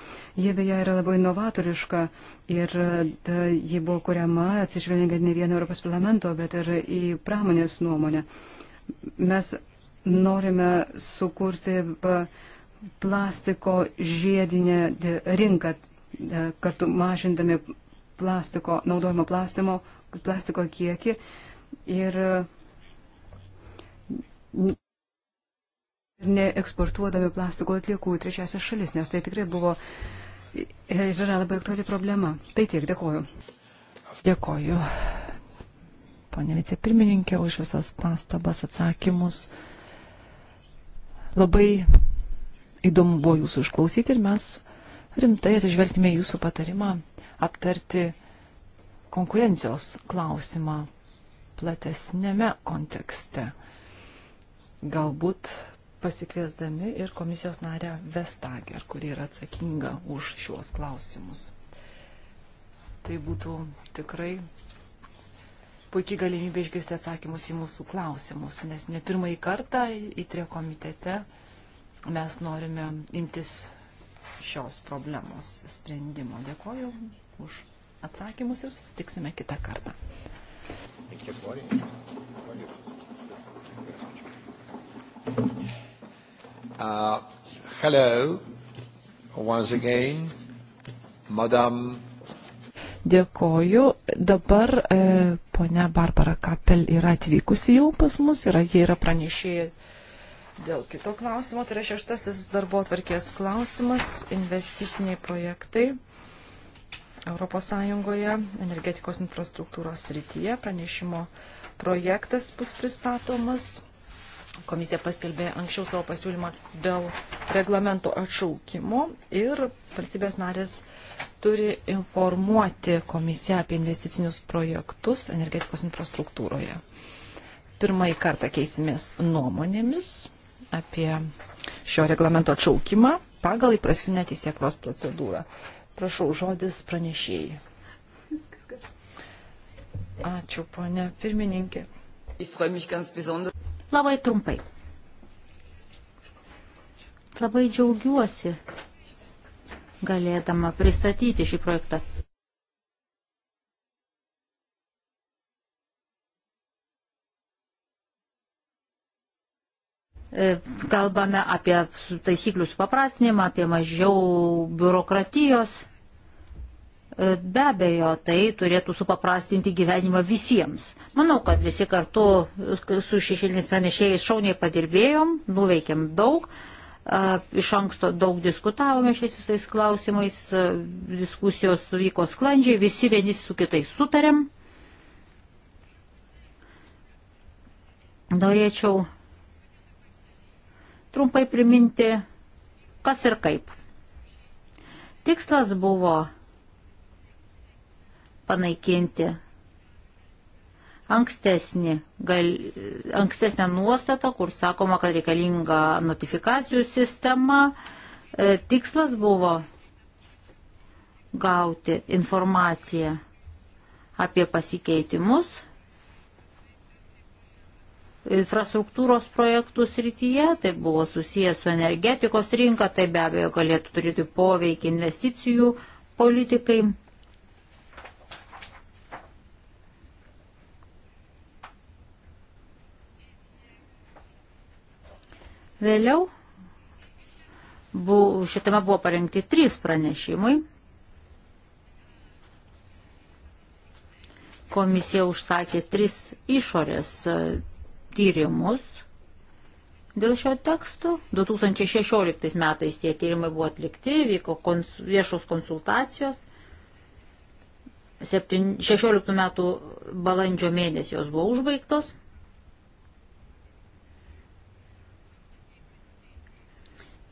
Ji beje yra labai novatoriška ir e, ji buvo kuriama atsižvelgiant ne vieno Europos parlamento, bet ir į pramonės nuomonę. Mes norime sukurti plastiko žiedinę rinką, kartu mažindami plastiko, naudojimo plastimo, plastiko kiekį. Ir uh, neeksportuodami plastiko atliekų į trečiasias šalis, nes tai tikrai buvo ir e, yra labai aktuali problema. Tai tiek, dėkoju. Dėkoju, ponė vicepirmininkė, už visas pastabas, atsakymus. Labai įdomu buvo jūsų išklausyti ir mes rimtai atsižvelgime jūsų patarimą aptarti konkurencijos klausimą platesnėme kontekste galbūt pasikviesdami ir komisijos narę Vestager, kuri yra atsakinga už šiuos klausimus. Tai būtų tikrai puikiai galimybė išgirsti atsakymus į mūsų klausimus, nes ne pirmąjį kartą į trie komitete mes norime imtis šios problemos sprendimo. Dėkoju už atsakymus ir susitiksime kitą kartą. Thank you. Uh, hello, once again, Madam. Dėkoju. Dabar e, ponia Barbara Kapel yra atvykusi jau pas mus, yra, jie yra pranešėję dėl kito klausimo. Tai yra šeštasis darbo atvarkės klausimas - investiciniai projektai. ES energetikos infrastruktūros srityje pranešimo projektas bus pristatomas. Komisija paskelbė anksčiau savo pasiūlymą dėl reglamento atšaukimo ir valstybės narės turi informuoti komisiją apie investicinius projektus energetikos infrastruktūroje. Pirmąjį kartą keisimės nuomonėmis apie šio reglamento atšaukimą pagal įprastinę teisėkros procedūrą. Prašau, žodis pranešėjai. Ačiū, ponia pirmininkė. Labai trumpai. Labai džiaugiuosi galėdama pristatyti šį projektą. E, kalbame apie taisyklių supaprastinimą, apie mažiau biurokratijos Be abejo, tai turėtų supaprastinti gyvenimą visiems. Manau, kad visi kartu su šešėliniais pranešėjais šauniai padirbėjom, nuveikėm daug, iš anksto daug diskutavome šiais visais klausimais, diskusijos vyko sklandžiai, visi vieni su kitais sutarėm. Norėčiau trumpai priminti, kas ir kaip. Tikslas buvo panaikinti ankstesnį, gal, ankstesnę nuostatą, kur sakoma, kad reikalinga notifikacijų sistema. E, tikslas buvo gauti informaciją apie pasikeitimus infrastruktūros projektų srityje, tai buvo susijęs su energetikos rinka, tai be abejo galėtų turėti poveikį investicijų politikai. Vėliau bu, šitame buvo parengti trys pranešimai. Komisija užsakė tris išorės e, tyrimus dėl šio teksto. 2016 metais tie tyrimai buvo atlikti, vyko kons, viešos konsultacijos. 7, 16 metų balandžio mėnesį jos buvo užbaigtos.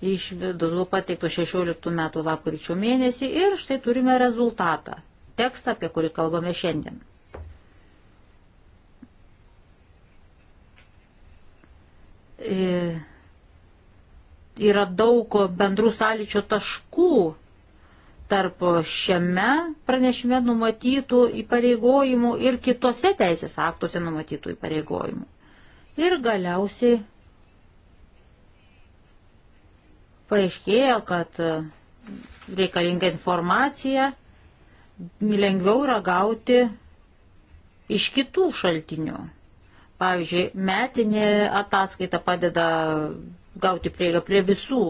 iš viduzo pateiktų 16 metų lapkričio mėnesį ir štai turime rezultatą, tekstą, apie kurį kalbame šiandien. E, yra daug bendrų sąlyčio taškų tarp šiame pranešime numatytų įpareigojimų ir kitose teisės aktuose numatytų įpareigojimų. Ir galiausiai paaiškėjo, kad e, reikalinga informacija lengviau yra gauti iš kitų šaltinių. Pavyzdžiui, metinė ataskaita padeda gauti prieigą prie, visų,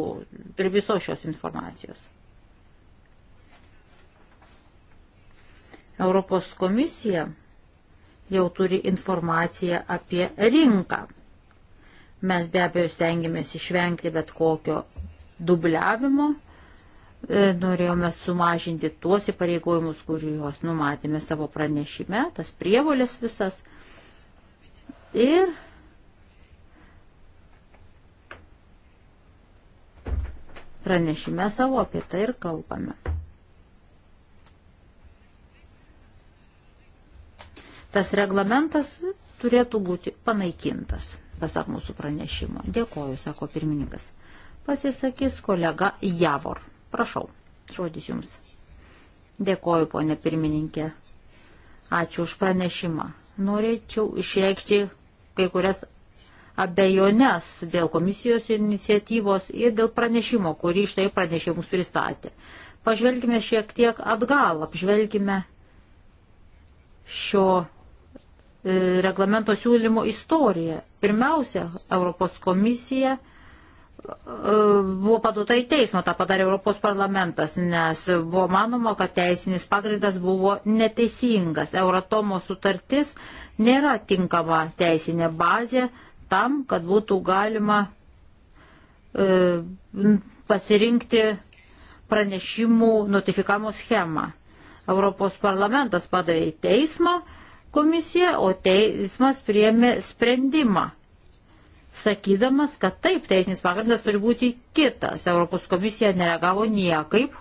prie visos šios informacijos. Europos komisija jau turi informaciją apie rinką. Mes be abejo stengiamės išvengti bet kokio dubliavimo. E, norėjome sumažinti tuos įpareigojimus, kuriuos numatėme savo pranešime, tas prievolės visas. Ir pranešime savo apie tai ir kalbame. Tas reglamentas turėtų būti panaikintas, pasak mūsų pranešimo. Dėkoju, sako pirmininkas pasisakys kolega Javor. Prašau, žodis jums. Dėkoju, ponė pirmininkė. Ačiū už pranešimą. Norėčiau išreikšti kai kurias abejones dėl komisijos iniciatyvos ir dėl pranešimo, kurį štai pranešimus pristatė. Pažvelgime šiek tiek atgal, apžvelgime šio e, reglamento siūlymo istoriją. Pirmiausia, Europos komisija buvo paduota į teismą, tą padarė Europos parlamentas, nes buvo manoma, kad teisinis pagrindas buvo neteisingas. Euratomo sutartis nėra tinkama teisinė bazė tam, kad būtų galima e, pasirinkti pranešimų notifikavimo schemą. Europos parlamentas padarė teismą komisiją, o teismas priėmė sprendimą sakydamas, kad taip, teisinis pagrindas turi būti kitas. Europos komisija neregavo niekaip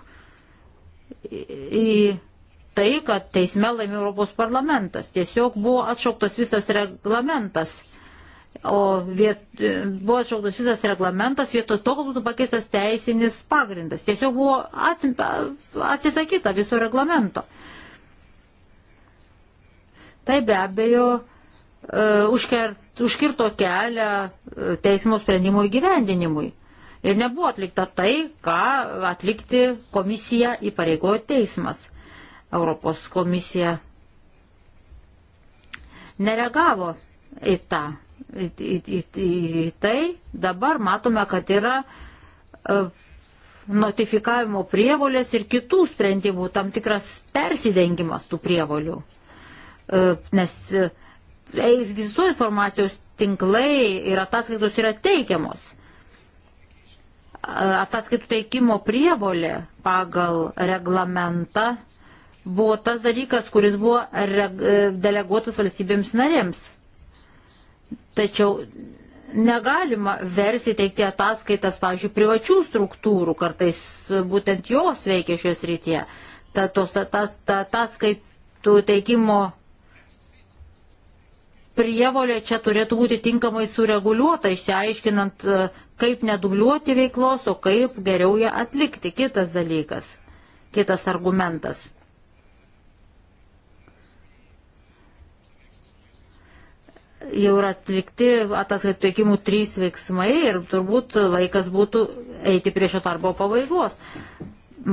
į tai, kad teisme laimė Europos parlamentas. Tiesiog buvo atšauktas visas reglamentas. O viet, buvo atšauktas visas reglamentas, vietoj to, kad būtų pakeistas teisinis pagrindas. Tiesiog buvo at, atsisakyta viso reglamento. Tai be abejo E, užkirto kelią e, teismo sprendimo įgyvendinimui. Ir nebuvo atlikta tai, ką atlikti komisija įpareigojo teismas. Europos komisija nereagavo į tą. Į, į, į, į tai dabar matome, kad yra e, notifikavimo prievolės ir kitų sprendimų tam tikras persidengimas tų prievolių. Nes egzistuoja informacijos tinklai ir ataskaitos yra teikiamos. Ataskaitų teikimo prievolė pagal reglamentą buvo tas dalykas, kuris buvo e, deleguotas valstybėms narėms. Tačiau negalima versi teikti ataskaitas, pavyzdžiui, privačių struktūrų, kartais būtent jos veikia šios rytyje. Ta, tos, ta, ta ataskaitų teikimo prievolė čia turėtų būti tinkamai sureguliuota, išsiaiškinant, e, kaip nedubliuoti veiklos, o kaip geriau ją atlikti. Kitas dalykas, kitas argumentas. Jau yra atlikti ataskaitų teikimų trys veiksmai ir turbūt laikas būtų eiti prie šio darbo pabaigos.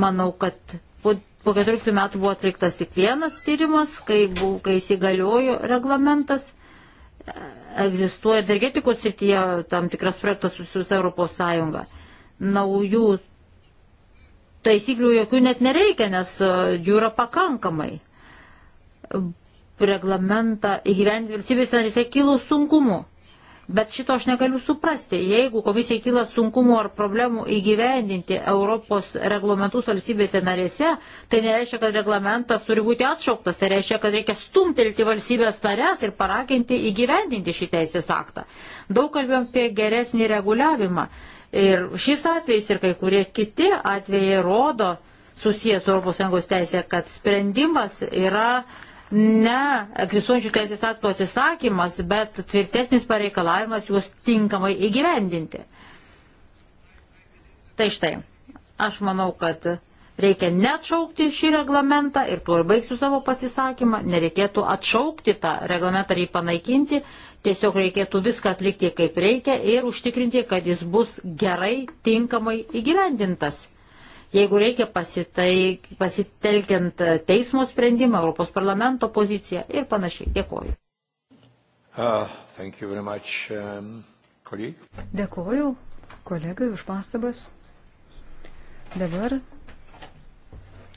Manau, kad po 14 metų buvo atliktas tik vienas tyrimas, kai, buvo, kai įsigaliojo reglamentas egzistuoja energetikos srityje tam tikras projektas susijus Europos Sąjunga. Naujų taisyklių jokių net nereikia, nes e, jų yra pakankamai. Reglamentą įgyvendinti valstybės narėse kilų sunkumu. Bet šito aš negaliu suprasti. Jeigu komisijai kyla sunkumų ar problemų įgyvendinti Europos reglamentus valstybėse narėse, tai nereiškia, kad reglamentas turi būti atšauktas, tai reiškia, kad reikia stumtelti valstybės narės ir paraginti įgyvendinti šį teisės aktą. Daug kalbėjom apie geresnį reguliavimą. Ir šis atvejs ir kai kurie kiti atvejai rodo susijęs su ES teisė, kad sprendimas yra ne egzistuojančių teisės aktų atsisakymas, bet tvirtesnis pareikalavimas juos tinkamai įgyvendinti. Tai štai, aš manau, kad reikia neatšaukti šį reglamentą ir tuo ir baigsiu savo pasisakymą, nereikėtų atšaukti tą reglamentą ar jį panaikinti, tiesiog reikėtų viską atlikti kaip reikia ir užtikrinti, kad jis bus gerai, tinkamai įgyvendintas. Jeigu reikia pasitaik, pasitelkiant teismo sprendimą, Europos parlamento poziciją ir panašiai. Dėkoju. Uh, much, um, colleague. Dėkoju kolegai už pastabas. Dabar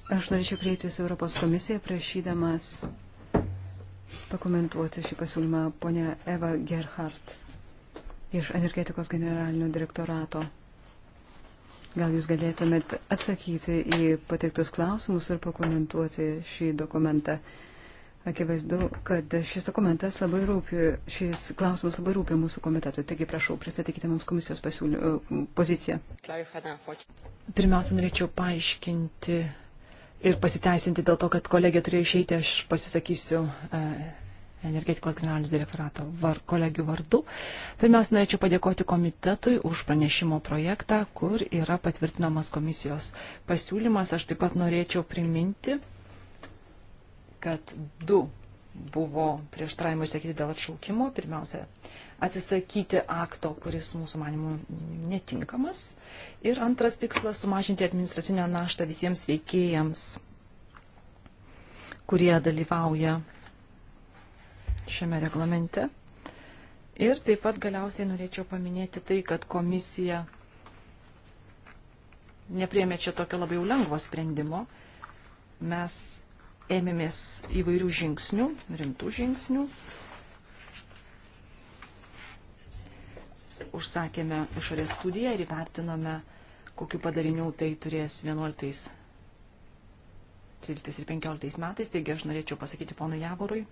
aš norėčiau kreiptis Europos komisiją prašydamas pakomentuoti šį pasiūlymą ponia Eva Gerhardt iš energetikos generalinio direktorato. Gal jūs galėtumėt atsakyti į pateiktus klausimus ir pakomentuoti šį dokumentą. Akivaizdu, kad šis dokumentas labai rūpi, šis klausimas labai rūpi mūsų komitetui. Taigi prašau, pristatykite mums komisijos pasiūly, poziciją. Pirmiausia, norėčiau paaiškinti ir pasiteisinti dėl to, kad kolegė turėjo išeiti, aš pasisakysiu e, energetikos generalinio direktorato var, kolegių vardu. Pirmiausia, norėčiau padėkoti komitetui už pranešimo projektą, kur yra patvirtinamas komisijos pasiūlymas. Aš taip pat norėčiau priminti, kad du buvo prieštaravimai išsakyti dėl atšaukimo. Pirmiausia, atsisakyti akto, kuris mūsų manimų netinkamas. Ir antras tikslas - sumažinti administracinę naštą visiems veikėjams, kurie dalyvauja šiame reglamente. Ir taip pat galiausiai norėčiau paminėti tai, kad komisija nepriemė čia tokio labai lengvo sprendimo. Mes ėmėmės įvairių žingsnių, rimtų žingsnių. Užsakėme išorės studiją ir įvertinome, kokiu padariniu tai turės 11, 13 ir 15 metais. Taigi aš norėčiau pasakyti ponui Javorui,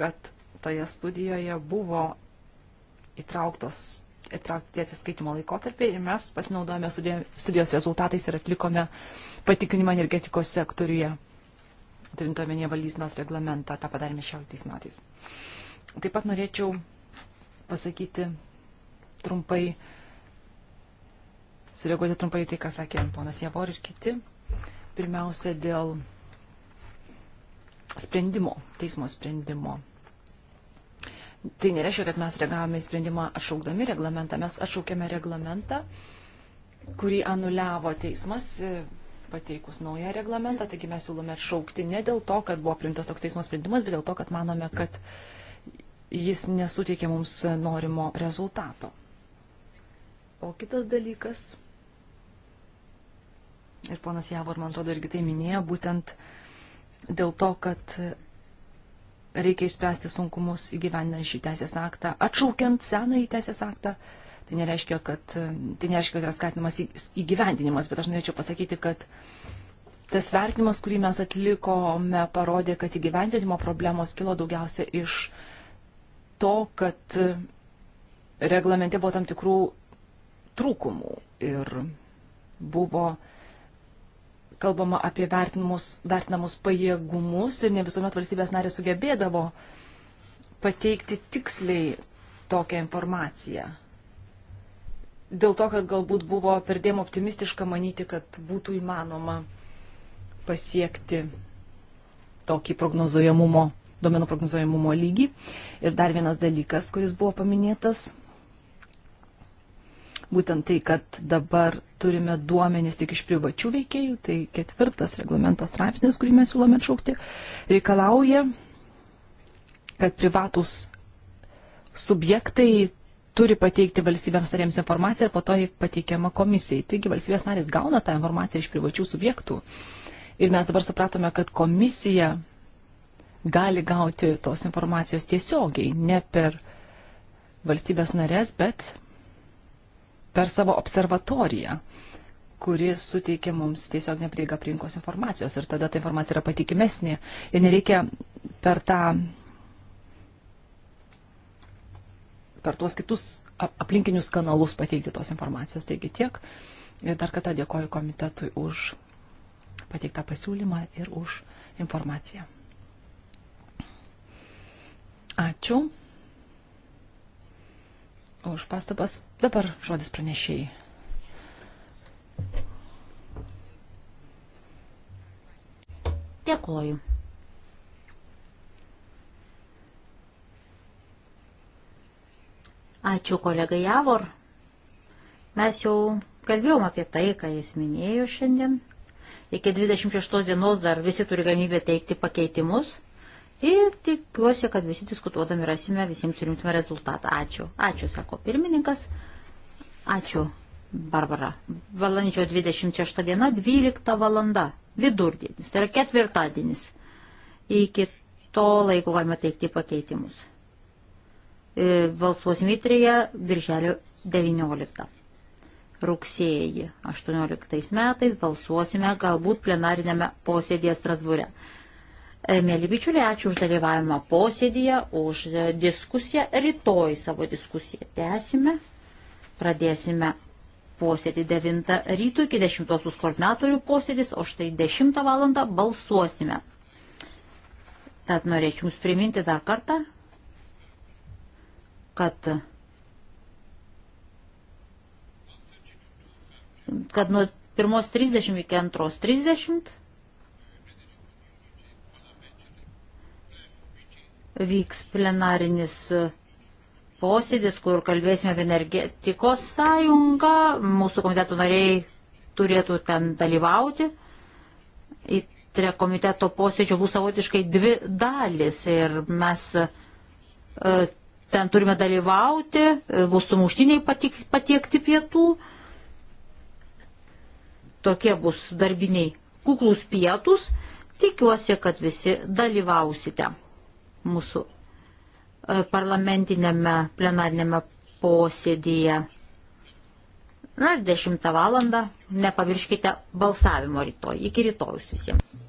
kad toje studijoje buvo įtrauktos įtraukti atsiskaitimo laikotarpį ir mes pasinaudojame studijos rezultatais ir atlikome patikrinimą energetikos sektoriuje, turint omenyje valdysinos reglamentą, tą padarėme 16 metais. Taip pat norėčiau pasakyti trumpai, sureaguoti trumpai tai, ką sakė ponas Javor ir kiti. Pirmiausia, dėl sprendimo, teismo sprendimo Tai nereiškia, kad mes reagavome į sprendimą atšaukdami reglamentą. Mes atšaukėme reglamentą, kurį anuliavo teismas e, pateikus naują reglamentą. Taigi mes siūlome atšaukti ne dėl to, kad buvo primtas toks teismo sprendimas, bet dėl to, kad manome, kad jis nesuteikė mums norimo rezultato. O kitas dalykas, ir ponas Javor, man atrodo, irgi tai minėjo, būtent dėl to, kad reikia išspręsti sunkumus įgyvendinant šį teisės aktą, atšaukiant senąjį teisės aktą. Tai nereiškia, kad tai nereiškia, kad yra skatinamas įgyvendinimas, bet aš norėčiau pasakyti, kad tas vertinimas, kurį mes atlikome, parodė, kad įgyvendinimo problemos kilo daugiausia iš to, kad reglamente buvo tam tikrų trūkumų ir buvo kalbama apie vertinamus, vertinamus pajėgumus ir ne visuomet valstybės narės sugebėdavo pateikti tiksliai tokią informaciją. Dėl to, kad galbūt buvo perdėm optimistiška manyti, kad būtų įmanoma pasiekti tokį prognozuojamumo, duomenų prognozuojamumo lygį. Ir dar vienas dalykas, kuris buvo paminėtas būtent tai, kad dabar turime duomenys tik iš privačių veikėjų, tai ketvirtas reglamentos straipsnis, kurį mes siūlome atšaukti, reikalauja, kad privatus subjektai turi pateikti valstybėms narėms informaciją ir po to jį pateikiama komisijai. Taigi valstybės narės gauna tą informaciją iš privačių subjektų. Ir mes dabar supratome, kad komisija gali gauti tos informacijos tiesiogiai, ne per valstybės narės, bet per savo observatoriją, kuri suteikia mums tiesiog neprieiga prie rinkos informacijos ir tada ta informacija yra patikimesnė ir nereikia per tą per tuos kitus aplinkinius kanalus pateikti tos informacijos. Taigi tiek. Ir dar kartą dėkoju komitetui už pateiktą pasiūlymą ir už informaciją. Ačiū už pastabas. Dabar žodis pranešėjai. Dėkoju. Ačiū kolegai Javor. Mes jau kalbėjom apie tai, ką jis minėjo šiandien. Iki 26 dienos dar visi turi galimybę teikti pakeitimus. Ir tikiuosi, kad visi diskutuodami rasime visiems surimtumą rezultatą. Ačiū. Ačiū, sako pirmininkas. Ačiū, Barbara. Valandžio 26 diena, 12 valanda. Vidurdienis, tai yra ketvirtadienis. Iki to laiko galima teikti pakeitimus. E, balsuosim įtrėje birželio 19 rugsėjį 18 metais balsuosime galbūt plenarinėme posėdėje Strasbūre. E, Mėly bičiuliai, ačiū už dalyvavimą posėdėje, už diskusiją. Rytoj savo diskusiją tęsime. Pradėsime posėdį 9 ryto iki 10 koordinatorių posėdis, o štai 10 val. balsuosime. Tad norėčiau Jums priminti dar kartą, kad, kad nuo 1.30 iki 2.30 vyks plenarinis posėdis, kur kalbėsime apie energetikos sąjungą. Mūsų komiteto nariai turėtų ten dalyvauti. Į tre komiteto posėdžio bus savotiškai dvi dalis ir mes e, ten turime dalyvauti, e, bus sumuštiniai patiekti pietų. Tokie bus darbiniai kuklus pietus. Tikiuosi, kad visi dalyvausite mūsų e, parlamentinėme plenarinėme posėdyje. Na ir 10 valandą nepamirškite balsavimo rytoj. Iki rytojus visiems.